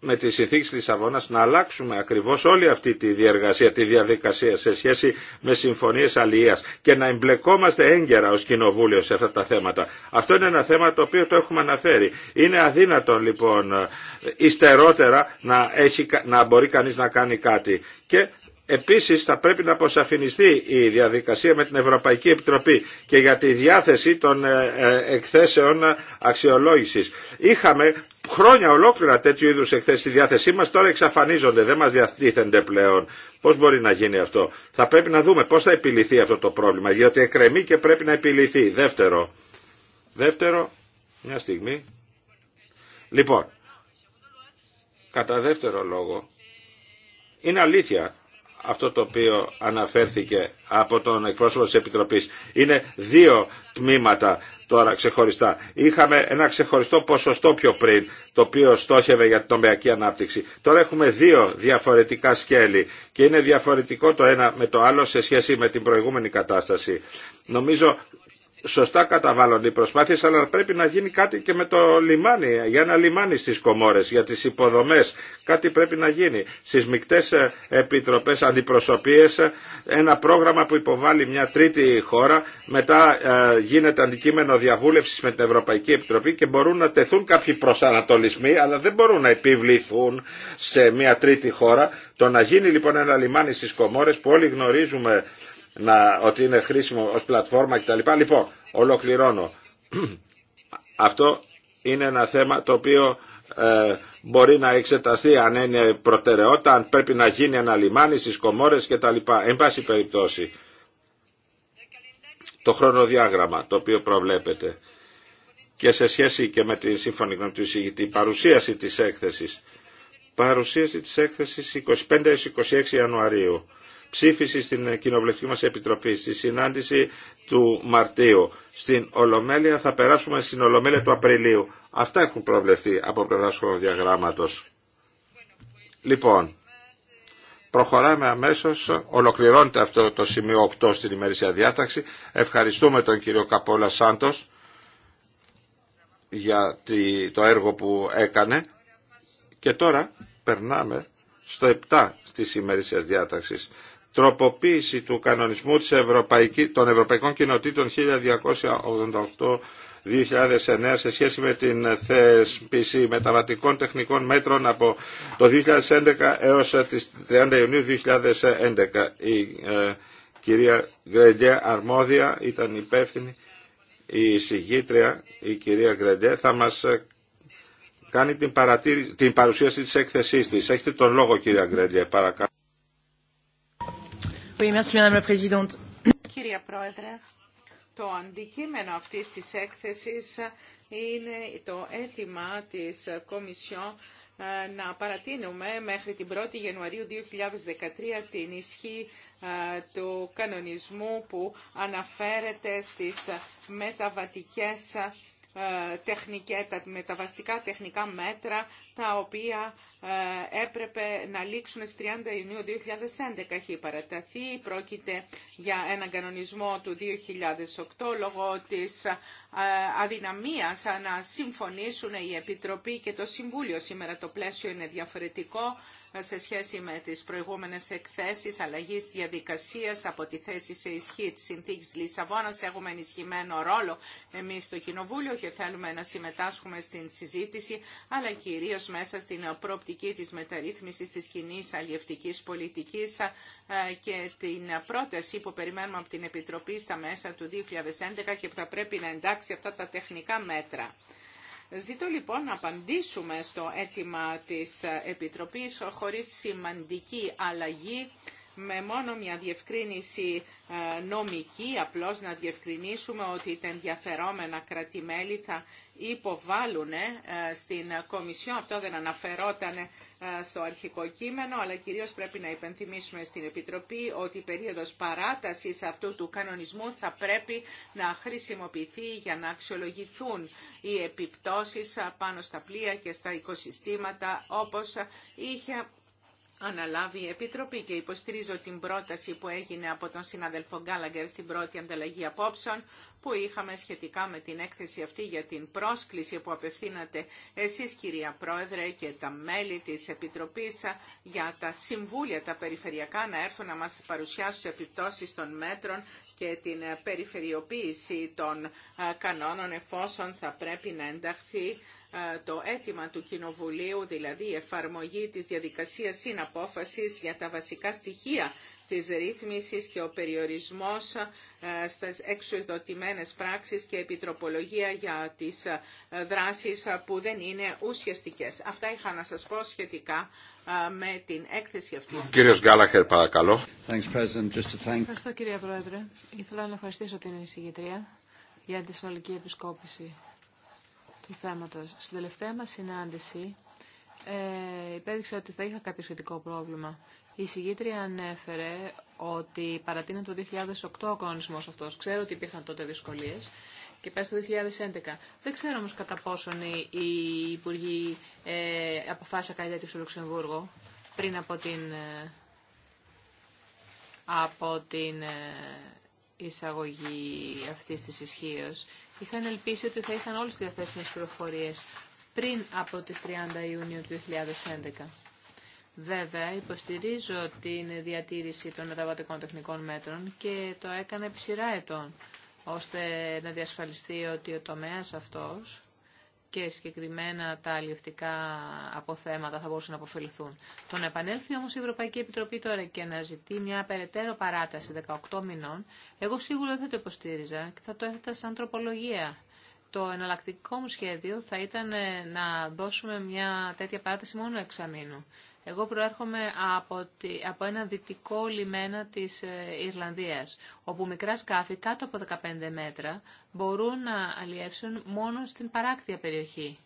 με τις συνθήκη της Λισαβόνας να αλλάξουμε ακριβώς όλη αυτή τη διεργασία, τη διαδικασία σε σχέση με συμφωνίες αλληλείας και να εμπλεκόμαστε έγκαιρα ως κοινοβούλιο σε αυτά τα θέματα. Αυτό είναι ένα θέμα το οποίο το έχουμε αναφέρει. Είναι αδύνατο λοιπόν ε, ιστερότερα να, έχει, να μπορεί κανείς να κάνει κάτι. Και Επίση, θα πρέπει να αποσαφινιστεί η διαδικασία με την Ευρωπαϊκή Επιτροπή και για τη διάθεση των ε, ε, εκθέσεων αξιολόγηση. Είχαμε χρόνια ολόκληρα τέτοιου είδου εκθέσεις στη διάθεσή μα τώρα εξαφανίζονται, δεν μας διατίθενται πλέον. Πώς μπορεί να γίνει αυτό. Θα πρέπει να δούμε πώς θα επιληθεί αυτό το πρόβλημα, διότι εκρεμεί και πρέπει να επιληθεί. Δεύτερο, δεύτερο, μια στιγμή. Λοιπόν, κατά δεύτερο λόγο, είναι αλήθεια αυτό το οποίο αναφέρθηκε από τον εκπρόσωπο της Επιτροπής. Είναι δύο τμήματα τώρα ξεχωριστά. Είχαμε ένα ξεχωριστό ποσοστό πιο πριν, το οποίο στόχευε για την τομεακή ανάπτυξη. Τώρα έχουμε δύο διαφορετικά σκέλη και είναι διαφορετικό το ένα με το άλλο σε σχέση με την προηγούμενη κατάσταση. Νομίζω σωστά καταβάλλονται οι προσπάθειε, αλλά πρέπει να γίνει κάτι και με το λιμάνι για ένα λιμάνι στι Κομόρες για τι υποδομέ. κάτι πρέπει να γίνει στις μικτές ε, επιτροπές αντιπροσωπείες ε, ένα πρόγραμμα που υποβάλλει μια τρίτη χώρα μετά ε, γίνεται αντικείμενο διαβούλευση με την Ευρωπαϊκή Επιτροπή και μπορούν να τεθούν κάποιοι προσανατολισμοί αλλά δεν μπορούν να επιβληθούν σε μια τρίτη χώρα το να γίνει λοιπόν ένα λιμάνι στι Κομόρες που όλοι γνωρίζουμε να, ότι είναι χρήσιμο ως πλατφόρμα κτλ. Λοιπόν, ολοκληρώνω. <clears throat> Αυτό είναι ένα θέμα το οποίο ε, μπορεί να εξεταστεί αν είναι προτεραιότητα, αν πρέπει να γίνει ένα λιμάνι στις Κομόρες κτλ. Εν πάση περιπτώσει, το χρονοδιάγραμμα το οποίο προβλέπεται και σε σχέση και με τη σύμφωνη γνώμη του εισηγητή, παρουσίαση της έκθεσης. Παρουσίαση της έκθεσης 25-26 Ιανουαρίου ψήφιση στην κοινοβουλευτική μας επιτροπή στη συνάντηση του Μαρτίου. Στην Ολομέλεια θα περάσουμε στην Ολομέλεια του Απριλίου. Αυτά έχουν προβλεφθεί από πλευρά χρονοδιαγράμματος. Λοιπόν, προχωράμε αμέσως, ολοκληρώνεται αυτό το σημείο 8 στην ημερήσια διάταξη. Ευχαριστούμε τον κύριο Καπόλα Σάντος για το έργο που έκανε. Και τώρα περνάμε στο 7 της ημερήσιας διάταξης τροποποίηση του κανονισμού της Ευρωπαϊκή, των Ευρωπαϊκών Κοινοτήτων 1288 2009 σε σχέση με την θέσπιση μεταβατικών τεχνικών μέτρων από το 2011 έως τις 30 Ιουνίου 2011. Η ε, κυρία Γκρεντιέ Αρμόδια ήταν υπεύθυνη, η συγγήτρια, η κυρία Γκρεντιέ, θα μας ε, κάνει την, την παρουσίαση της έκθεσής της. Έχετε τον λόγο κυρία Γκρέντια, παρακαλώ. Madame la Présidente. Κυρία Πρόεδρε, το αντικείμενο αυτής της έκθεσης είναι το αίτημα της Κομισιόν ε, να παρατείνουμε μέχρι την 1η Ιανουαρίου 2013 την ισχύ ε, του κανονισμού που αναφέρεται στις μεταβατικές ε, τεχνικές, τα μεταβαστικά τεχνικά μέτρα τα οποία ε, έπρεπε να λήξουν στις 30 Ιουνίου 2011. Έχει παραταθεί, πρόκειται για έναν κανονισμό του 2008 λόγω της ε, αδυναμίας να συμφωνήσουν η Επιτροπή και το Συμβούλιο. Σήμερα το πλαίσιο είναι διαφορετικό σε σχέση με τις προηγούμενες εκθέσεις αλλαγής διαδικασίας από τη θέση σε ισχύ της συνθήκης Λισαβόνας. Έχουμε ενισχυμένο ρόλο εμείς στο Κοινοβούλιο και θέλουμε να συμμετάσχουμε στην συζήτηση, αλλά κυρίως μέσα στην προοπτική της μεταρρύθμισης της κοινή αλλιευτικής πολιτικής ε, και την πρόταση που περιμένουμε από την Επιτροπή στα μέσα του 2011 και που θα πρέπει να εντάξει αυτά τα τεχνικά μέτρα. Ζήτω λοιπόν να απαντήσουμε στο αίτημα της Επιτροπής χωρίς σημαντική αλλαγή με μόνο μια διευκρίνηση ε, νομική, απλώς να διευκρινίσουμε ότι τα ενδιαφερόμενα κρατημέλη θα υποβάλλουν ε, στην Κομισιόν. Αυτό δεν αναφερόταν ε, στο αρχικό κείμενο, αλλά κυρίως πρέπει να υπενθυμίσουμε στην Επιτροπή ότι η περίοδος παράτασης αυτού του κανονισμού θα πρέπει να χρησιμοποιηθεί για να αξιολογηθούν οι επιπτώσεις ε, πάνω στα πλοία και στα οικοσυστήματα, όπως είχε αναλάβει η Επιτροπή και υποστηρίζω την πρόταση που έγινε από τον συναδελφό Γκάλαγκερ στην πρώτη ανταλλαγή απόψεων που είχαμε σχετικά με την έκθεση αυτή για την πρόσκληση που απευθύνατε εσείς κυρία Πρόεδρε και τα μέλη της Επιτροπής για τα συμβούλια τα περιφερειακά να έρθουν να μας παρουσιάσουν επιπτώσεις των μέτρων και την περιφερειοποίηση των κανόνων εφόσον θα πρέπει να ενταχθεί το αίτημα του Κοινοβουλίου, δηλαδή η εφαρμογή της διαδικασίας συναπόφασης για τα βασικά στοιχεία της ρύθμισης και ο περιορισμός στις εξουδοτημένες πράξεις και επιτροπολογία για τις δράσεις που δεν είναι ουσιαστικές. Αυτά είχα να σας πω σχετικά με την έκθεση αυτή. κύριος Γκάλαχερ, παρακαλώ. Thanks, President. Just to thank... Ευχαριστώ, κύριε Πρόεδρε. Ήθελα να ευχαριστήσω την εισηγητρία για τη συνολική επισκόπηση του θέματος. Στην τελευταία μας συνάντηση ε, υπέδειξε ότι θα είχα κάποιο σχετικό πρόβλημα. Η συγγήτρια ανέφερε ότι παρατείνει το 2008 ο κανονισμός αυτός. Ξέρω ότι υπήρχαν τότε δυσκολίες και πέρασε το 2011. Δεν ξέρω όμως κατά πόσον οι υπουργοί ε, αποφάσισαν κάτι στο Λουξεμβούργο πριν από την, ε, από την ε, εισαγωγή αυτής της ισχύω είχαν ελπίσει ότι θα είχαν όλες τις διαθέσιμες πληροφορίες πριν από τις 30 Ιουνίου του 2011. Βέβαια, υποστηρίζω την διατήρηση των μεταβατικών τεχνικών μέτρων και το έκανα επί σειρά ετών, ώστε να διασφαλιστεί ότι ο τομέας αυτός και συγκεκριμένα τα αλληλευτικά αποθέματα θα μπορούσαν να αποφεληθούν. Το να επανέλθει όμως η Ευρωπαϊκή Επιτροπή τώρα και να ζητεί μια περαιτέρω παράταση 18 μηνών, εγώ σίγουρα δεν θα το υποστήριζα και θα το έθετα σαν τροπολογία. Το εναλλακτικό μου σχέδιο θα ήταν ε, να δώσουμε μια τέτοια παράταση μόνο εξαμήνου. Εγώ προέρχομαι από, από ένα δυτικό λιμένα της ε, Ιρλανδίας, όπου μικρά σκάφη κάτω από 15 μέτρα μπορούν να αλλιεύσουν μόνο στην παράκτια περιοχή.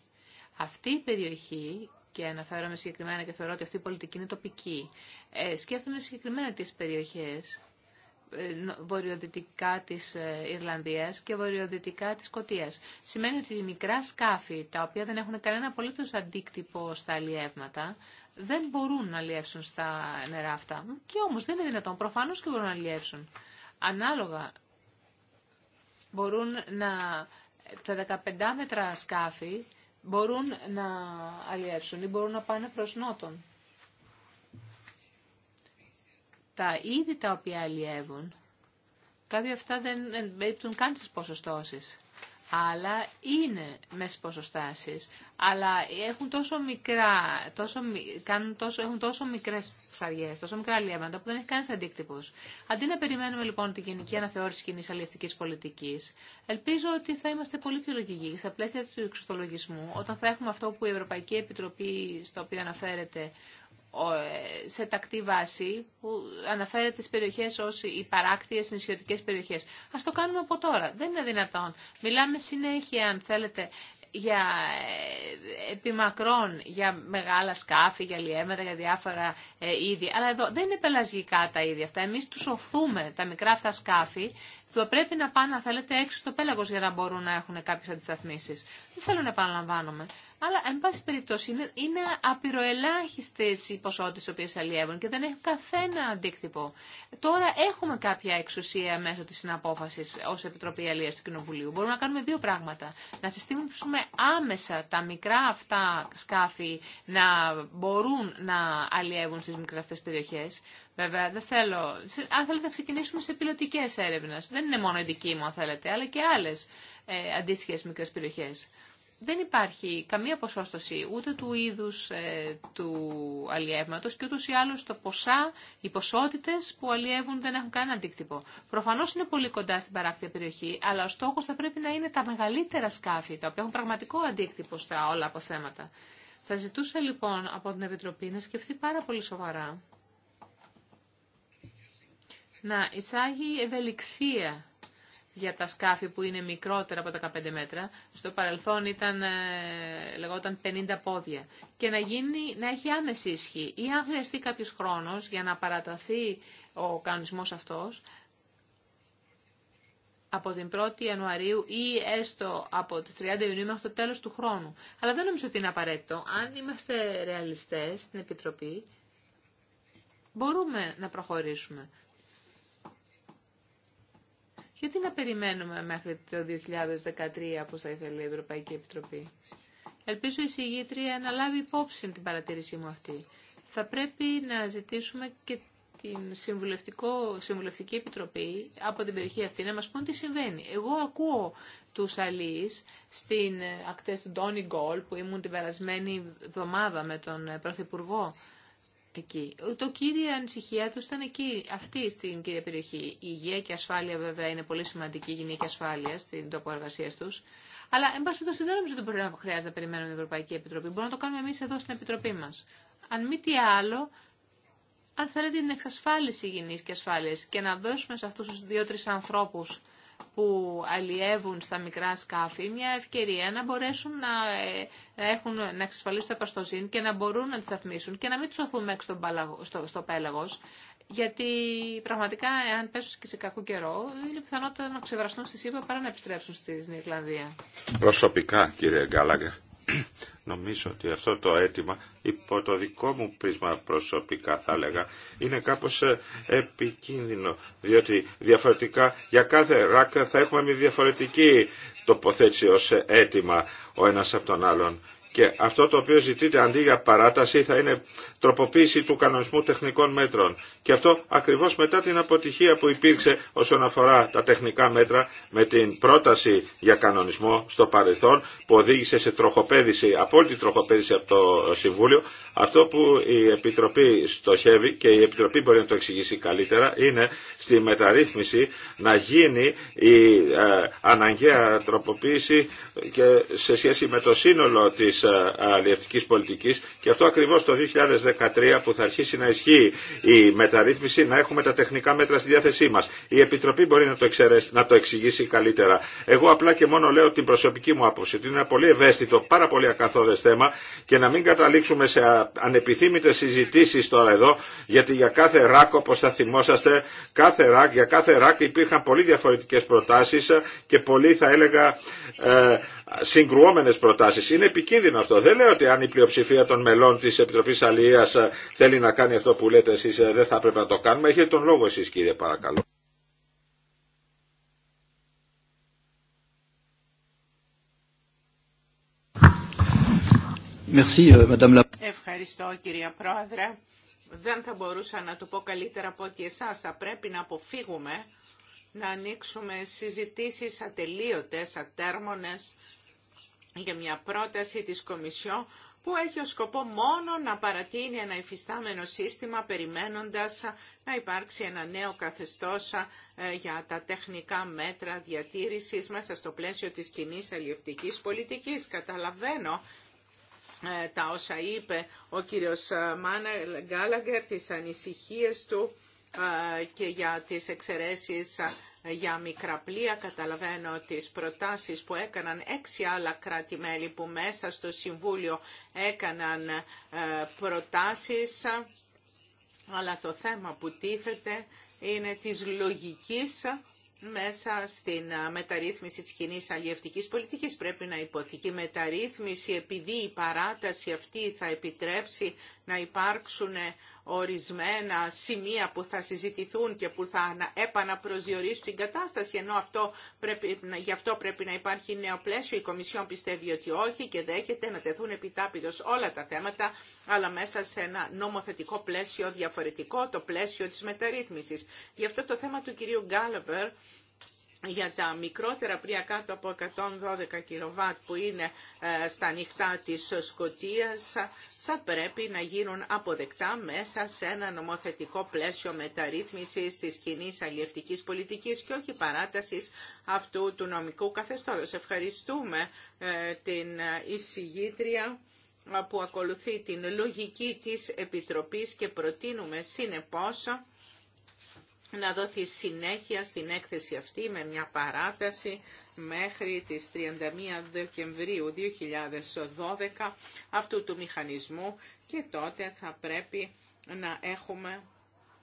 Αυτή η περιοχή και αναφέρομαι συγκεκριμένα και θεωρώ ότι αυτή η πολιτική είναι τοπική. Ε, σκέφτομαι συγκεκριμένα τις περιοχές ε, βορειοδυτικά της ε, Ιρλανδίας και βορειοδυτικά της Σκοτίας. Σημαίνει ότι οι μικρά σκάφη, τα οποία δεν έχουν κανένα απολύτως αντίκτυπο στα αλλιεύματα, δεν μπορούν να αλλιεύσουν στα νερά αυτά. Και όμως δεν είναι δυνατόν. Προφανώς και μπορούν να αλλιεύσουν. Ανάλογα μπορούν να... Τα 15 μέτρα σκάφη μπορούν να αλλιεύσουν ή μπορούν να πάνε προς νότον. Τα είδη τα οποία αλλιεύουν, κάποια αυτά δεν εμπίπτουν καν στις ποσοστώσεις άλλα είναι με ποσοστάσει, αλλά έχουν τόσο μικρά, τόσο, κάνουν τόσο, έχουν τόσο μικρές ψαριές, τόσο μικρά λιέματα που δεν έχει κανείς αντίκτυπο. Αντί να περιμένουμε λοιπόν την γενική αναθεώρηση κοινή αλληλευτική πολιτική, ελπίζω ότι θα είμαστε πολύ πιο λογικοί στα πλαίσια του εξωτολογισμού, όταν θα έχουμε αυτό που η Ευρωπαϊκή Επιτροπή, στο οποίο αναφέρεται, ε, σε τακτή βάση που αναφέρεται τις περιοχές ως οι παράκτιες νησιωτικές περιοχές. Ας το κάνουμε από τώρα. Δεν είναι δυνατόν. Μιλάμε συνέχεια, αν θέλετε, για ε, επιμακρών, για μεγάλα σκάφη, για λιέμερα, για διάφορα ε, είδη. Αλλά εδώ δεν είναι πελασγικά τα είδη αυτά. Εμείς τους οθούμε τα μικρά αυτά σκάφη το πρέπει να πάνε, αν θέλετε, έξω στο πέλαγο για να μπορούν να έχουν κάποιε αντισταθμίσει. Δεν θέλω να επαναλαμβάνομαι. Αλλά, εν πάση περιπτώσει, είναι, είναι απειροελάχιστε οι ποσότητε οι οποίε αλλιεύουν και δεν έχουν καθένα αντίκτυπο. Τώρα έχουμε κάποια εξουσία μέσω τη συναπόφαση ω Επιτροπή Αλλία του Κοινοβουλίου. Μπορούμε να κάνουμε δύο πράγματα. Να συστήσουμε άμεσα τα μικρά αυτά σκάφη να μπορούν να αλλιεύουν στι μικρέ αυτέ περιοχέ. Βέβαια, δεν θέλω. Αν θέλετε, θα ξεκινήσουμε σε πιλωτικέ έρευνε. Δεν είναι μόνο η δική μου, αν θέλετε, αλλά και άλλε ε, αντίστοιχε μικρέ περιοχέ. Δεν υπάρχει καμία ποσόστοση ούτε του είδου ε, του αλλιεύματο και ούτω ή άλλω το ποσά, οι ποσότητε που αλλιεύουν δεν έχουν κανένα αντίκτυπο. Προφανώ είναι πολύ κοντά στην παράκτια περιοχή, αλλά ο στόχο θα πρέπει να είναι τα μεγαλύτερα σκάφη, τα οποία έχουν πραγματικό αντίκτυπο στα όλα αποθέματα. Θα ζητούσα λοιπόν από την Επιτροπή να σκεφτεί πάρα πολύ σοβαρά να εισάγει ευελιξία για τα σκάφη που είναι μικρότερα από τα 15 μέτρα. Στο παρελθόν ήταν, ε, λεγόταν 50 πόδια. Και να, γίνει, να έχει άμεση ισχύ. Ή αν χρειαστεί κάποιος χρόνος για να παραταθεί ο κανονισμός αυτός, από την 1η Ιανουαρίου ή έστω από τις 30 Ιουνίου μέχρι το τέλος του χρόνου. Αλλά δεν νομίζω ότι είναι απαραίτητο. Αν είμαστε ρεαλιστές στην Επιτροπή, μπορούμε να προχωρήσουμε. Γιατί να περιμένουμε μέχρι το 2013, όπως θα ήθελε η Ευρωπαϊκή Επιτροπή. Ελπίζω η συγγήτρια να λάβει υπόψη την παρατήρησή μου αυτή. Θα πρέπει να ζητήσουμε και την Συμβουλευτική Επιτροπή από την περιοχή αυτή να μας πούν τι συμβαίνει. Εγώ ακούω τους αλείς στην ε, ακτές του Ντόνι Γκολ που ήμουν την περασμένη εβδομάδα με τον ε, Πρωθυπουργό το κύριο ανησυχία του ήταν εκεί, αυτή στην κύρια περιοχή. Η υγεία και ασφάλεια βέβαια είναι πολύ σημαντική, η και ασφάλεια στην τόπο εργασία του. Αλλά, εν πάση περιπτώσει, δεν νομίζω ότι μπορεί να χρειάζεται να περιμένουμε την Ευρωπαϊκή Επιτροπή. Μπορούμε να το κάνουμε εμεί εδώ στην Επιτροπή μα. Αν μη τι άλλο, αν θέλετε την εξασφάλιση υγιεινή και ασφάλεια και να δώσουμε σε αυτού του δυο τρει ανθρώπου, που αλλιεύουν στα μικρά σκάφη μια ευκαιρία να μπορέσουν να, ε, έχουν, να εξασφαλίσουν το επαστοζήν και να μπορούν να τις σταθμίσουν και να μην τους οθούμε έξω στο, στο πέλαγος. Γιατί πραγματικά, αν πέσουν και σε κακό καιρό, είναι πιθανότητα να ξεβραστούν στη ΣΥΠΑ παρά να επιστρέψουν στη Ιρλανδία. Προσωπικά, κύριε Γκάλαγκα, <clears throat> Νομίζω ότι αυτό το αίτημα, υπό το δικό μου πρίσμα προσωπικά θα έλεγα, είναι κάπως ε, επικίνδυνο, διότι διαφορετικά για κάθε ρακ θα έχουμε μια διαφορετική τοποθέτηση ως αίτημα ο ένας από τον άλλον. Και αυτό το οποίο ζητείτε αντί για παράταση θα είναι τροποποίηση του κανονισμού τεχνικών μέτρων. Και αυτό ακριβώς μετά την αποτυχία που υπήρξε όσον αφορά τα τεχνικά μέτρα με την πρόταση για κανονισμό στο παρελθόν που οδήγησε σε τροχοπέδηση, απόλυτη τροχοπέδηση από το Συμβούλιο. Αυτό που η Επιτροπή στοχεύει και η Επιτροπή μπορεί να το εξηγήσει καλύτερα είναι στη μεταρρύθμιση να γίνει η ε, αναγκαία τροποποίηση και σε σχέση με το σύνολο της ε, αλληλευτικής πολιτικής και αυτό ακριβώς το 2013 που θα αρχίσει να ισχύει η μεταρρύθμιση να έχουμε τα τεχνικά μέτρα στη διάθεσή μας. Η Επιτροπή μπορεί να το, να το εξηγήσει καλύτερα. Εγώ απλά και μόνο λέω την προσωπική μου άποψη ότι είναι ένα πολύ ευαίσθητο, πάρα πολύ ακαθόδες θέμα και να μην καταλήξουμε σε ανεπιθύμητες συζητήσεις τώρα εδώ γιατί για κάθε ράκο, όπως θα θυμόσαστε, Κάθε ρακ, για κάθε ρακ υπήρχαν πολύ διαφορετικές προτάσεις και πολύ θα έλεγα ε, συγκρουόμενες προτάσεις. Είναι επικίνδυνο αυτό. Δεν λέω ότι αν η πλειοψηφία των μελών της Επιτροπής Αλληλείας ε, θέλει να κάνει αυτό που λέτε εσείς ε, δεν θα πρέπει να το κάνουμε. Έχετε τον λόγο εσείς κύριε παρακαλώ. Euh, Ευχαριστώ κυρία Πρόεδρε δεν θα μπορούσα να το πω καλύτερα από ότι εσάς θα πρέπει να αποφύγουμε να ανοίξουμε συζητήσεις ατελείωτες, ατέρμονες για μια πρόταση της Κομισιόν που έχει ως σκοπό μόνο να παρατείνει ένα υφιστάμενο σύστημα περιμένοντας να υπάρξει ένα νέο καθεστώς ε, για τα τεχνικά μέτρα διατήρησης μέσα στο πλαίσιο της κοινή αλληλευτικής πολιτικής. Καταλαβαίνω ε, τα όσα είπε ο κύριος ε, Μάνελ Γκάλαγκερ, τις ανησυχίες του ε, και για τις εξαιρέσεις για μικρά πλοία. Καταλαβαίνω τις προτάσεις που έκαναν έξι άλλα κράτη-μέλη που μέσα στο Συμβούλιο έκαναν προτάσεις. Αλλά το θέμα που τίθεται είναι της λογικής μέσα στην μεταρρύθμιση της κοινή αλλιευτικής πολιτικής πρέπει να υποθεί. Η μεταρρύθμιση επειδή η παράταση αυτή θα επιτρέψει να υπάρξουν ορισμένα σημεία που θα συζητηθούν και που θα επαναπροσδιορίσουν την κατάσταση, ενώ αυτό πρέπει, γι' αυτό πρέπει να υπάρχει νέο πλαίσιο. Η Κομισιόν πιστεύει ότι όχι και δέχεται να τεθούν επιτάπητος όλα τα θέματα, αλλά μέσα σε ένα νομοθετικό πλαίσιο διαφορετικό, το πλαίσιο της μεταρρύθμισης. Γι' αυτό το θέμα του κυρίου Γκάλαβέρ για τα μικρότερα πρία κάτω από 112 κιλοβάτ που είναι ε, στα νυχτά της Σκοτίας θα πρέπει να γίνουν αποδεκτά μέσα σε ένα νομοθετικό πλαίσιο μεταρρύθμισης της κοινή αλλιευτικής πολιτικής και όχι παράτασης αυτού του νομικού καθεστώτος. Ευχαριστούμε ε, την εισηγήτρια που ακολουθεί την λογική της Επιτροπής και προτείνουμε συνεπώς να δόθει συνέχεια στην έκθεση αυτή με μια παράταση μέχρι τις 31 Δεκεμβρίου 2012 αυτού του μηχανισμού και τότε θα πρέπει να έχουμε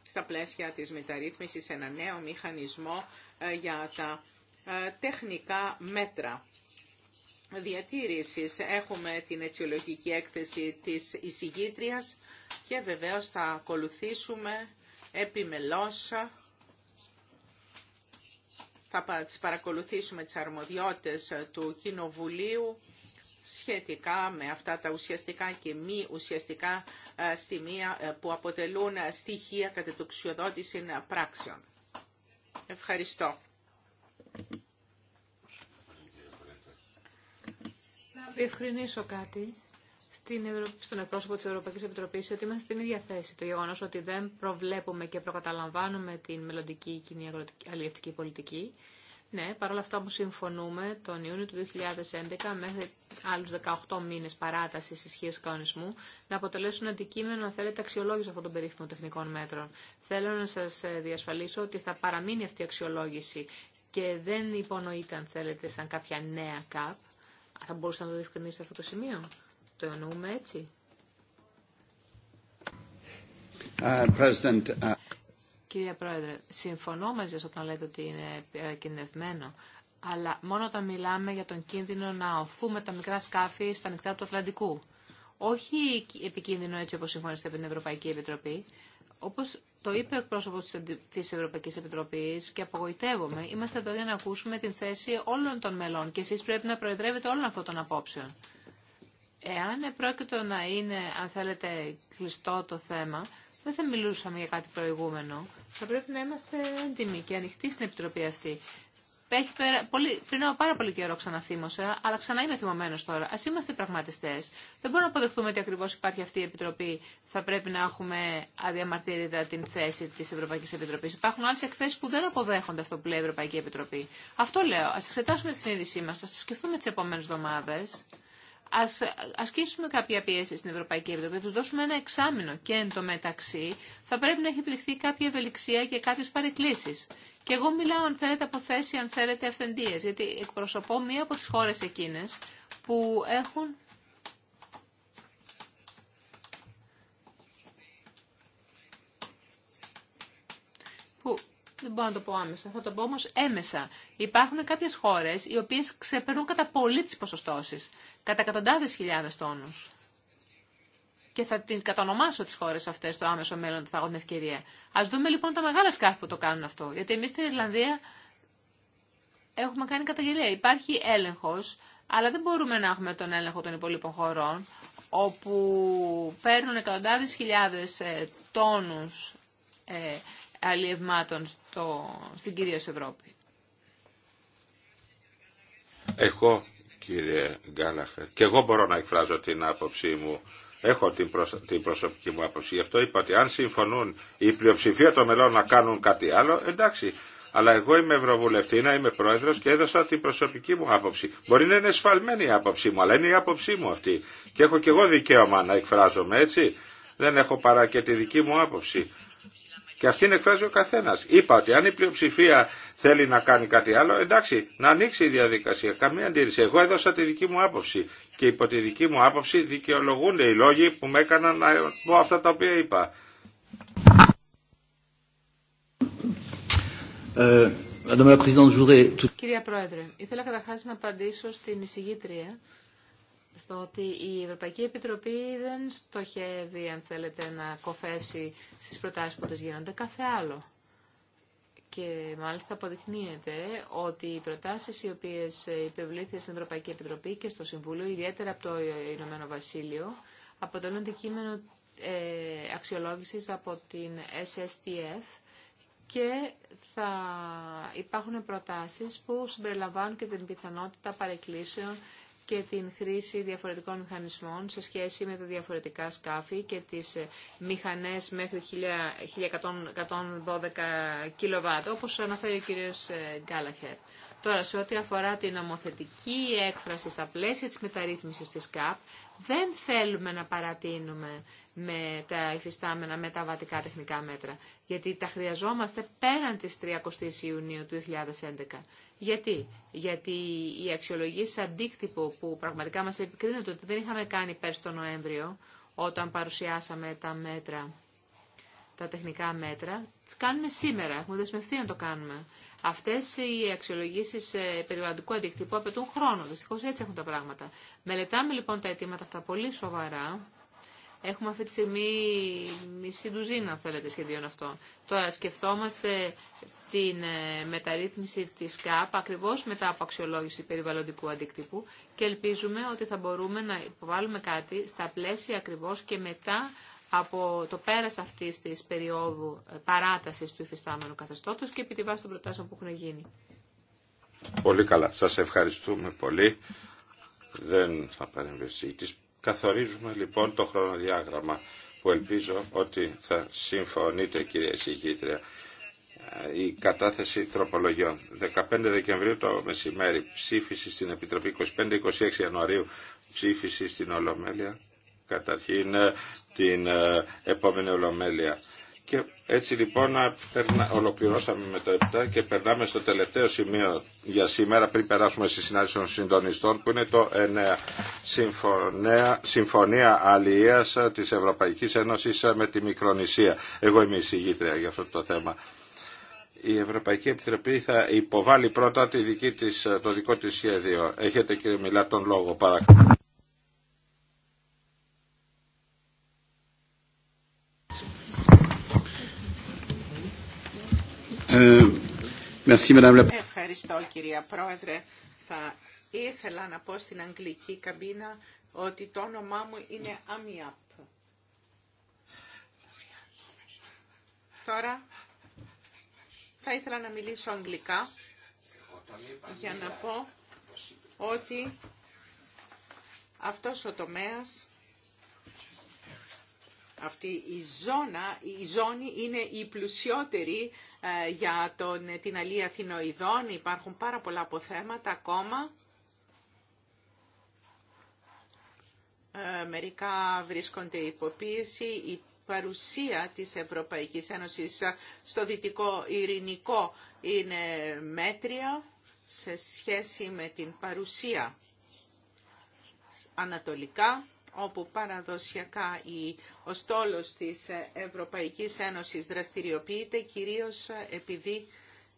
στα πλαίσια της μεταρρύθμισης ένα νέο μηχανισμό ε, για τα ε, τεχνικά μέτρα διατήρησης. Έχουμε την αιτιολογική έκθεση της εισηγήτριας και βεβαίως θα ακολουθήσουμε Επιμελώσα, θα παρακολουθήσουμε τις αρμοδιότητες ε, του Κοινοβουλίου σχετικά με αυτά τα ουσιαστικά και μη ουσιαστικά ε, στιμία ε, που αποτελούν στοιχεία κατετοξιοδότηση πράξεων. Ευχαριστώ. Να διευκρινίσω κάτι στην Ευρω... στον εκπρόσωπο τη Ευρωπαϊκή Επιτροπή, ότι είμαστε στην ίδια θέση. Το γεγονό ότι δεν προβλέπουμε και προκαταλαμβάνουμε την μελλοντική κοινή αλληλευτική πολιτική. Ναι, παρόλα αυτά που συμφωνούμε, τον Ιούνιο του 2011 μέχρι άλλου 18 μήνες παράτασης ισχύω κανονισμού να αποτελέσουν αντικείμενο, αν θέλετε, αξιολόγηση αυτών των περίφημων τεχνικών μέτρων. Θέλω να σα ε, διασφαλίσω ότι θα παραμείνει αυτή η αξιολόγηση και δεν υπονοείται, αν θέλετε, σαν κάποια νέα ΚΑΠ. Θα μπορούσατε να το διευκρινίσετε αυτό το σημείο. Το εννοούμε έτσι. Uh, uh, Κύριε Πρόεδρε, συμφωνώ μαζί σας όταν λέτε ότι είναι κινδυνευμένο, αλλά μόνο όταν μιλάμε για τον κίνδυνο να οθούμε τα μικρά σκάφη στα νυχτά του Ατλαντικού. Όχι επικίνδυνο έτσι όπως συμφωνήσετε από την Ευρωπαϊκή Επιτροπή. Όπως το είπε ο εκπρόσωπος της Ευρωπαϊκής Επιτροπής και απογοητεύομαι, είμαστε εδώ για να ακούσουμε την θέση όλων των μελών και εσείς πρέπει να προεδρεύετε όλων αυτών των απόψεων. Εάν πρόκειται να είναι, αν θέλετε, κλειστό το θέμα, δεν θα μιλούσαμε για κάτι προηγούμενο. Θα πρέπει να είμαστε έντιμοι και ανοιχτοί στην Επιτροπή αυτή. Έχει πριν από πάρα πολύ καιρό ξαναθύμωσα, αλλά ξανά είμαι θυμωμένο τώρα. Α είμαστε πραγματιστέ. Δεν μπορούμε να αποδεχτούμε ότι ακριβώ υπάρχει αυτή η Επιτροπή. Θα πρέπει να έχουμε αδιαμαρτύρητα την θέση τη Ευρωπαϊκή Επιτροπή. Υπάρχουν άλλε εκθέσει που δεν αποδέχονται αυτό που λέει η Ευρωπαϊκή Επιτροπή. Αυτό λέω. Α εξετάσουμε τη συνείδησή μα, α το σκεφτούμε τι επόμενε εβδομάδε Ας ασκήσουμε κάποια πίεση στην Ευρωπαϊκή Επιτροπή, θα τους δώσουμε ένα εξάμεινο και εν τω μεταξύ θα πρέπει να έχει πληχθεί κάποια ευελιξία και κάποιες παρεκκλήσεις. Και εγώ μιλάω αν θέλετε από θέση, αν θέλετε αυθεντίες, γιατί εκπροσωπώ μία από τις χώρες εκείνες που έχουν που δεν μπορώ να το πω άμεσα, θα το πω όμως έμεσα. Υπάρχουν κάποιε χώρε οι οποίε ξεπερνούν κατά πολύ τι ποσοστώσεις, κατά εκατοντάδε. χιλιάδες τόνους. Και θα την κατονομάσω τις χώρες αυτές στο άμεσο μέλλον, θα έχω την ευκαιρία. Α δούμε λοιπόν τα μεγάλα σκάφη που το κάνουν αυτό. Γιατί εμεί στην Ιρλανδία έχουμε κάνει καταγγελία. Υπάρχει έλεγχο, αλλά δεν μπορούμε να έχουμε τον έλεγχο των υπολείπων χωρών, όπου παίρνουν εκατοντάδε. χιλιάδες ε, τόνους ε, αλλιευμάτων στην κυρίω Ευρώπη. Εγώ, κύριε Γκάλαχερ, και εγώ μπορώ να εκφράζω την άποψή μου. Έχω την, την προσωπική μου άποψη. Γι' αυτό είπα ότι αν συμφωνούν η πλειοψηφία των μελών να κάνουν κάτι άλλο, εντάξει. Αλλά εγώ είμαι ευρωβουλευτή, να είμαι πρόεδρο και έδωσα την προσωπική μου άποψη. Μπορεί να είναι σφαλμένη η άποψή μου, αλλά είναι η άποψή μου αυτή. Και έχω και εγώ δικαίωμα να εκφράζομαι, έτσι. Δεν έχω παρά και τη δική μου άποψη. Και αυτήν εκφράζει ο καθένα. Είπα ότι αν η πλειοψηφία θέλει να κάνει κάτι άλλο, εντάξει, να ανοίξει η διαδικασία. Καμία αντίρρηση. Εγώ έδωσα τη δική μου άποψη και υπό τη δική μου άποψη δικαιολογούνται οι λόγοι που με έκαναν να πω αυτά τα οποία είπα. Κύριε Κυρία Πρόεδρε, ήθελα καταρχάς να απαντήσω στην εισηγήτρια στο ότι η Ευρωπαϊκή Επιτροπή δεν στοχεύει, αν θέλετε, να κοφεύσει στις προτάσεις που τις γίνονται, κάθε άλλο. Και μάλιστα αποδεικνύεται ότι οι προτάσεις οι οποίες υπευλήθησαν στην Ευρωπαϊκή Επιτροπή και στο Συμβούλιο, ιδιαίτερα από το Ηνωμένο Βασίλειο, αποτελούν αντικείμενο ε, αξιολόγησης από την SSTF και θα υπάρχουν προτάσεις που συμπεριλαμβάνουν και την πιθανότητα παρεκκλήσεων και την χρήση διαφορετικών μηχανισμών σε σχέση με τα διαφορετικά σκάφη και τις ε, μηχανές μέχρι 1112 κιλοβάτ, όπως αναφέρει ο κύριος ε, Γκάλαχερ. Τώρα, σε ό,τι αφορά την νομοθετική έκφραση στα πλαίσια της μεταρρύθμισης της ΚΑΠ, δεν θέλουμε να παρατείνουμε με τα υφιστάμενα μεταβατικά τεχνικά μέτρα, γιατί τα χρειαζόμαστε πέραν της 30 Ιουνίου του 2011. Γιατί, Γιατί οι αξιολογήσει αντίκτυπου που πραγματικά μας επικρίνονται ότι δεν είχαμε κάνει πέρσι τον Νοέμβριο, όταν παρουσιάσαμε τα μέτρα, τα τεχνικά μέτρα, τις κάνουμε σήμερα, έχουμε δεσμευτεί να το κάνουμε. Αυτές οι αξιολογήσεις ε, περιβαλλοντικού αντίκτυπου απαιτούν χρόνο, δυστυχώ έτσι έχουν τα πράγματα. Μελετάμε λοιπόν τα αιτήματα αυτά πολύ σοβαρά, Έχουμε αυτή τη στιγμή μισή ντουζίνα, αν θέλετε, σχεδίων αυτών. Τώρα σκεφτόμαστε την ε, μεταρρύθμιση της ΚΑΠ ακριβώς μετά από αξιολόγηση περιβαλλοντικού αντικτύπου και ελπίζουμε ότι θα μπορούμε να υποβάλουμε κάτι στα πλαίσια ακριβώς και μετά από το πέρας αυτής της περίοδου ε, παράτασης του υφιστάμενου καθεστώτος και επί τη βάση των προτάσεων που έχουν γίνει. Πολύ καλά. Σας ευχαριστούμε πολύ. Δεν θα παρεμβεσίτης. Καθορίζουμε λοιπόν το χρονοδιάγραμμα που ελπίζω ότι θα συμφωνείτε κυρία Συγχύτρια η κατάθεση τροπολογιών. 15 Δεκεμβρίου το μεσημέρι ψήφιση στην Επιτροπή 25-26 Ιανουαρίου ψήφιση στην Ολομέλεια. Καταρχήν ε, την ε, επόμενη Ολομέλεια. Και έτσι λοιπόν ολοκληρώσαμε με το 7 και περνάμε στο τελευταίο σημείο για σήμερα πριν περάσουμε στη συνάντηση των συντονιστών που είναι το 9. Συμφωνία, συμφωνία αλληλείας της Ευρωπαϊκής Ένωσης με τη Μικρονησία. Εγώ είμαι η για αυτό το θέμα η Ευρωπαϊκή Επιτροπή θα υποβάλει πρώτα τη δική της, το δικό της σχέδιο. Έχετε κύριε Μιλά τον λόγο παρακαλώ. Ε, Ευχαριστώ κυρία Πρόεδρε. Θα ήθελα να πω στην αγγλική καμπίνα ότι το όνομά μου είναι Αμιάπ. Τώρα θα ήθελα να μιλήσω αγγλικά για να πω ότι αυτός ο τομέας, αυτή η ζώνα, η ζώνη είναι η πλουσιότερη ε, για τον, την αλία Αθηνοειδών. Υπάρχουν πάρα πολλά αποθέματα ακόμα. Ε, μερικά βρίσκονται υποποίηση, παρουσία της Ευρωπαϊκής Ένωσης στο Δυτικό Ειρηνικό είναι μέτρια σε σχέση με την παρουσία ανατολικά όπου παραδοσιακά η, ο στόλος της Ευρωπαϊκής Ένωσης δραστηριοποιείται κυρίως επειδή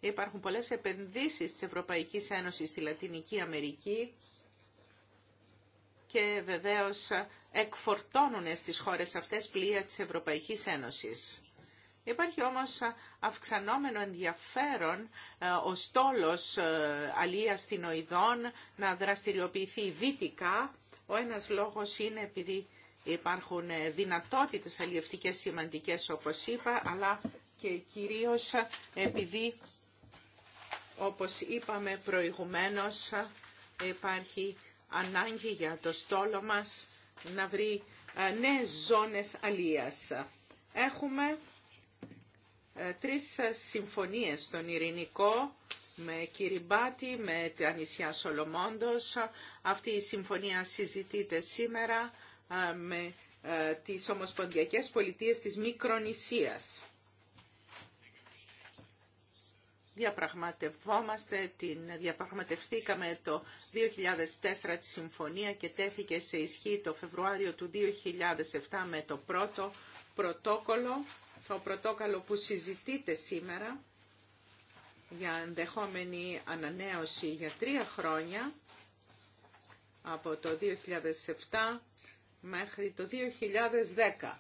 υπάρχουν πολλές επενδύσεις της Ευρωπαϊκής Ένωσης στη Λατινική Αμερική και βεβαίως εκφορτώνουν στις χώρες αυτές πλοία της Ευρωπαϊκής Ένωσης. Υπάρχει όμως αυξανόμενο ενδιαφέρον ε, ο στόλος ε, αλίας θηνοειδών να δραστηριοποιηθεί δυτικά. Ο ένας λόγος είναι επειδή υπάρχουν ε, δυνατότητες αλλιευτικέ σημαντικές όπως είπα, αλλά και κυρίως επειδή όπως είπαμε προηγουμένως υπάρχει ανάγκη για το στόλο μας να βρει ε, νέες ζώνες αλίας. Έχουμε ε, τρεις συμφωνίες στον Ειρηνικό, με Κυριμπάτη, με τα νησιά Σολομόντος. Αυτή η συμφωνία συζητείται σήμερα ε, με τις Ομοσπονδιακές Πολιτείες της Μικρονησίας διαπραγματευόμαστε, την διαπραγματευτήκαμε το 2004 τη συμφωνία και τέθηκε σε ισχύ το Φεβρουάριο του 2007 με το πρώτο πρωτόκολλο, το πρωτόκολλο που συζητείται σήμερα για ενδεχόμενη ανανέωση για τρία χρόνια από το 2007 μέχρι το 2010.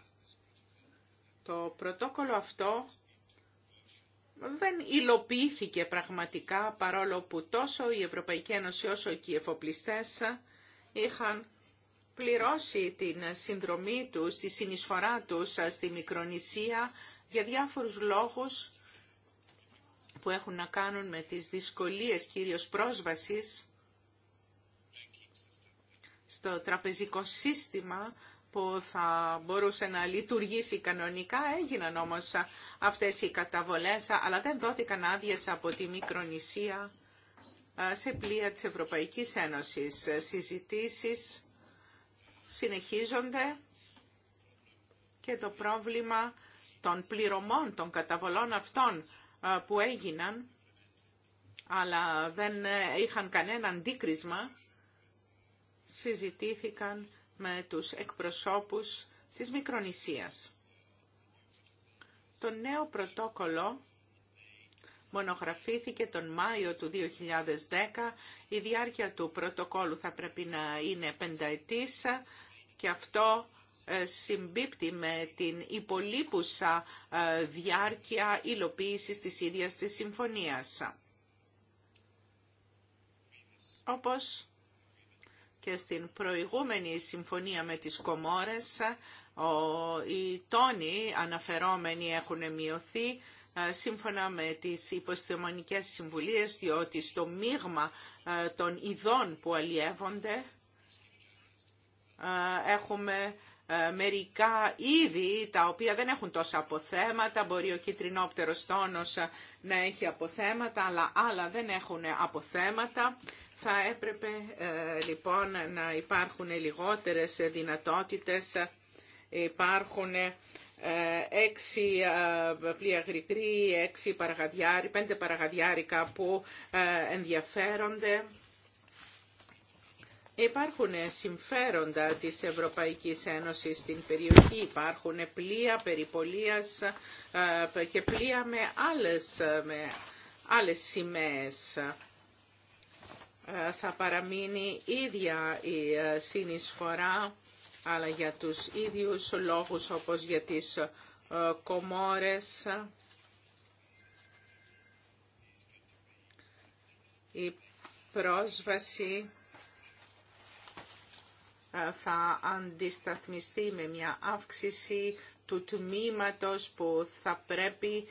Το πρωτόκολλο αυτό δεν υλοποιήθηκε πραγματικά παρόλο που τόσο η Ευρωπαϊκή Ένωση όσο και οι εφοπλιστές είχαν πληρώσει την συνδρομή τους, τη συνεισφορά τους στη Μικρονησία για διάφορους λόγους που έχουν να κάνουν με τις δυσκολίες κυρίως πρόσβασης στο τραπεζικό σύστημα που θα μπορούσε να λειτουργήσει κανονικά. Έγιναν όμως αυτές οι καταβολές, αλλά δεν δόθηκαν άδειε από τη Μικρονησία σε πλοία της Ευρωπαϊκής Ένωσης. Συζητήσεις συνεχίζονται και το πρόβλημα των πληρωμών, των καταβολών αυτών που έγιναν, αλλά δεν ε, είχαν κανένα αντίκρισμα, συζητήθηκαν με τους εκπροσώπους της Μικρονησίας. Το νέο πρωτόκολλο μονογραφήθηκε τον Μάιο του 2010. Η διάρκεια του πρωτοκόλλου θα πρέπει να είναι πενταετής και αυτό ε, συμπίπτει με την υπολείπουσα ε, διάρκεια υλοποίησης της ίδιας της συμφωνίας. Όπως και στην προηγούμενη συμφωνία με τις Κομόρες οι τόνοι αναφερόμενοι έχουν μειωθεί ε, σύμφωνα με τις υποστημονικές συμβουλίες διότι στο μείγμα ε, των ειδών που αλλιεύονται ε, έχουμε μερικά είδη τα οποία δεν έχουν τόσα αποθέματα. Μπορεί ο κίτρινόπτερος τόνος να έχει αποθέματα, αλλά άλλα δεν έχουν αποθέματα. Θα έπρεπε ε, λοιπόν να υπάρχουν λιγότερες δυνατότητες, υπάρχουν ε, έξι πλοία ε, γρηγροί, έξι παραγαδιάρι, πέντε παραγαδιάρικα που ενδιαφέρονται. Υπάρχουν συμφέροντα της Ευρωπαϊκής Ένωσης στην περιοχή, υπάρχουν πλοία περιπολίας και πλοία με άλλες, με ε, θα παραμείνει ίδια η ε, συνεισφορά, αλλά για τους ίδιους λόγους όπως για τις ε, κομόρες η πρόσβαση θα αντισταθμιστεί με μια αύξηση του τμήματος που θα πρέπει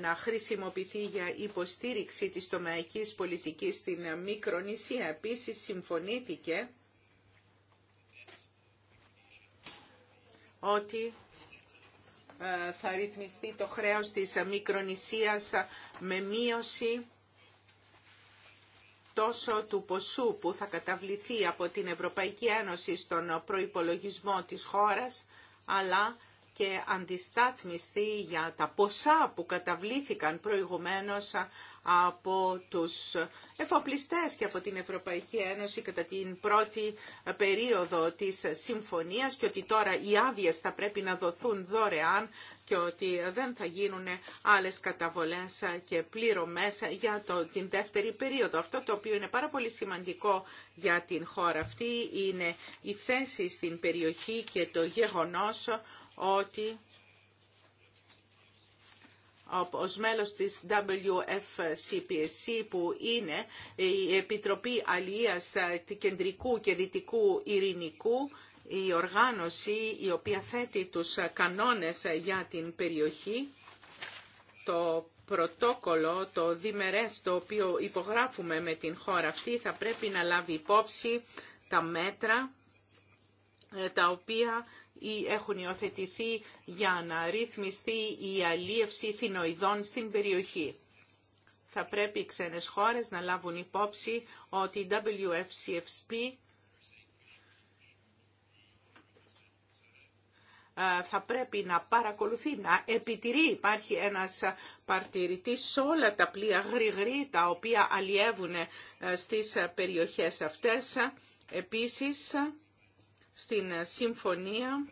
να χρησιμοποιηθεί για υποστήριξη της τομεακής πολιτικής στην Μικρονησία. Επίσης συμφωνήθηκε ότι θα ρυθμιστεί το χρέος της Μικρονησίας με μείωση τόσο του ποσού που θα καταβληθεί από την Ευρωπαϊκή Ένωση στον προϋπολογισμό της χώρας, αλλά και αντιστάθμιστη για τα ποσά που καταβλήθηκαν προηγουμένως από τους εφοπλιστές και από την Ευρωπαϊκή Ένωση κατά την πρώτη περίοδο της συμφωνίας και ότι τώρα οι άδειε θα πρέπει να δοθούν δωρεάν και ότι δεν θα γίνουν άλλες καταβολές και πληρωμές για το, την δεύτερη περίοδο. Αυτό το οποίο είναι πάρα πολύ σημαντικό για την χώρα αυτή είναι η θέση στην περιοχή και το γεγονός ότι ως μέλος της WFCPSC που είναι η Επιτροπή Αλίας ε, Κεντρικού και Δυτικού Ειρηνικού, η οργάνωση η οποία θέτει τους ε, κανόνες ε, για την περιοχή, το πρωτόκολλο, το διμερές το οποίο υπογράφουμε με την χώρα αυτή θα πρέπει να λάβει υπόψη τα μέτρα ε, τα οποία έχουν υιοθετηθεί για να ρυθμιστεί η αλίευση θηνοειδών στην περιοχή. Θα πρέπει οι ξένες χώρες να λάβουν υπόψη ότι η WFCFP ε, θα πρέπει να παρακολουθεί, να επιτηρεί. Υπάρχει ένας παρτηρητής σε όλα τα πλοία γρηγρή τα οποία αλλιεύουν ε, στις περιοχές αυτές. Επίσης, στην συμφωνία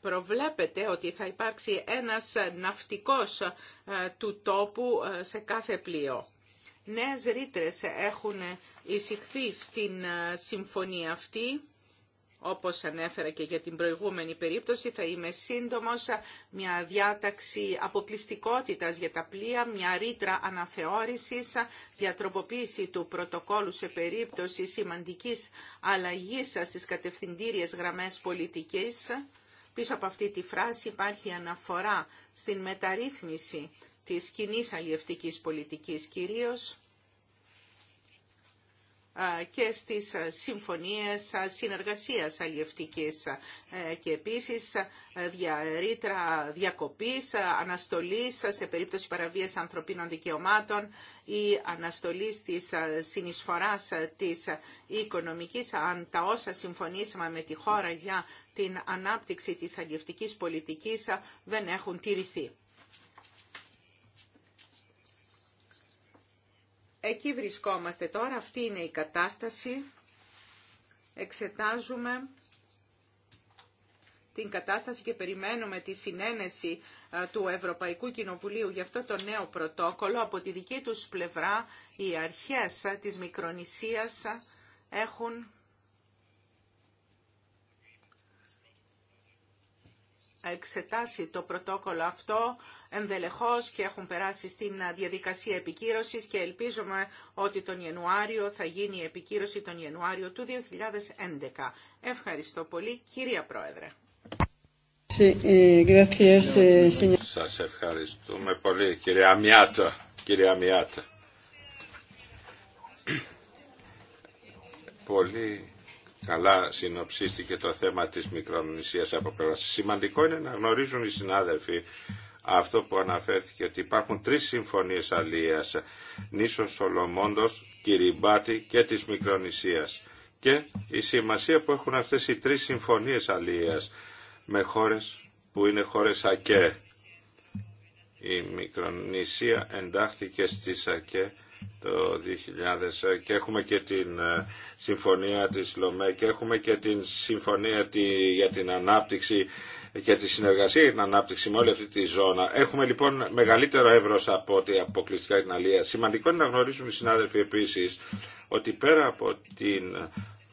προβλέπεται ότι θα υπάρξει ένας ναυτικός ε, του τόπου ε, σε κάθε πλοίο. Νέες ρήτρες έχουν εισηχθεί στην ε, συμφωνία αυτή όπως ανέφερα και για την προηγούμενη περίπτωση, θα είμαι σύντομος μια διάταξη αποκλειστικότητας για τα πλοία, μια ρήτρα αναθεώρησης για τροποποίηση του πρωτοκόλου σε περίπτωση σημαντικής αλλαγής στις κατευθυντήριες γραμμές πολιτικής. Πίσω από αυτή τη φράση υπάρχει αναφορά στην μεταρρύθμιση της κοινή αλλιευτικής πολιτικής κυρίως και στις συμφωνίες συνεργασίας αλλιευτικής και επίσης διαρρήτρα διακοπής, αναστολής σε περίπτωση παραβίας ανθρωπίνων δικαιωμάτων ή αναστολής της συνεισφοράς της οικονομικής αν τα όσα συμφωνήσαμε με τη χώρα για την ανάπτυξη της αλλιευτικής πολιτικής δεν έχουν τηρηθεί. Εκεί βρισκόμαστε τώρα, αυτή είναι η κατάσταση. Εξετάζουμε την κατάσταση και περιμένουμε τη συνένεση του Ευρωπαϊκού Κοινοβουλίου για αυτό το νέο πρωτόκολλο. Από τη δική τους πλευρά οι αρχές της Μικρονησίας έχουν εξετάσει το πρωτόκολλο αυτό ενδελεχώς και έχουν περάσει στην διαδικασία επικύρωσης και ελπίζουμε ότι τον Ιανουάριο θα γίνει η επικύρωση τον Ιανουάριο του 2011. Ευχαριστώ πολύ κυρία Πρόεδρε. Eh, Σας ευχαριστούμε πολύ κυρία Αμιάτα. Κυρία Αμιάτα. Πολύ καλά συνοψίστηκε το θέμα της μικρονησίας από πλευρά. Σημαντικό είναι να γνωρίζουν οι συνάδελφοι αυτό που αναφέρθηκε ότι υπάρχουν τρεις συμφωνίες αλίας, νήσος Σολομόντος, Κυριμπάτη και της Μικρονησίας. Και η σημασία που έχουν αυτές οι τρεις συμφωνίες αλίας με χώρες που είναι χώρες ΑΚΕ. Η Μικρονησία εντάχθηκε στις ΑΚΕ το 2000 ε, ε, και έχουμε και την συμφωνία της ΛΟΜΕ και έχουμε και την συμφωνία για την ανάπτυξη και τη συνεργασία για την ανάπτυξη με όλη αυτή τη ζώνα. Έχουμε λοιπόν μεγαλύτερο εύρος από ότι αποκλειστικά την Αλία. Σημαντικό είναι να γνωρίζουμε οι συνάδελφοι επίσης ότι πέρα από την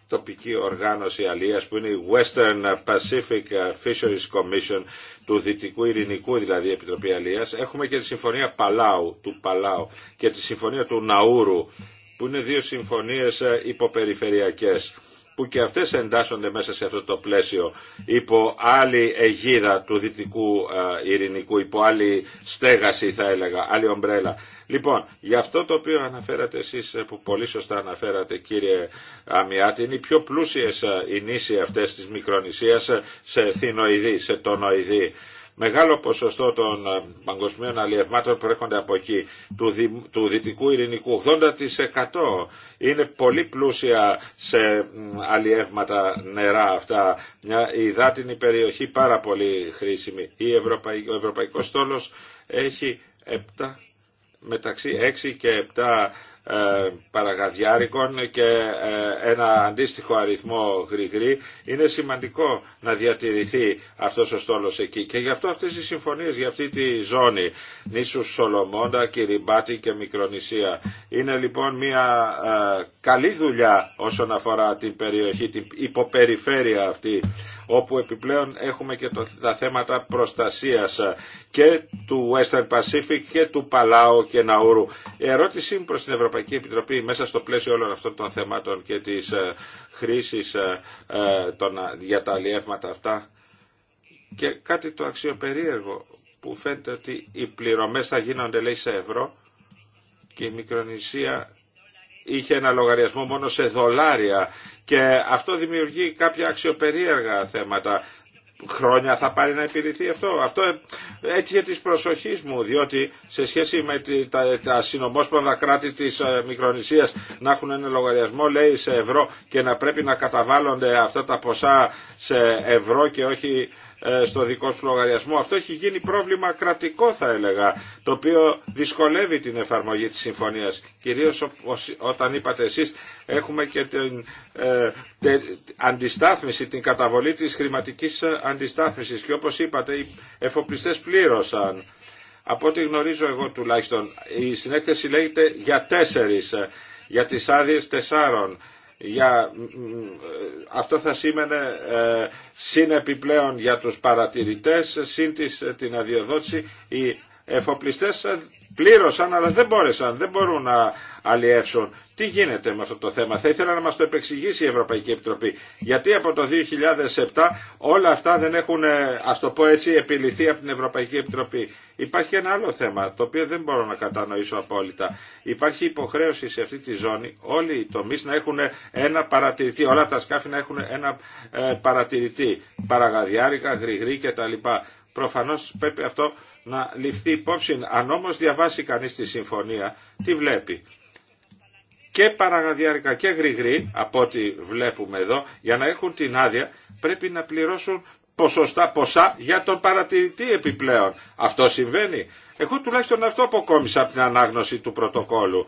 τοπική οργάνωση αλίας που είναι η Western Pacific Fisheries Commission του Δυτικού Ειρηνικού δηλαδή Επιτροπή Αλίας. Έχουμε και τη Συμφωνία Παλάου, του Παλάου και τη Συμφωνία του Ναούρου που είναι δύο συμφωνίες ε, υποπεριφερειακές που και αυτές εντάσσονται μέσα σε αυτό το πλαίσιο υπό άλλη αιγίδα του δυτικού ε, ειρηνικού, υπό άλλη στέγαση θα έλεγα, άλλη ομπρέλα. Λοιπόν, για αυτό το οποίο αναφέρατε εσείς που πολύ σωστά αναφέρατε κύριε Αμιάτη είναι οι πιο πλούσιες ε, οι νήσοι αυτές της Μικρονησίας ε, σε θηνοειδή, σε τονοειδή. Μεγάλο ποσοστό των ε, παγκοσμίων αλλιευμάτων προέρχονται από εκεί, του, δι, του δυτικού ειρηνικού. 80% είναι πολύ πλούσια σε αλλιεύματα νερά αυτά. Μια υδάτινη περιοχή πάρα πολύ χρήσιμη. Η Ευρωπαϊ, ο Ευρωπαϊκός Στόλος έχει 7 μεταξύ 6 και 7 ε, παραγαδιάρικων και ε, ένα αντίστοιχο αριθμό γρηγρή είναι σημαντικό να διατηρηθεί αυτός ο στόλος εκεί και γι' αυτό αυτές οι συμφωνίες για αυτή τη ζώνη νήσου Σολομόντα, Κυριμπάτη και Μικρονησία είναι λοιπόν μια ε, καλή δουλειά όσον αφορά την περιοχή, την υποπεριφέρεια αυτή όπου επιπλέον έχουμε και τα θέματα προστασίας ε, και του Western Pacific και του Παλάου και Ναούρου. Η ερώτησή μου προς την Ευρωπαϊκή Επιτροπή μέσα στο πλαίσιο όλων αυτών των θεμάτων και της ε, χρήσης ε, των, για τα αλλιεύματα αυτά και κάτι το αξιοπερίεργο που φαίνεται ότι οι πληρωμές θα γίνονται λέει σε ευρώ και η Μικρονησία είχε ένα λογαριασμό μόνο σε δολάρια και αυτό δημιουργεί κάποια αξιοπερίεργα θέματα. Χρόνια θα πάρει να επιληθεί αυτό. Αυτό ε, για τις προσοχής μου, διότι σε σχέση με τα, τα συνομόσπονδα κράτη της ε, Μικρονησίας να έχουν ένα λογαριασμό, λέει, σε ευρώ και να πρέπει να καταβάλλονται αυτά τα ποσά σε ευρώ και όχι ε, στο δικό σου λογαριασμό. Αυτό έχει γίνει πρόβλημα κρατικό θα έλεγα, το οποίο δυσκολεύει την εφαρμογή της συμφωνίας. Κυρίως όπως, όταν είπατε εσείς έχουμε και την ε, αντιστάθμιση, την καταβολή της χρηματικής αντιστάθμισης και όπως είπατε οι εφοπλιστές πλήρωσαν. Από ό,τι γνωρίζω εγώ τουλάχιστον, η συνέχεια λέγεται για τέσσερις, ε, για τις άδειες τεσσάρων για, αυτό θα σήμαινε ε, συν επιπλέον για τους παρατηρητές, συν την αδειοδότηση, οι εφοπλιστές ε, πλήρωσαν αλλά δεν μπόρεσαν, δεν μπορούν να αλλιεύσουν. Τι γίνεται με αυτό το θέμα. Θα ήθελα να μας το επεξηγήσει η Ευρωπαϊκή Επιτροπή. Γιατί από το 2007 όλα αυτά δεν έχουν, ε, ας το πω έτσι, επιληθεί από την Ευρωπαϊκή Επιτροπή. Υπάρχει ένα άλλο θέμα, το οποίο δεν μπορώ να κατανοήσω απόλυτα. Υπάρχει υποχρέωση σε αυτή τη ζώνη όλοι οι τομεί να έχουν ένα παρατηρητή, όλα τα σκάφη να έχουν ένα ε, παρατηρητή. Παραγαδιάρικα, γρηγρή κτλ. Προφανώς πρέπει αυτό να ληφθεί υπόψη. Αν όμως διαβάσει κανείς τη συμφωνία, τι βλέπει. Και παραγαδιάρικα και γρηγρή, από ό,τι βλέπουμε εδώ, για να έχουν την άδεια, πρέπει να πληρώσουν ποσοστά ποσά για τον παρατηρητή επιπλέον. Αυτό συμβαίνει. Εγώ τουλάχιστον αυτό αποκόμισα από την ανάγνωση του πρωτοκόλου.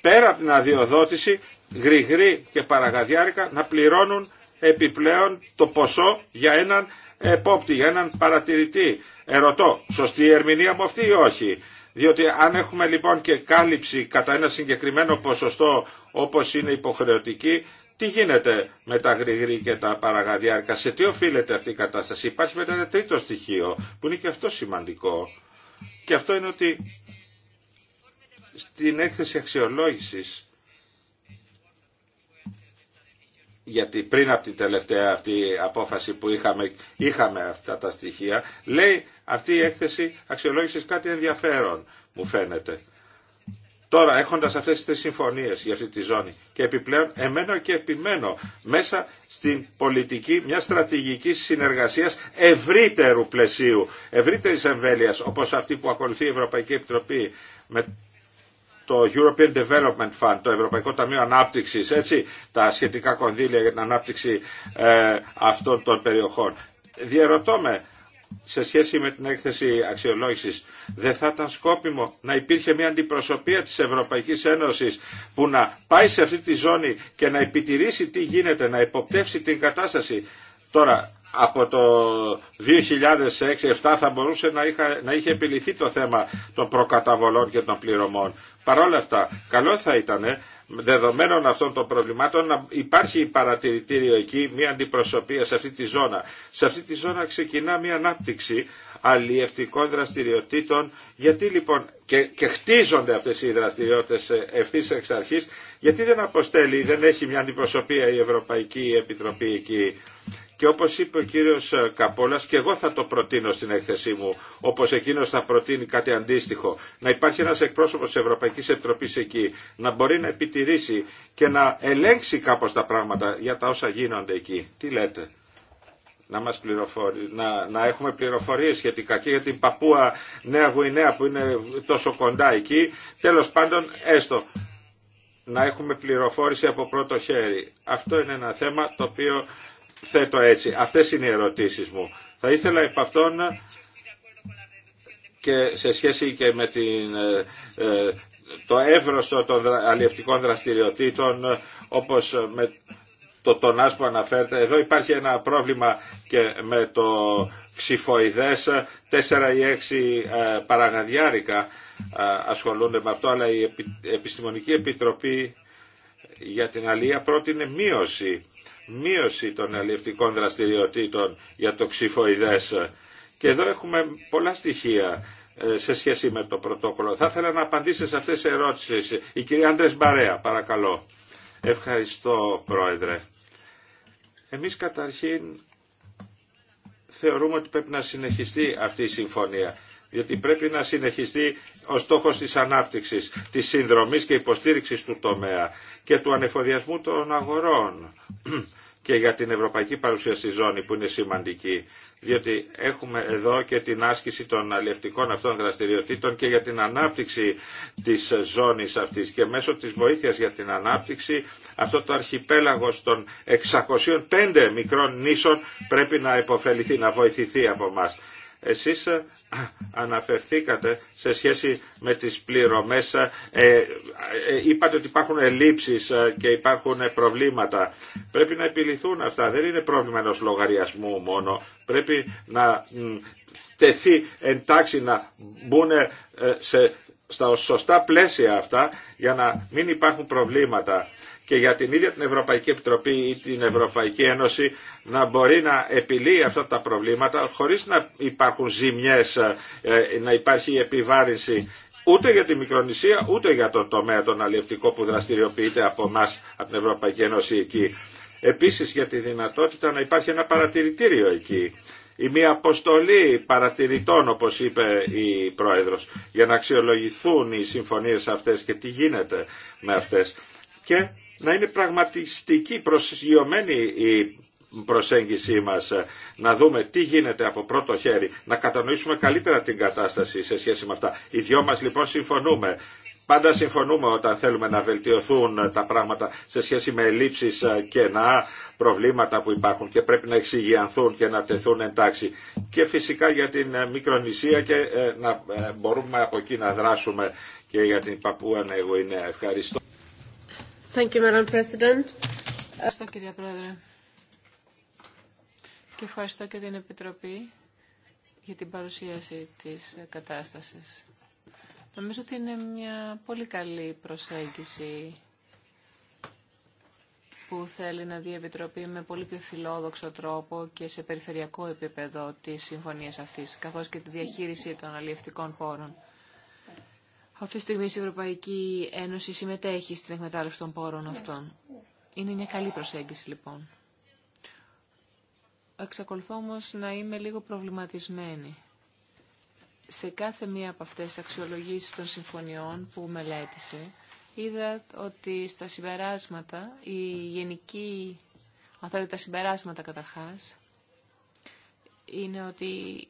Πέρα από την αδειοδότηση, γρηγρή και παραγαδιάρικα να πληρώνουν επιπλέον το ποσό για έναν επόπτη, για έναν παρατηρητή. Ερωτώ, σωστή η ερμηνεία μου αυτή ή όχι. Διότι αν έχουμε λοιπόν και κάλυψη κατά ένα συγκεκριμένο ποσοστό όπως είναι υποχρεωτική, τι γίνεται με τα γρηγρή και τα παραγαδιάρκα, σε τι οφείλεται αυτή η κατάσταση. Υπάρχει μετά ένα τρίτο στοιχείο που είναι και αυτό σημαντικό. Και αυτό είναι ότι στην έκθεση αξιολόγησης γιατί πριν από την τελευταία αυτή απόφαση που είχαμε, είχαμε αυτά τα στοιχεία, λέει αυτή η έκθεση αξιολόγησης κάτι ενδιαφέρον, μου φαίνεται. Τώρα έχοντας αυτές τις συμφωνίες για αυτή τη ζώνη και επιπλέον εμένω και επιμένω μέσα στην πολιτική μια στρατηγική συνεργασίας ευρύτερου πλαισίου, ευρύτερης εμβέλειας όπως αυτή που ακολουθεί η Ευρωπαϊκή Επιτροπή με το European Development Fund, το Ευρωπαϊκό Ταμείο Ανάπτυξης, έτσι, τα σχετικά κονδύλια για την ανάπτυξη ε, αυτών των περιοχών. Διαρωτώ με, σε σχέση με την έκθεση αξιολόγησης, δεν θα ήταν σκόπιμο να υπήρχε μια αντιπροσωπεία της Ευρωπαϊκής Ένωσης που να πάει σε αυτή τη ζώνη και να επιτηρήσει τι γίνεται, να υποπτεύσει την κατάσταση. Τώρα, από το 2006-2007 θα μπορούσε να, να είχε επιληθεί το θέμα των προκαταβολών και των πληρωμών. Παρ' όλα αυτά, καλό θα ήταν ε, δεδομένων αυτών των προβλημάτων να υπάρχει παρατηρητήριο εκεί, μια αντιπροσωπεία σε αυτή τη ζώνα. Σε αυτή τη ζώνα ξεκινά μια ανάπτυξη αλλιευτικών δραστηριοτήτων. Γιατί λοιπόν και, χτίζονται αυτές οι δραστηριότητες ε, ευθύ εξ αρχή, γιατί δεν αποστέλει, δεν έχει μια αντιπροσωπεία η Ευρωπαϊκή Επιτροπή εκεί και όπως είπε ο κύριος ε, Καπόλας, και εγώ θα το προτείνω στην έκθεσή μου, όπως εκείνος θα προτείνει κάτι αντίστοιχο, να υπάρχει ένας εκπρόσωπος της Ευρωπαϊκής Επιτροπής εκεί, να μπορεί να επιτηρήσει και να ελέγξει κάπως τα πράγματα για τα όσα γίνονται εκεί. Τι λέτε. Να, μας πληροφορεί, να, να έχουμε πληροφορίες σχετικά και για την Παππούα Νέα Γουινέα που είναι τόσο κοντά εκεί. Τέλος πάντων, έστω να έχουμε πληροφόρηση από πρώτο χέρι. Αυτό είναι ένα θέμα το οποίο θέτω έτσι. Αυτές είναι οι ερωτήσεις μου. Θα ήθελα επ' αυτόν και σε σχέση και με την, ε, ε, το εύρωστο των αλλιευτικών δραστηριοτήτων όπως με το τονάς που αναφέρεται. Εδώ υπάρχει ένα πρόβλημα και με το ξυφοειδές, τέσσερα ή έξι ε, παραγαδιάρικα ασχολούνται με αυτό, αλλά η Επιστημονική Επιτροπή για την Αλία πρότεινε μείωση μείωση των αλληλευτικών δραστηριοτήτων για το ξυφοειδές. Και εδώ έχουμε πολλά στοιχεία ε, σε σχέση με το πρωτόκολλο. Θα ήθελα να απαντήσω σε αυτές τις ερώτησεις. Η κυρία Άντρες Μπαρέα, παρακαλώ. Ευχαριστώ, Πρόεδρε. Εμείς καταρχήν θεωρούμε ότι πρέπει να συνεχιστεί αυτή η συμφωνία, διότι πρέπει να συνεχιστεί ο στόχος της ανάπτυξης, της συνδρομής και υποστήριξης του τομέα και του ανεφοδιασμού των αγορών και για την ευρωπαϊκή παρουσία στη ζώνη που είναι σημαντική. Διότι έχουμε εδώ και την άσκηση των αλλιευτικών αυτών δραστηριοτήτων και για την ανάπτυξη της ζώνης αυτής και μέσω της βοήθειας για την ανάπτυξη αυτό το αρχιπέλαγος των 605 μικρών νήσων πρέπει να υποφεληθεί, να βοηθηθεί από μας. Εσείς ε, αναφερθήκατε σε σχέση με τις πληρωμές, ε, ε, είπατε ότι υπάρχουν ελλείψεις και υπάρχουν προβλήματα. Πρέπει να επιληθούν αυτά, δεν είναι πρόβλημα ενός λογαριασμού μόνο. Πρέπει να τεθεί εντάξει να μπουν στα σωστά πλαίσια αυτά για να μην υπάρχουν προβλήματα και για την ίδια την Ευρωπαϊκή Επιτροπή ή την Ευρωπαϊκή Ένωση να μπορεί να επιλύει αυτά τα προβλήματα χωρίς να υπάρχουν ζημιές, ε, να υπάρχει επιβάρυνση ούτε για τη Μικρονησία ούτε για τον τομέα τον αλλιευτικό που δραστηριοποιείται από εμά από την Ευρωπαϊκή Ένωση εκεί. Επίσης για τη δυνατότητα να υπάρχει ένα παρατηρητήριο εκεί ή μια αποστολή παρατηρητών όπως είπε η Πρόεδρος για να αξιολογηθούν οι συμφωνίες αυτές και τι γίνεται με αυτές και να είναι πραγματιστική προσγειωμένη η προσέγγιση μας να δούμε τι γίνεται από πρώτο χέρι, να κατανοήσουμε καλύτερα την κατάσταση σε σχέση με αυτά. Οι δυο μας λοιπόν συμφωνούμε. Πάντα συμφωνούμε όταν θέλουμε να βελτιωθούν τα πράγματα σε σχέση με ελλείψεις και να προβλήματα που υπάρχουν και πρέπει να εξηγιανθούν και να τεθούν εντάξει. Και φυσικά για την ε, μικρονησία και ε, να ε, μπορούμε από εκεί να δράσουμε και για την Παππούα είναι Ευχαριστώ. Ευχαριστώ, κυρία Πρόεδρε. Και ευχαριστώ και την Επιτροπή για την παρουσίαση της κατάστασης. Νομίζω ότι είναι μια πολύ καλή προσέγγιση που θέλει να δει η Επιτροπή με πολύ πιο φιλόδοξο τρόπο και σε περιφερειακό επίπεδο τη συμφωνία αυτής, καθώς και τη διαχείριση των αλλιευτικών πόρων. Αυτή τη στιγμή η Ευρωπαϊκή Ένωση συμμετέχει στην εκμετάλλευση των πόρων ναι. αυτών. Είναι μια καλή προσέγγιση λοιπόν. Εξακολουθώ όμω να είμαι λίγο προβληματισμένη. Σε κάθε μία από αυτές τις αξιολογήσεις των συμφωνιών που μελέτησε, είδα ότι στα συμπεράσματα, η γενική, αν θέλετε τα συμπεράσματα καταρχάς, είναι ότι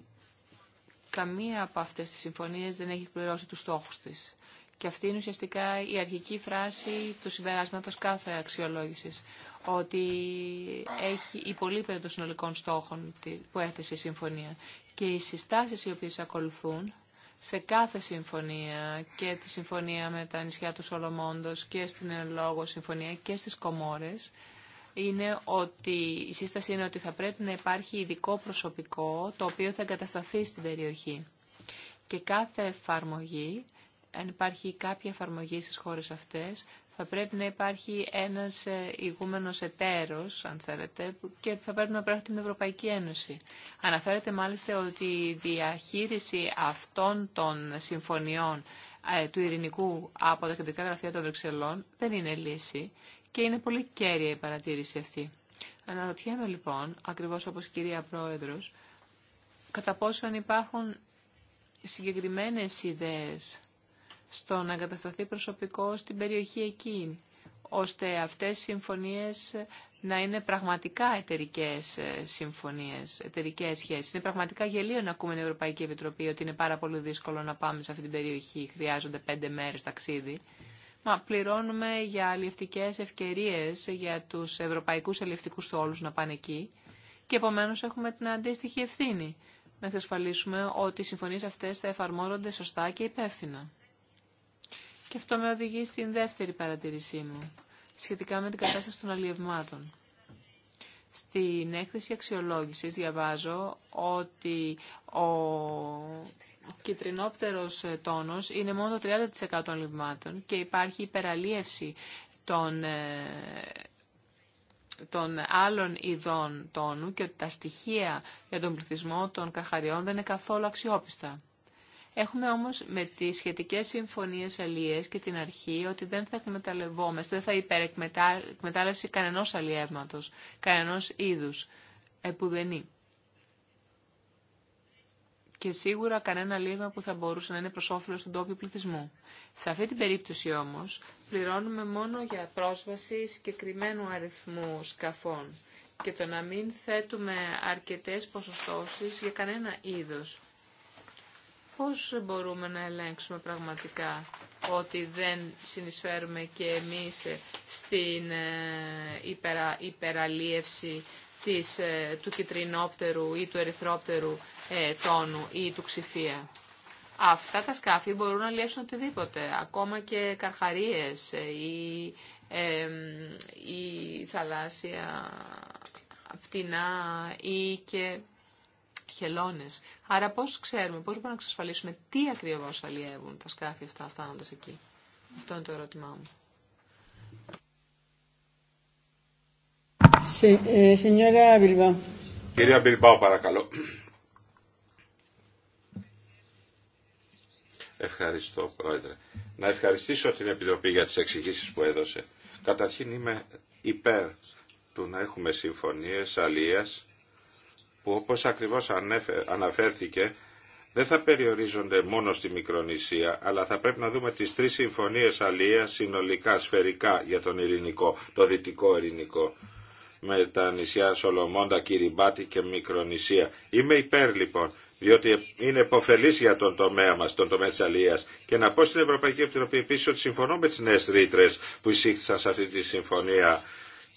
καμία από αυτές τις συμφωνίες δεν έχει πληρώσει τους στόχους της. Και αυτή είναι ουσιαστικά η αρχική φράση του συμπεράσματος κάθε αξιολόγησης, ότι έχει υπολείπεται των συνολικών στόχων που έθεσε η συμφωνία. Και οι συστάσεις οι οποίες ακολουθούν σε κάθε συμφωνία και τη συμφωνία με τα νησιά του Σολομόντος και στην λόγο Συμφωνία και στις Κομόρες, είναι ότι η σύσταση είναι ότι θα πρέπει να υπάρχει ειδικό προσωπικό το οποίο θα εγκατασταθεί στην περιοχή. Και κάθε εφαρμογή, αν υπάρχει κάποια εφαρμογή στις χώρες αυτές, θα πρέπει να υπάρχει ένας ε, ηγούμενος εταίρος, αν θέλετε, και θα πρέπει να πρέπει την Ευρωπαϊκή Ένωση. Αναφέρεται μάλιστα ότι η διαχείριση αυτών των συμφωνιών ε, του ειρηνικού από τα κεντρικά γραφεία των Βρυξελών δεν είναι λύση και είναι πολύ κέρια η παρατήρηση αυτή. Αναρωτιέμαι λοιπόν, ακριβώς όπως η κυρία Πρόεδρος, κατά πόσο αν υπάρχουν συγκεκριμένες ιδέες στο να εγκατασταθεί προσωπικό στην περιοχή εκεί, ώστε αυτές οι συμφωνίες να είναι πραγματικά εταιρικέ ε, συμφωνίε, εταιρικέ σχέσει. Είναι πραγματικά γελίο να ακούμε την Ευρωπαϊκή Επιτροπή ότι είναι πάρα πολύ δύσκολο να πάμε σε αυτή την περιοχή. Χρειάζονται πέντε μέρε ταξίδι. Μα πληρώνουμε για αλληλευτικές ευκαιρίες για τους ευρωπαϊκούς αλληλευτικούς θόλους να πάνε εκεί και επομένως έχουμε την αντίστοιχη ευθύνη να εξασφαλίσουμε ότι οι συμφωνίες αυτές θα εφαρμόζονται σωστά και υπεύθυνα. Και αυτό με οδηγεί στην δεύτερη παρατηρήσή μου, σχετικά με την κατάσταση των αλλιευμάτων. Στην έκθεση αξιολόγησης διαβάζω ότι ο κυτρινόπτερος ε, τόνος είναι μόνο 30% των λιμμάτων και υπάρχει υπεραλίευση των, ε, των άλλων ειδών τόνου και ότι τα στοιχεία για τον πληθυσμό των καρχαριών δεν είναι καθόλου αξιόπιστα. Έχουμε όμως με τις σχετικές συμφωνίες αλίες και την αρχή ότι δεν θα εκμεταλλευόμαστε, δεν θα υπερεκμετάλλευση κανενός αλλιεύματος, κανενός είδους, επουδενή και σίγουρα κανένα λίμα που θα μπορούσε να είναι προ όφελο του ντόπιου πληθυσμού. Σε αυτή την περίπτωση όμω, πληρώνουμε μόνο για πρόσβαση συγκεκριμένου αριθμού σκαφών και το να μην θέτουμε αρκετές ποσοστώσεις για κανένα είδος. Πώς μπορούμε να ελέγξουμε πραγματικά ότι δεν συνεισφέρουμε και εμείς στην ε, υπερα, υπεραλίευση της, ε, του κυτρινόπτερου ή του ερυθρόπτερου ε, τόνου ή του Άρα πώς ξέρουμε πώς μπορούμε Αυτά τα σκάφη μπορούν να λιεύσουν οτιδήποτε, ακόμα και καρχαρίες ε, ή, ή θαλάσσια πτηνά ή και χελώνες. Άρα πώς ξέρουμε, πώς μπορούμε να εξασφαλίσουμε τι ακριβώς αλλιεύουν τα σκάφη αυτά φτάνοντας εκεί. Αυτό είναι το ερώτημά μου. Ε, Κυρία Μπιλμπάου, παρακαλώ. Ευχαριστώ, Πρόεδρε. Να ευχαριστήσω την Επιτροπή για τις εξηγήσει που έδωσε. Καταρχήν είμαι υπέρ του να έχουμε συμφωνίες αλίας που όπως ακριβώς αναφέρθηκε δεν θα περιορίζονται μόνο στη Μικρονησία, αλλά θα πρέπει να δούμε τις τρεις συμφωνίες αλίας συνολικά, σφαιρικά για τον ειρηνικό, το δυτικό ειρηνικό με τα νησιά Σολομόντα, Κυριμπάτη και Μικρονησία. Είμαι υπέρ λοιπόν διότι είναι υποφελή για τον τομέα μα, τον τομέα τη Αλία. Και να πω στην Ευρωπαϊκή Επιτροπή επίση ότι συμφωνώ με τι νέε ρήτρε που εισήχθησαν σε αυτή τη συμφωνία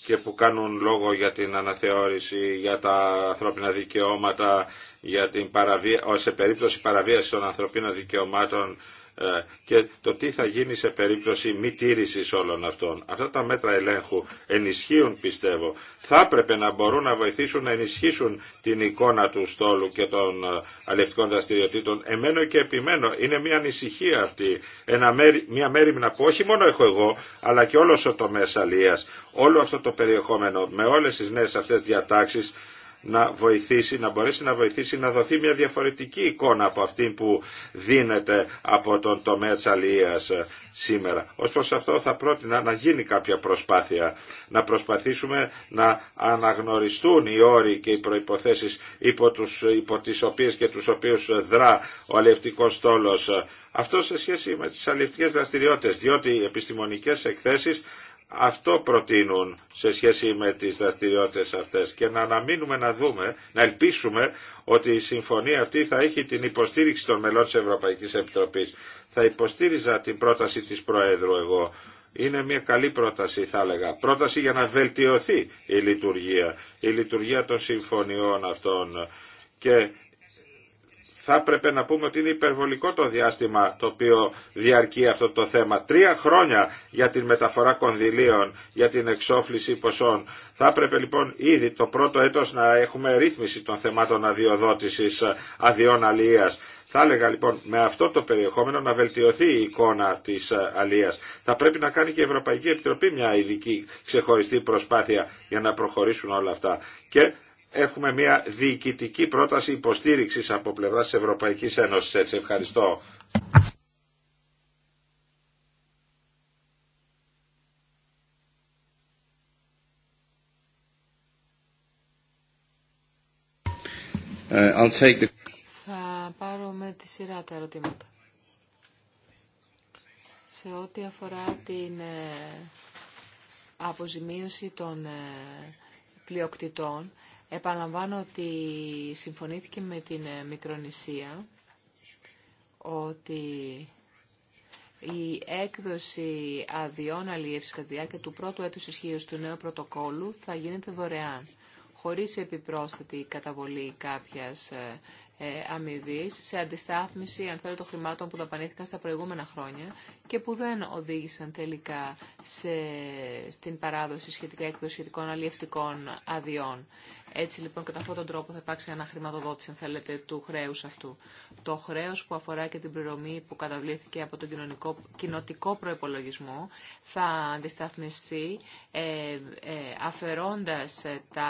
και που κάνουν λόγο για την αναθεώρηση, για τα ανθρώπινα δικαιώματα, για την παραβία, σε περίπτωση παραβίαση των ανθρωπίνων δικαιωμάτων ε, και το τι θα γίνει σε περίπτωση μη τήρησης όλων αυτών. Αυτά τα μέτρα ελέγχου ενισχύουν πιστεύω. Θα έπρεπε να μπορούν να βοηθήσουν να ενισχύσουν την εικόνα του στόλου και των ε, αλευτικών δραστηριοτήτων. Εμένω και επιμένω. Είναι μια ανησυχία αυτή. Ένα μέρη, μια μέρημνα που όχι μόνο έχω εγώ αλλά και όλο ο τομέα αλίας. Όλο αυτό το περιεχόμενο με όλες τις νέες αυτές διατάξεις να βοηθήσει, να μπορέσει να βοηθήσει να δοθεί μια διαφορετική εικόνα από αυτή που δίνεται από τον τομέα της αλληλείας ε, σήμερα. Ως προς αυτό θα πρότεινα να γίνει κάποια προσπάθεια, να προσπαθήσουμε να αναγνωριστούν οι όροι και οι προϋποθέσεις υπό, τους, υπό τις και τους οποίους ε, δρά ο αλληλευτικός στόλος. Αυτό σε σχέση με τις αλληλευτικές δραστηριότητες, διότι οι επιστημονικές εκθέσεις αυτό προτείνουν σε σχέση με τις δραστηριότητες αυτές και να αναμείνουμε να δούμε, να ελπίσουμε ότι η συμφωνία αυτή θα έχει την υποστήριξη των μελών της Ευρωπαϊκής Επιτροπής. Θα υποστήριζα την πρόταση της Προέδρου εγώ. Είναι μια καλή πρόταση θα έλεγα. Πρόταση για να βελτιωθεί η λειτουργία, η λειτουργία των συμφωνιών αυτών θα έπρεπε να πούμε ότι είναι υπερβολικό το διάστημα το οποίο διαρκεί αυτό το θέμα. Τρία χρόνια για την μεταφορά κονδυλίων, για την εξόφληση ποσών. Θα έπρεπε λοιπόν ήδη το πρώτο έτος να έχουμε ρύθμιση των θεμάτων αδειοδότησης αδειών αλίας. Θα έλεγα λοιπόν με αυτό το περιεχόμενο να βελτιωθεί η εικόνα τη Αλία. Θα πρέπει να κάνει και η Ευρωπαϊκή Επιτροπή μια ειδική ξεχωριστή προσπάθεια για να προχωρήσουν όλα αυτά. Και έχουμε μια διοικητική πρόταση υποστήριξης από πλευράς της Ευρωπαϊκής Ένωσης. Έτσι, ευχαριστώ. Ε, Θα πάρω με τη σειρά τα ερωτήματα. Σε ό,τι αφορά την ε, αποζημίωση των ε, πλειοκτητών, Επαναλαμβάνω ότι συμφωνήθηκε με την ε, Μικρονησία ότι η έκδοση αδειών αλλιεύσης κατά διάρκεια του πρώτου έτους ισχύω του νέου πρωτοκόλου θα γίνεται δωρεάν, χωρίς επιπρόσθετη καταβολή κάποιας ε, ε, αμοιβή σε αντιστάθμιση, αν θέλετε, των χρημάτων που δαπανήθηκαν στα προηγούμενα χρόνια και που δεν οδήγησαν τελικά στην παράδοση σχετικά έκδοση σχετικών αλλιευτικών αδειών. Έτσι λοιπόν κατά αυτόν τον τρόπο θα υπάρξει αναχρηματοδότηση, αν θέλετε, του χρέου αυτού. Το χρέο που αφορά και την πληρωμή που καταβλήθηκε από τον κοινωνικό, κοινοτικό προπολογισμό θα αντισταθμιστεί ε, ε αφαιρώντα ε, τα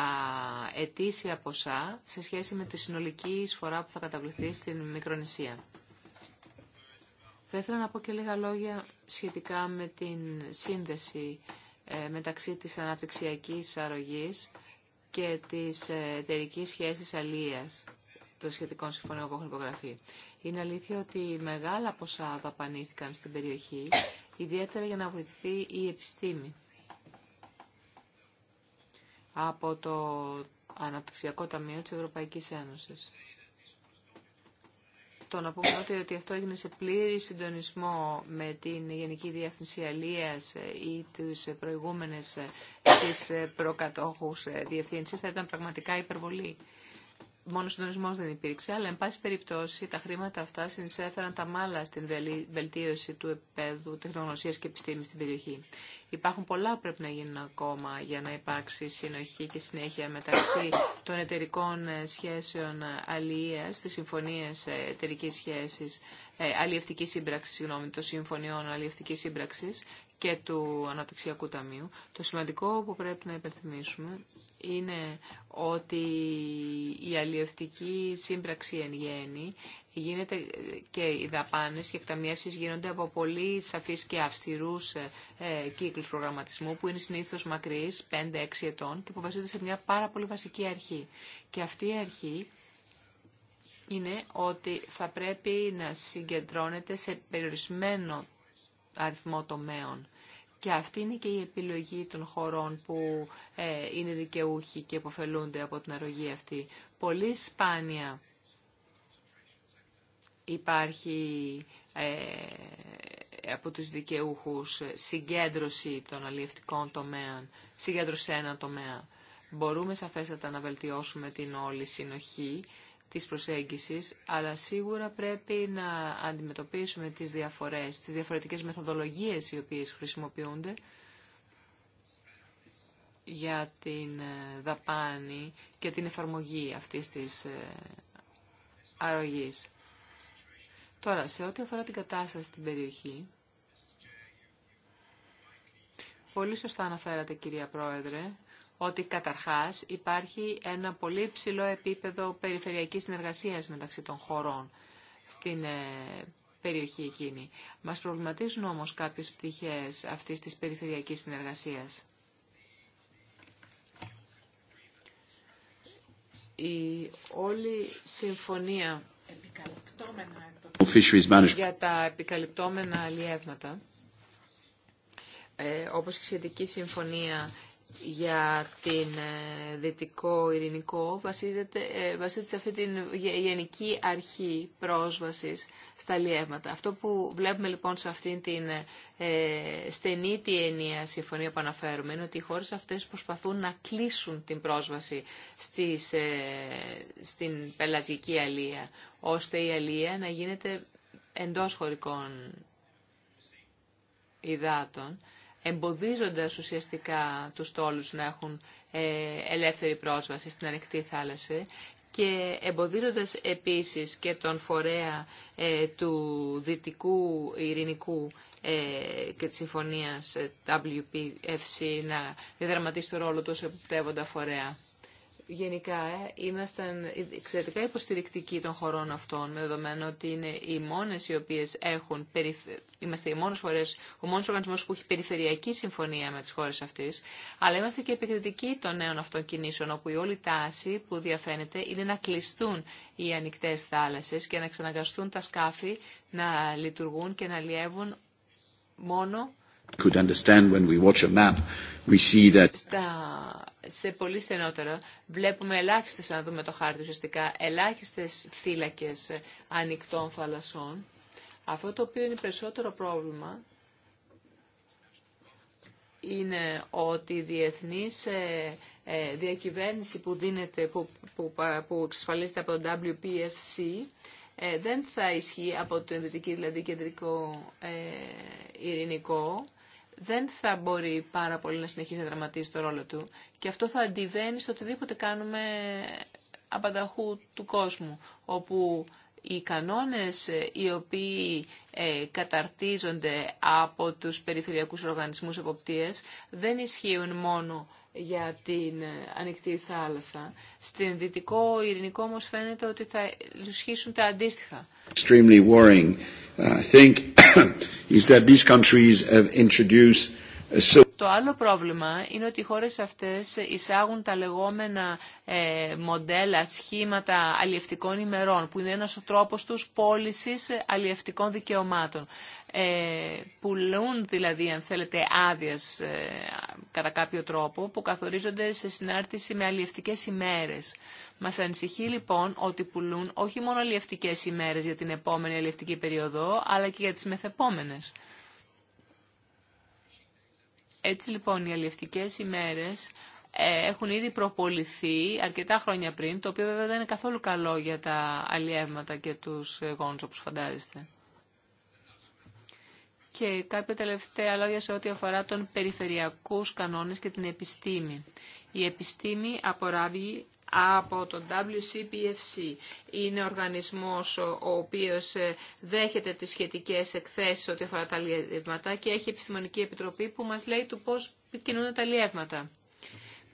ετήσια ποσά σε σχέση με τη συνολική εισφορά που θα καταβληθεί στην Μικρονησία. Θα ήθελα να πω και λίγα λόγια σχετικά με την σύνδεση ε, μεταξύ της αναπτυξιακής αρρωγής και της ε, εταιρική σχέσης αλίας των σχετικών συμφωνίων που έχουν υπογραφεί. Είναι αλήθεια ότι μεγάλα ποσά δαπανήθηκαν στην περιοχή, ιδιαίτερα για να βοηθηθεί η επιστήμη. Από το Αναπτυξιακό Ταμείο της Ευρωπαϊκής Ένωσης. Το Να πούμε ότι, ότι αυτό έγινε σε πλήρη συντονισμό με την Γενική Διεύθυνση Αλίας ε, ή ε, τις προηγούμενες τις προκατόχους ε, διευθύνσεις. Θα ήταν πραγματικά υπερβολή μόνο συντονισμό δεν υπήρξε, αλλά εν πάση περιπτώσει τα χρήματα αυτά συνεισέφεραν τα μάλα στην βελτίωση του επέδου τεχνογνωσία και επιστήμη στην περιοχή. Υπάρχουν πολλά που πρέπει να γίνουν ακόμα για να υπάρξει συνοχή και συνέχεια μεταξύ των εταιρικών ε, σχέσεων ε, αλληλεία, τη συμφωνία ε, εταιρική σχέση, αλληλευτική σύμπραξη, των συμφωνιών αλληλευτική σύμπραξη και του Αναπτυξιακού Ταμείου. Το σημαντικό που πρέπει να υπενθυμίσουμε είναι ότι η αλλιευτική σύμπραξη εν γέννη γίνεται και οι δαπάνες και εκταμιεύσεις γίνονται από πολύ σαφείς και αυστηρούς ε, ε, κύκλους προγραμματισμού που είναι συνήθως μακρύς, 5-6 ετών και που βασίζονται σε μια πάρα πολύ βασική αρχή. Και αυτή η αρχή είναι ότι θα πρέπει να συγκεντρώνεται σε περιορισμένο αριθμό τομέων. Και αυτή είναι και η επιλογή των χωρών που ε, είναι δικαιούχοι και υποφελούνται από την αρρωγή αυτή. Πολύ σπάνια υπάρχει ε, από τους δικαιούχους συγκέντρωση των αλλιευτικών τομέων, συγκέντρωση ένα τομέα. Μπορούμε σαφέστατα να βελτιώσουμε την όλη συνοχή της προσέγγισης, αλλά σίγουρα πρέπει να αντιμετωπίσουμε τις διαφορές, τις διαφορετικές μεθοδολογίες οι οποίες χρησιμοποιούνται για την ε, δαπάνη και την εφαρμογή αυτής της ε, αρρωγής. Τώρα, σε ό,τι αφορά την κατάσταση στην περιοχή, πολύ σωστά αναφέρατε κυρία Πρόεδρε, ότι καταρχάς υπάρχει ένα πολύ ψηλό επίπεδο περιφερειακής συνεργασίας μεταξύ των χωρών στην ε, περιοχή εκείνη. Μας προβληματίζουν όμως κάποιες πτυχές αυτής της περιφερειακής συνεργασίας. Η όλη συμφωνία για τα επικαλυπτόμενα αλλιεύματα, ε, όπως η σχετική συμφωνία για την ε, δυτικό ειρηνικό βασίζεται, ε, βασίζεται σε αυτή την γενική αρχή πρόσβασης στα λιεύματα. Αυτό που βλέπουμε λοιπόν σε αυτήν την ε, στενή τη ενία συμφωνία που αναφέρουμε είναι ότι οι χώρες αυτές προσπαθούν να κλείσουν την πρόσβαση στις, ε, στην πελαζική αλία, ώστε η αλία να γίνεται εντός χωρικών υδάτων εμποδίζοντας ουσιαστικά τους τόλους να έχουν ε, ελεύθερη πρόσβαση στην ανοιχτή θάλασσα και εμποδίζοντας επίσης και τον φορέα ε, του Δυτικού Ειρηνικού ε, και της Συμφωνίας WPFC να διδραματίσει το ρόλο του ω φορέα γενικά ε, ήμασταν εξαιρετικά υποστηρικτικοί των χωρών αυτών, με δεδομένο ότι είναι οι μόνες οι οποίες έχουν, είμαστε οι μόνες φορές, ο μόνος οργανισμός που έχει περιφερειακή συμφωνία με τις χώρες αυτές, αλλά είμαστε και επικριτικοί των νέων αυτών κινήσεων, όπου η όλη τάση που διαφαίνεται είναι να κλειστούν οι ανοιχτέ θάλασσες και να ξαναγκαστούν τα σκάφη να λειτουργούν και να λιεύουν μόνο σε πολύ στενότερο βλέπουμε ελάχιστες, να δούμε το χάρτη ουσιαστικά, ελάχιστες θύλακες ανοιχτών θαλασσών. Αυτό το οποίο είναι περισσότερο πρόβλημα είναι ότι η διεθνής ε, ε, διακυβέρνηση που, δίνεται, που, που, που εξασφαλίζεται από το WPFC ε, δεν θα ισχύει από το ενδυτικό δηλαδή Κεντρικό Ειρηνικό δεν θα μπορεί πάρα πολύ να συνεχίσει να δραματίζει το ρόλο του και αυτό θα αντιβαίνει στο οτιδήποτε κάνουμε απανταχού του κόσμου, όπου οι κανόνες οι οποίοι ε, καταρτίζονται από τους περιφερειακούς οργανισμούς εποπτείας δεν ισχύουν μόνο για την ε, ανοιχτή θάλασσα. Στην δυτικό ειρηνικό όμως φαίνεται ότι θα λουσχίσουν τα αντίστοιχα. Extremely worrying, uh, I think, <coughs> is that these countries have introduced a so- το άλλο πρόβλημα είναι ότι οι χώρες αυτές εισάγουν τα λεγόμενα ε, μοντέλα, σχήματα αλλιευτικών ημερών, που είναι ένας ο τρόπος τους πώληση αλλιευτικών δικαιωμάτων. Ε, πουλούν δηλαδή, αν θέλετε, άδειε ε, κατά κάποιο τρόπο, που καθορίζονται σε συνάρτηση με αλλιευτικές ημέρες. Μας ανησυχεί λοιπόν ότι πουλούν όχι μόνο αλλιευτικές ημέρες για την επόμενη αλλιευτική περίοδο, αλλά και για τις μεθεπόμενες. Έτσι λοιπόν οι αλλιευτικές ημέρες ε, έχουν ήδη προποληθεί αρκετά χρόνια πριν, το οποίο βέβαια δεν είναι καθόλου καλό για τα αλλιεύματα και τους γόνους όπως φαντάζεστε. Και κάποια τελευταία λόγια σε ό,τι αφορά τον περιφερειακούς κανόνες και την επιστήμη. Η επιστήμη απορράβει από τον WCPFC. Είναι οργανισμός ο οποίος ε, δέχεται τις σχετικές εκθέσεις ό,τι αφορά τα λιεύματα και έχει επιστημονική επιτροπή που μας λέει του πώς κινούνται τα λιεύματα.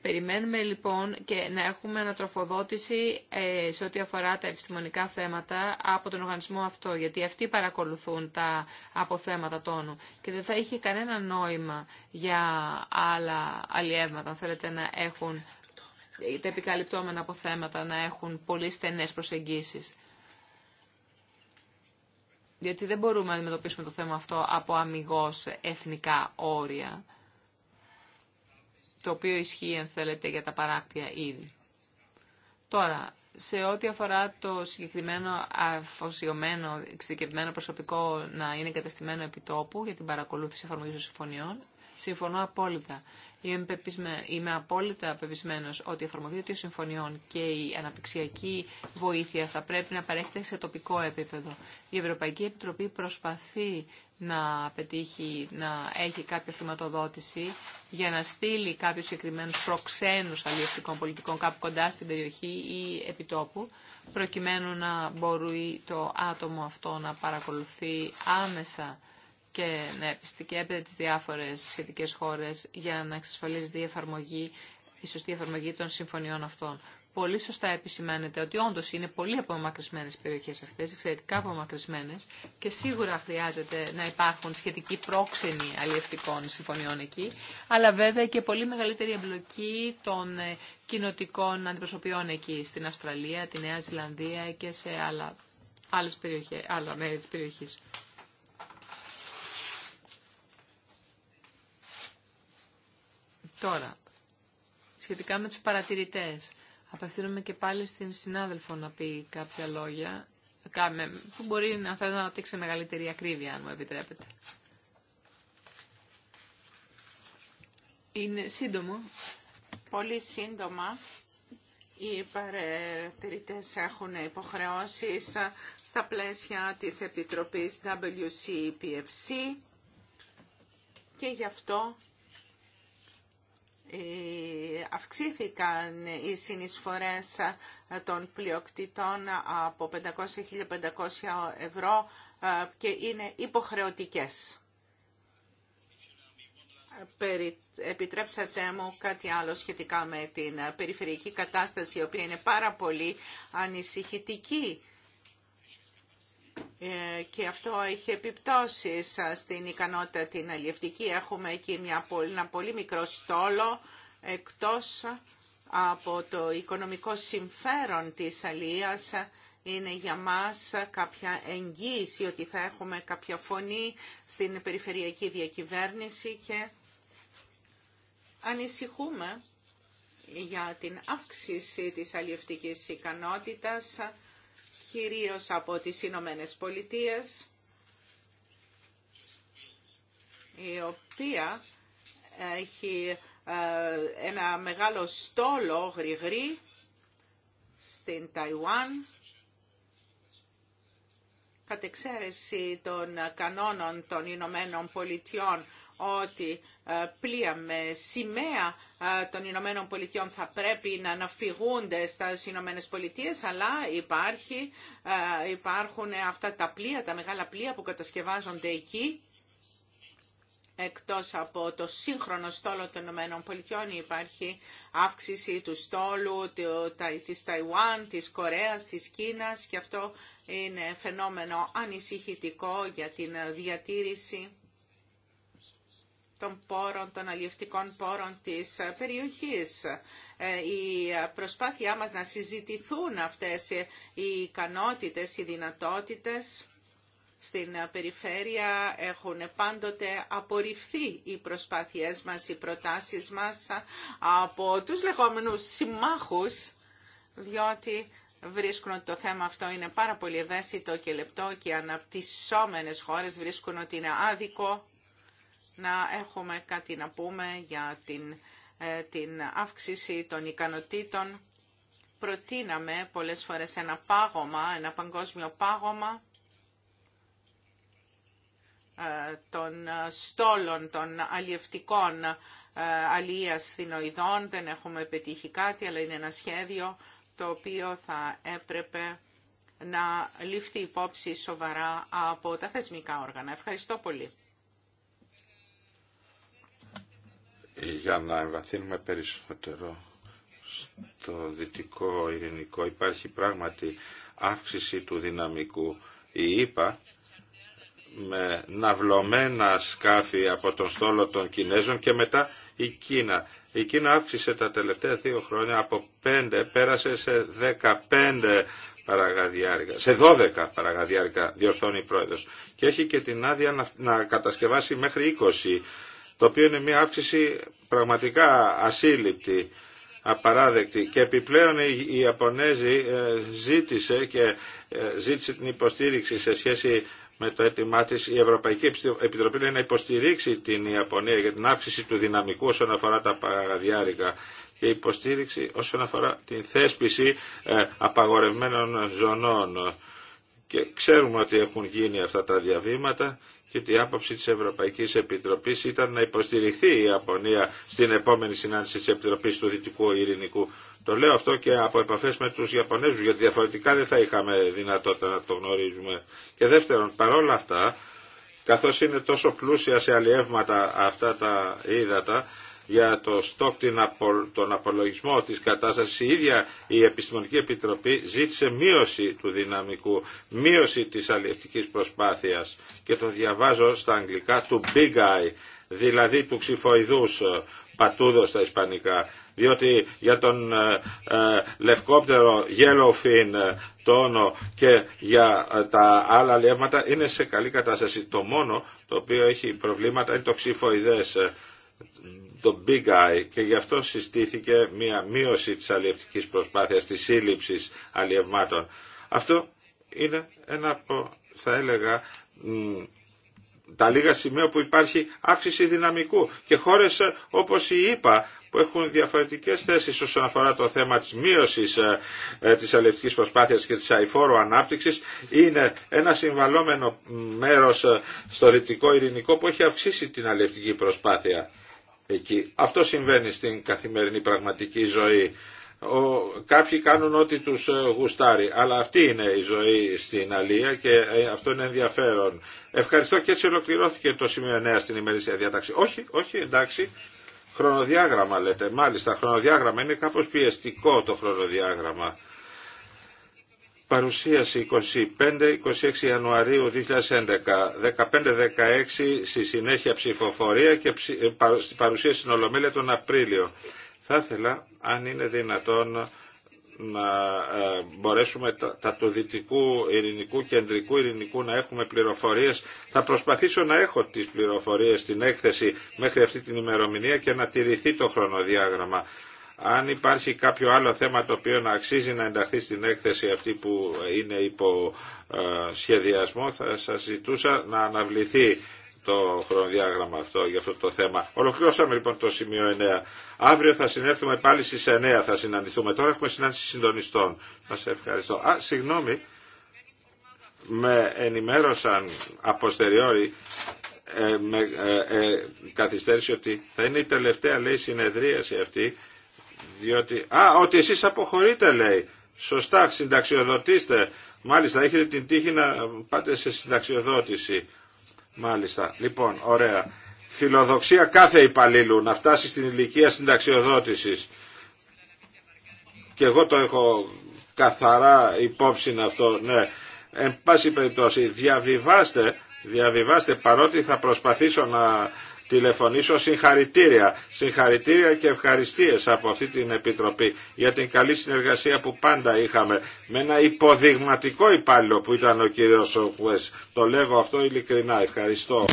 Περιμένουμε λοιπόν και να έχουμε ανατροφοδότηση ε, σε ό,τι αφορά τα επιστημονικά θέματα από τον οργανισμό αυτό, γιατί αυτοί παρακολουθούν τα αποθέματα τόνου και δεν θα είχε κανένα νόημα για άλλα αλλιεύματα, αν θέλετε να έχουν τα επικαλυπτόμενα θέματα να έχουν πολύ στενές προσεγγίσεις. Γιατί δεν μπορούμε να αντιμετωπίσουμε το θέμα αυτό από αμυγός εθνικά όρια, το οποίο ισχύει, αν θέλετε, για τα παράκτια ήδη. Τώρα, σε ό,τι αφορά το συγκεκριμένο αφοσιωμένο, εξειδικευμένο προσωπικό να είναι εγκαταστημένο επιτόπου για την παρακολούθηση εφαρμογή των συμφωνιών, Συμφωνώ απόλυτα. Είμαι απόλυτα πεπισμένο ότι η εφαρμογή των συμφωνιών και η αναπτυξιακή βοήθεια θα πρέπει να παρέχεται σε τοπικό επίπεδο. Η Ευρωπαϊκή Επιτροπή προσπαθεί να να έχει κάποια χρηματοδότηση για να στείλει κάποιου συγκεκριμένου προξένου αλληλευτικών πολιτικών κάπου κοντά στην περιοχή ή επιτόπου, προκειμένου να μπορεί το άτομο αυτό να παρακολουθεί άμεσα και ναι, επιστικέπεται τις διάφορες σχετικές χώρες για να εξασφαλίζεται η, εφαρμογή, η σωστή εφαρμογή των συμφωνιών αυτών. Πολύ σωστά επισημαίνεται ότι όντω είναι πολύ απομακρυσμένε οι περιοχέ αυτέ, εξαιρετικά απομακρυσμένε και σίγουρα χρειάζεται να υπάρχουν σχετικοί πρόξενοι αλλιευτικών συμφωνιών εκεί, αλλά βέβαια και πολύ μεγαλύτερη εμπλοκή των ε, κοινοτικών αντιπροσωπιών εκεί, στην Αυστραλία, τη Νέα Ζηλανδία και σε άλλα, άλλα μέρη τη περιοχή. Τώρα, σχετικά με τους παρατηρητές, απευθύνομαι και πάλι στην συνάδελφο να πει κάποια λόγια, που μπορεί να θέλει να αναπτύξει μεγαλύτερη ακρίβεια, αν μου επιτρέπετε. Είναι σύντομο. Πολύ σύντομα. Οι παρατηρητές έχουν υποχρεώσεις στα πλαίσια της Επιτροπής WCPFC και γι' αυτό ε, αυξήθηκαν οι συνεισφορές των πλειοκτητών από 500-1500 ευρώ ε, και είναι υποχρεωτικές. Επιτρέψατε μου κάτι άλλο σχετικά με την περιφερειακή κατάσταση, η οποία είναι πάρα πολύ ανησυχητική ε, και αυτό έχει επιπτώσεις στην ικανότητα την αλλιευτική. Έχουμε εκεί μια, ένα πολύ μικρό στόλο εκτός από το οικονομικό συμφέρον της αλίας είναι για μας κάποια εγγύηση ότι θα έχουμε κάποια φωνή στην περιφερειακή διακυβέρνηση και ανησυχούμε για την αύξηση της αλλιευτικής ικανότητας κυρίως από τις Ηνωμένε Πολιτείες, η οποία έχει ε, ένα μεγάλο στόλο γρηγρή στην Ταϊουάν, κατ' εξαίρεση των κανόνων των Ηνωμένων Πολιτειών ότι ε, πλοία με σημαία των Ηνωμένων Πολιτειών θα πρέπει να αναφυγούνται στις Ηνωμένε Πολιτείε, αλλά υπάρχει, υπάρχουν αυτά τα πλοία, τα μεγάλα πλοία που κατασκευάζονται εκεί εκτός από το σύγχρονο στόλο των Ηνωμένων Πολιτειών υπάρχει αύξηση του στόλου της Ταϊουάν, της Κορέας, της Κίνας και αυτό είναι φαινόμενο ανησυχητικό για την διατήρηση των πόρων, των αλλιευτικών πόρων της περιοχής. Ε, η προσπάθειά μας να συζητηθούν αυτές οι ικανότητες, οι δυνατότητες στην περιφέρεια έχουν πάντοτε απορριφθεί οι προσπάθειές μας, οι προτάσεις μας από τους λεγόμενους συμμάχους, διότι βρίσκουν ότι το θέμα αυτό είναι πάρα πολύ ευαίσθητο και λεπτό και οι αναπτυσσόμενες χώρες βρίσκουν ότι είναι άδικο να έχουμε κάτι να πούμε για ε, την, αύξηση των ικανοτήτων. Προτείναμε πολλές φορές ένα πάγωμα, ένα παγκόσμιο πάγωμα ε, των στόλων, των αλλιευτικών ε, αλλίας θηνοειδών. Δεν έχουμε πετύχει κάτι, αλλά είναι ένα σχέδιο το οποίο θα έπρεπε να ληφθεί υπόψη σοβαρά από τα θεσμικά όργανα. Ευχαριστώ πολύ. για να εμβαθύνουμε περισσότερο στο δυτικό ειρηνικό υπάρχει πράγματι αύξηση του δυναμικού. Η ΕΠΑ με ναυλωμένα σκάφη από τον στόλο των Κινέζων και μετά η Κίνα. Η Κίνα αύξησε τα τελευταία δύο χρόνια από 5 πέρασε σε 15 παραγαδιάρικα, σε 12 παραγαδιάρικα διορθώνει η πρόεδρος και έχει και την άδεια να, να κατασκευάσει μέχρι 20 το οποίο είναι μια αύξηση πραγματικά ασύλληπτη, απαράδεκτη. Και επιπλέον η Ιαπωνέζη ε, ζήτησε και ε, ζήτησε την υποστήριξη σε σχέση με το αίτημά τη η Ευρωπαϊκή Επιτροπή λέει να υποστηρίξει την Ιαπωνία για την αύξηση του δυναμικού όσον αφορά τα παγαδιάρικα και υποστήριξη όσον αφορά την θέσπιση ε, απαγορευμένων ζωνών. Και ξέρουμε ότι έχουν γίνει αυτά τα διαβήματα και ότι η άποψη της Ευρωπαϊκής Επιτροπής ήταν να υποστηριχθεί η Ιαπωνία στην επόμενη συνάντηση της Επιτροπής του Δυτικού Ειρηνικού. Το λέω αυτό και από επαφές με τους Ιαπωνέζους, γιατί διαφορετικά δεν θα είχαμε δυνατότητα να το γνωρίζουμε. Και δεύτερον, παρόλα αυτά, καθώς είναι τόσο πλούσια σε αλλιεύματα αυτά τα ύδατα, για το στόκ, τον απολογισμό της κατάστασης, η ίδια η Επιστημονική Επιτροπή ζήτησε μείωση του δυναμικού, μείωση της αλληλευτικής προσπάθειας και το διαβάζω στα αγγλικά του Big Eye, δηλαδή του ξυφοειδούς ε, πατούδο στα ισπανικά, διότι για τον ε, ε λευκόπτερο yellowfin ε, τόνο και για τα άλλα λεύματα είναι σε καλή κατάσταση. Το μόνο το οποίο έχει προβλήματα είναι το ξυφοειδές το Big Eye και γι' αυτό συστήθηκε μια μείωση της αλλιευτικής προσπάθειας, της σύλληψης αλλιευμάτων. Αυτό είναι ένα από, θα έλεγα, τα λίγα σημεία που υπάρχει αύξηση δυναμικού και χώρες ε, όπως η ΕΠΑ που έχουν διαφορετικές θέσεις όσον αφορά το θέμα της μείωσης ε, ε, της αλληλευτικής προσπάθειας και της αηφόρου ανάπτυξης είναι ένα συμβαλόμενο μέρος στο δυτικό ειρηνικό που έχει αυξήσει την αλληλευτική προσπάθεια εκεί. Αυτό συμβαίνει στην καθημερινή πραγματική ζωή. Ο, κάποιοι κάνουν ό,τι τους ε, γουστάρει, αλλά αυτή είναι η ζωή στην Αλία και ε, αυτό είναι ενδιαφέρον. Ευχαριστώ και έτσι ολοκληρώθηκε το σημείο 9 στην ημερήσια διάταξη. Όχι, όχι, εντάξει. Χρονοδιάγραμμα λέτε. Μάλιστα, χρονοδιάγραμμα είναι κάπως πιεστικό το χρονοδιάγραμμα. Παρουσίαση 25-26 Ιανουαρίου 2011, 15-16 στη συνέχεια ψηφοφορία και ε, παρουσίαση στην Ολομέλεια τον Απρίλιο. Θα ήθελα, αν είναι δυνατόν, να ε, μπορέσουμε τα, τα του δυτικού ειρηνικού, κεντρικού ειρηνικού να έχουμε πληροφορίες. Θα προσπαθήσω να έχω τις πληροφορίες στην έκθεση μέχρι αυτή την ημερομηνία και να τηρηθεί το χρονοδιάγραμμα. Αν υπάρχει κάποιο άλλο θέμα το οποίο να αξίζει να ενταχθεί στην έκθεση αυτή που είναι υπό ε, σχεδιασμό θα σας ζητούσα να αναβληθεί το χρονοδιάγραμμα αυτό για αυτό το θέμα. Ολοκληρώσαμε λοιπόν το σημείο 9. Αύριο θα συνέλθουμε πάλι στις 9 θα συναντηθούμε. Τώρα έχουμε συνάντηση συντονιστών. Σας ευχαριστώ. Α, συγγνώμη. Με ενημέρωσαν αποστεριόρι ε, με ε, ε καθυστέρηση ότι θα είναι η τελευταία λέει συνεδρίαση αυτή διότι... Α, ότι εσείς αποχωρείτε λέει. Σωστά, συνταξιοδοτήστε. Μάλιστα, έχετε την τύχη να πάτε σε συνταξιοδότηση. Μάλιστα. Λοιπόν, ωραία. Φιλοδοξία κάθε υπαλλήλου να φτάσει στην ηλικία συνταξιοδότησης. Και εγώ το έχω καθαρά υπόψη αυτό, ναι. Εν πάση περιπτώσει, διαβιβάστε, διαβιβάστε παρότι θα προσπαθήσω να τηλεφωνήσω συγχαρητήρια. Συγχαρητήρια και ευχαριστίες από αυτή την Επιτροπή για την καλή συνεργασία που πάντα είχαμε με ένα υποδειγματικό υπάλληλο που ήταν ο κύριος Σόκουες. Το λέγω αυτό ειλικρινά. Ευχαριστώ.